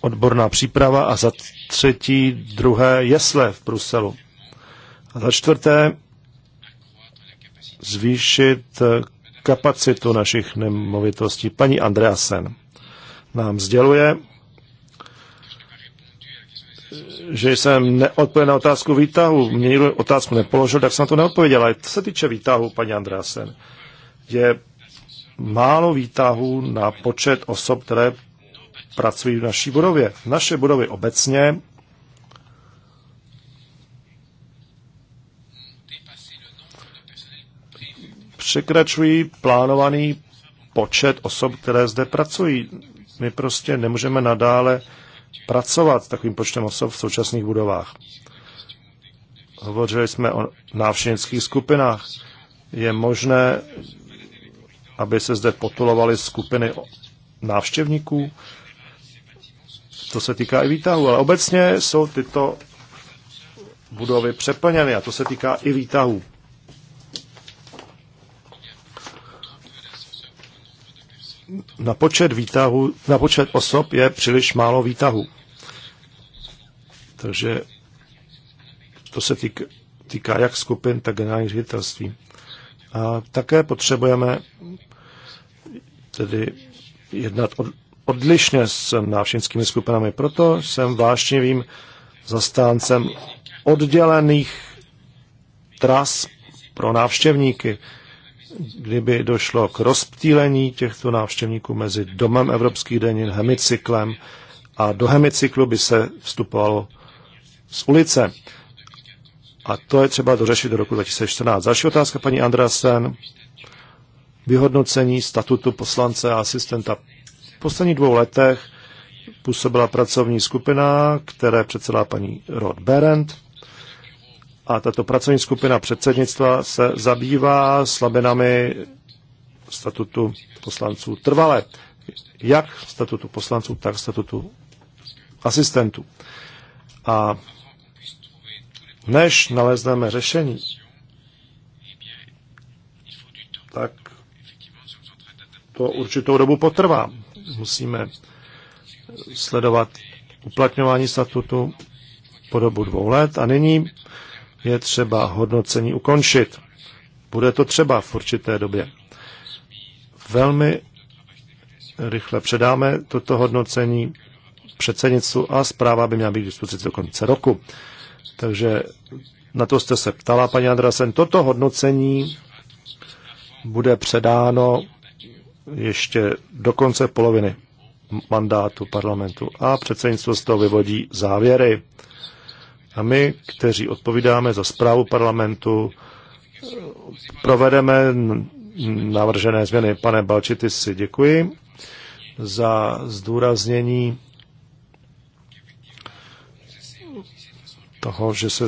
[SPEAKER 3] odborná příprava a za třetí druhé jesle v Bruselu. A za čtvrté zvýšit kapacitu našich nemovitostí. Paní Andreasen nám sděluje, že jsem neodpověděl na otázku výtahu. Mě někdo otázku nepoložil, tak jsem na to neodpověděl. Ale co se týče výtahu, paní Andrásen, je málo výtahu na počet osob, které pracují v naší budově. Naše budovy obecně překračují plánovaný počet osob, které zde pracují. My prostě nemůžeme nadále uh, pracovat s takovým počtem osob v současných budovách. Hovořili jsme o návštěvnických skupinách. Je možné, aby se zde potulovaly skupiny návštěvníků. To se týká i výtahu, ale obecně jsou tyto budovy přeplněny a to se týká i výtahu. na počet výtahu, na počet osob je příliš málo výtahů. Takže to se týká, týká jak skupin, tak generálních ředitelství. A také potřebujeme tedy jednat od, odlišně s návštěvnickými skupinami. Proto jsem vášnivým zastáncem oddělených tras pro návštěvníky kdyby došlo k rozptýlení těchto návštěvníků mezi domem Evropských denin, hemicyklem a do hemicyklu by se vstupovalo z ulice. A to je třeba dořešit do roku 2014. Další otázka, paní Andrasen. Vyhodnocení statutu poslance a asistenta. V posledních dvou letech působila pracovní skupina, které předsedala paní Rod Berendt a tato pracovní skupina předsednictva se zabývá slabinami statutu poslanců trvale. Jak statutu poslanců, tak statutu asistentů. A než nalezneme řešení, tak to určitou dobu potrvá. Musíme sledovat uplatňování statutu po dobu dvou let a nyní je třeba hodnocení ukončit. Bude to třeba v určité době. Velmi rychle předáme toto hodnocení předsednictvu a zpráva by měla být k dispozici do konce roku. Takže na to jste se ptala, paní Andrasen. Toto hodnocení bude předáno ještě do konce poloviny mandátu parlamentu a předsednictvo z toho vyvodí závěry. A my, kteří odpovídáme za zprávu parlamentu, provedeme navržené změny. Pane Balčity, si děkuji za zdůraznění toho, že se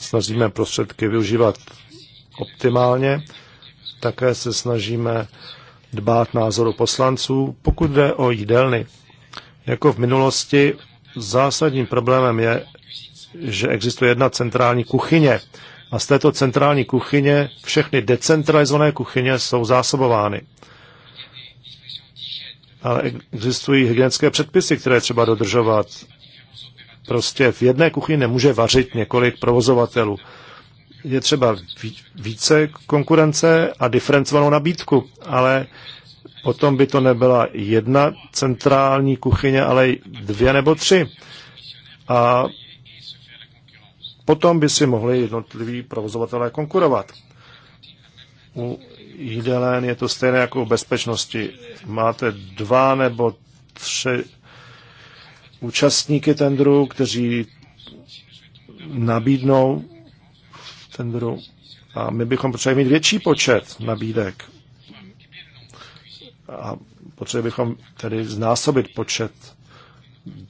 [SPEAKER 3] snažíme prostředky využívat optimálně. Také se snažíme dbát názoru poslanců, pokud jde o jídelny. Jako v minulosti zásadním problémem je, že existuje jedna centrální kuchyně. A z této centrální kuchyně všechny decentralizované kuchyně jsou zásobovány. Ale existují hygienické předpisy, které třeba dodržovat. Prostě v jedné kuchyni nemůže vařit několik provozovatelů. Je třeba více konkurence a diferencovanou nabídku, ale potom by to nebyla jedna centrální kuchyně, ale dvě nebo tři. A Potom by si mohli jednotliví provozovatelé konkurovat. U jídelen je to stejné jako u bezpečnosti. Máte dva nebo tři účastníky tendru, kteří nabídnou tendru. A my bychom potřebovali mít větší počet nabídek. A potřebovali bychom tedy znásobit počet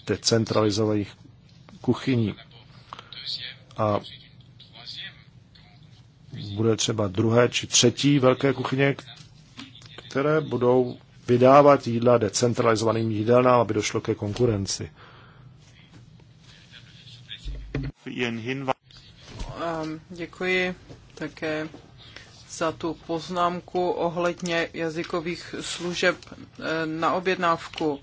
[SPEAKER 3] decentralizovaných kuchyní a bude třeba druhé či třetí velké kuchyně, které budou vydávat jídla decentralizovaným jídelnám, aby došlo ke konkurenci.
[SPEAKER 4] Ehm, děkuji také za tu poznámku ohledně jazykových služeb eh, na objednávku.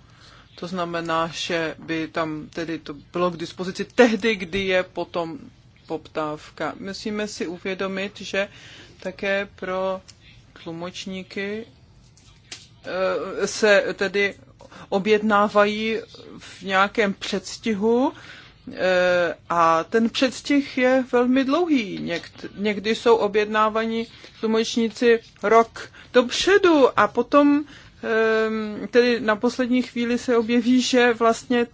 [SPEAKER 4] To znamená, že by tam tedy to bylo k dispozici tehdy, kdy je potom poptávka. Musíme si uvědomit, že také pro tlumočníky eh, se tedy objednávají v nějakém předstihu eh, a ten předstih je velmi dlouhý. Někdy jsou objednávaní tlumočníci rok dopředu a potom Ehm, tedy na poslední chvíli se objeví, že vlastně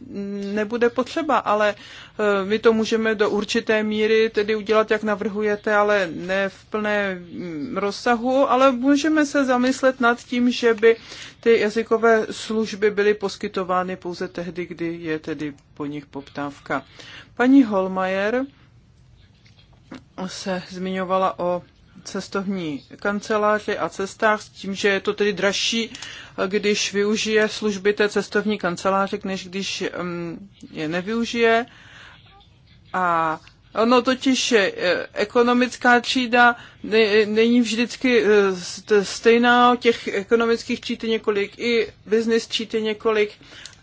[SPEAKER 4] nebude potřeba, ale eh, my to můžeme do určité míry tedy udělat, jak navrhujete, ale ne v plné mm, rozsahu, ale můžeme se zamyslet nad tím, že by ty jazykové služby byly poskytovány pouze tehdy, kdy je tedy po nich poptávka. Paní Holmajer se zmiňovala o cestovní kanceláři a cestách s tím, že je to tedy dražší, když využije služby té cestovní kanceláře, než když um, je nevyužije. A Ono totiž eh, ekonomická třída není vždycky eh, stejná, těch ekonomických tříd několik, i business tříd několik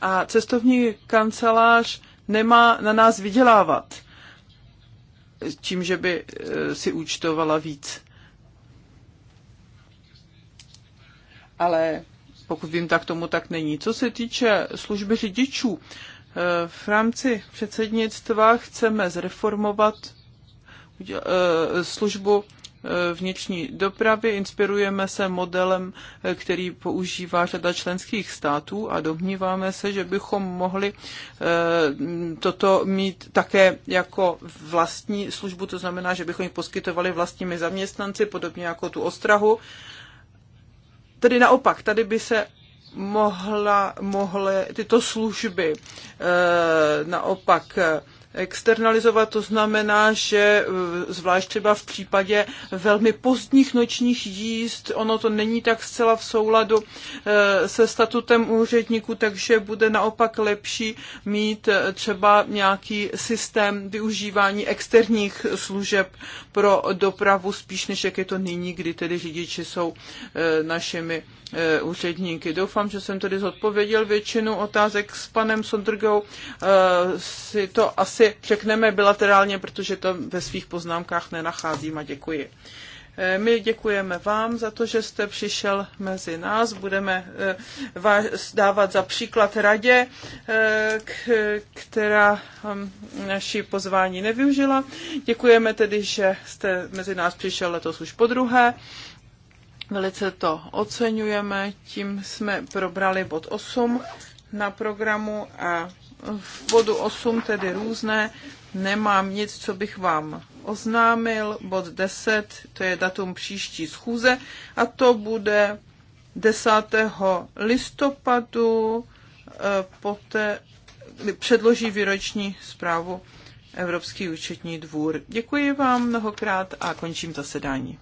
[SPEAKER 4] a cestovní kancelář nemá na nás vydělávat tím, že by eh, si účtovala víc. ale pokud vím, tak tomu tak není. Co se týče služby řidičů, eh, v rámci předsednictva chceme zreformovat eh, službu eh, vnitřní dopravy. Inspirujeme se modelem, který používá řada členských států a domníváme se, že bychom mohli toto mít také jako vlastní službu, to znamená, že bychom ji poskytovali vlastními zaměstnanci, podobně jako tu ostrahu tedy naopak, tady by se mohla, mohly tyto služby e, naopak eh, Externalizovat to znamená, že e, zvlášť třeba v případě velmi pozdních nočních jízd, ono to není tak zcela v souladu e, se statutem úředníků, takže bude naopak lepší mít e, třeba nějaký systém využívání externích služeb pro dopravu, spíš než jak je to nyní, kdy tedy řidiči jsou našimi úředníky. Doufám, že jsem tedy zodpověděl většinu otázek s panem Sondrgou. Si to asi asi řekneme bilaterálně, protože to ve svých poznámkách nenacházím a děkuji. Eh, my děkujeme vám za to, že jste přišel mezi nás. Budeme eh, vás dávat za příklad radě, eh, která hm, naši pozvání nevyužila. Děkujeme tedy, že jste mezi nás přišel letos už po druhé. Velice to oceňujeme. Tím jsme probrali bod 8 na programu a v bodu 8, tedy různé, nemám nic, co bych vám oznámil. Bod 10, to je datum příští schůze a to bude 10. listopadu, eh, poté předloží výroční zprávu Evropský účetní dvůr. Děkuji vám mnohokrát a končím zasedání.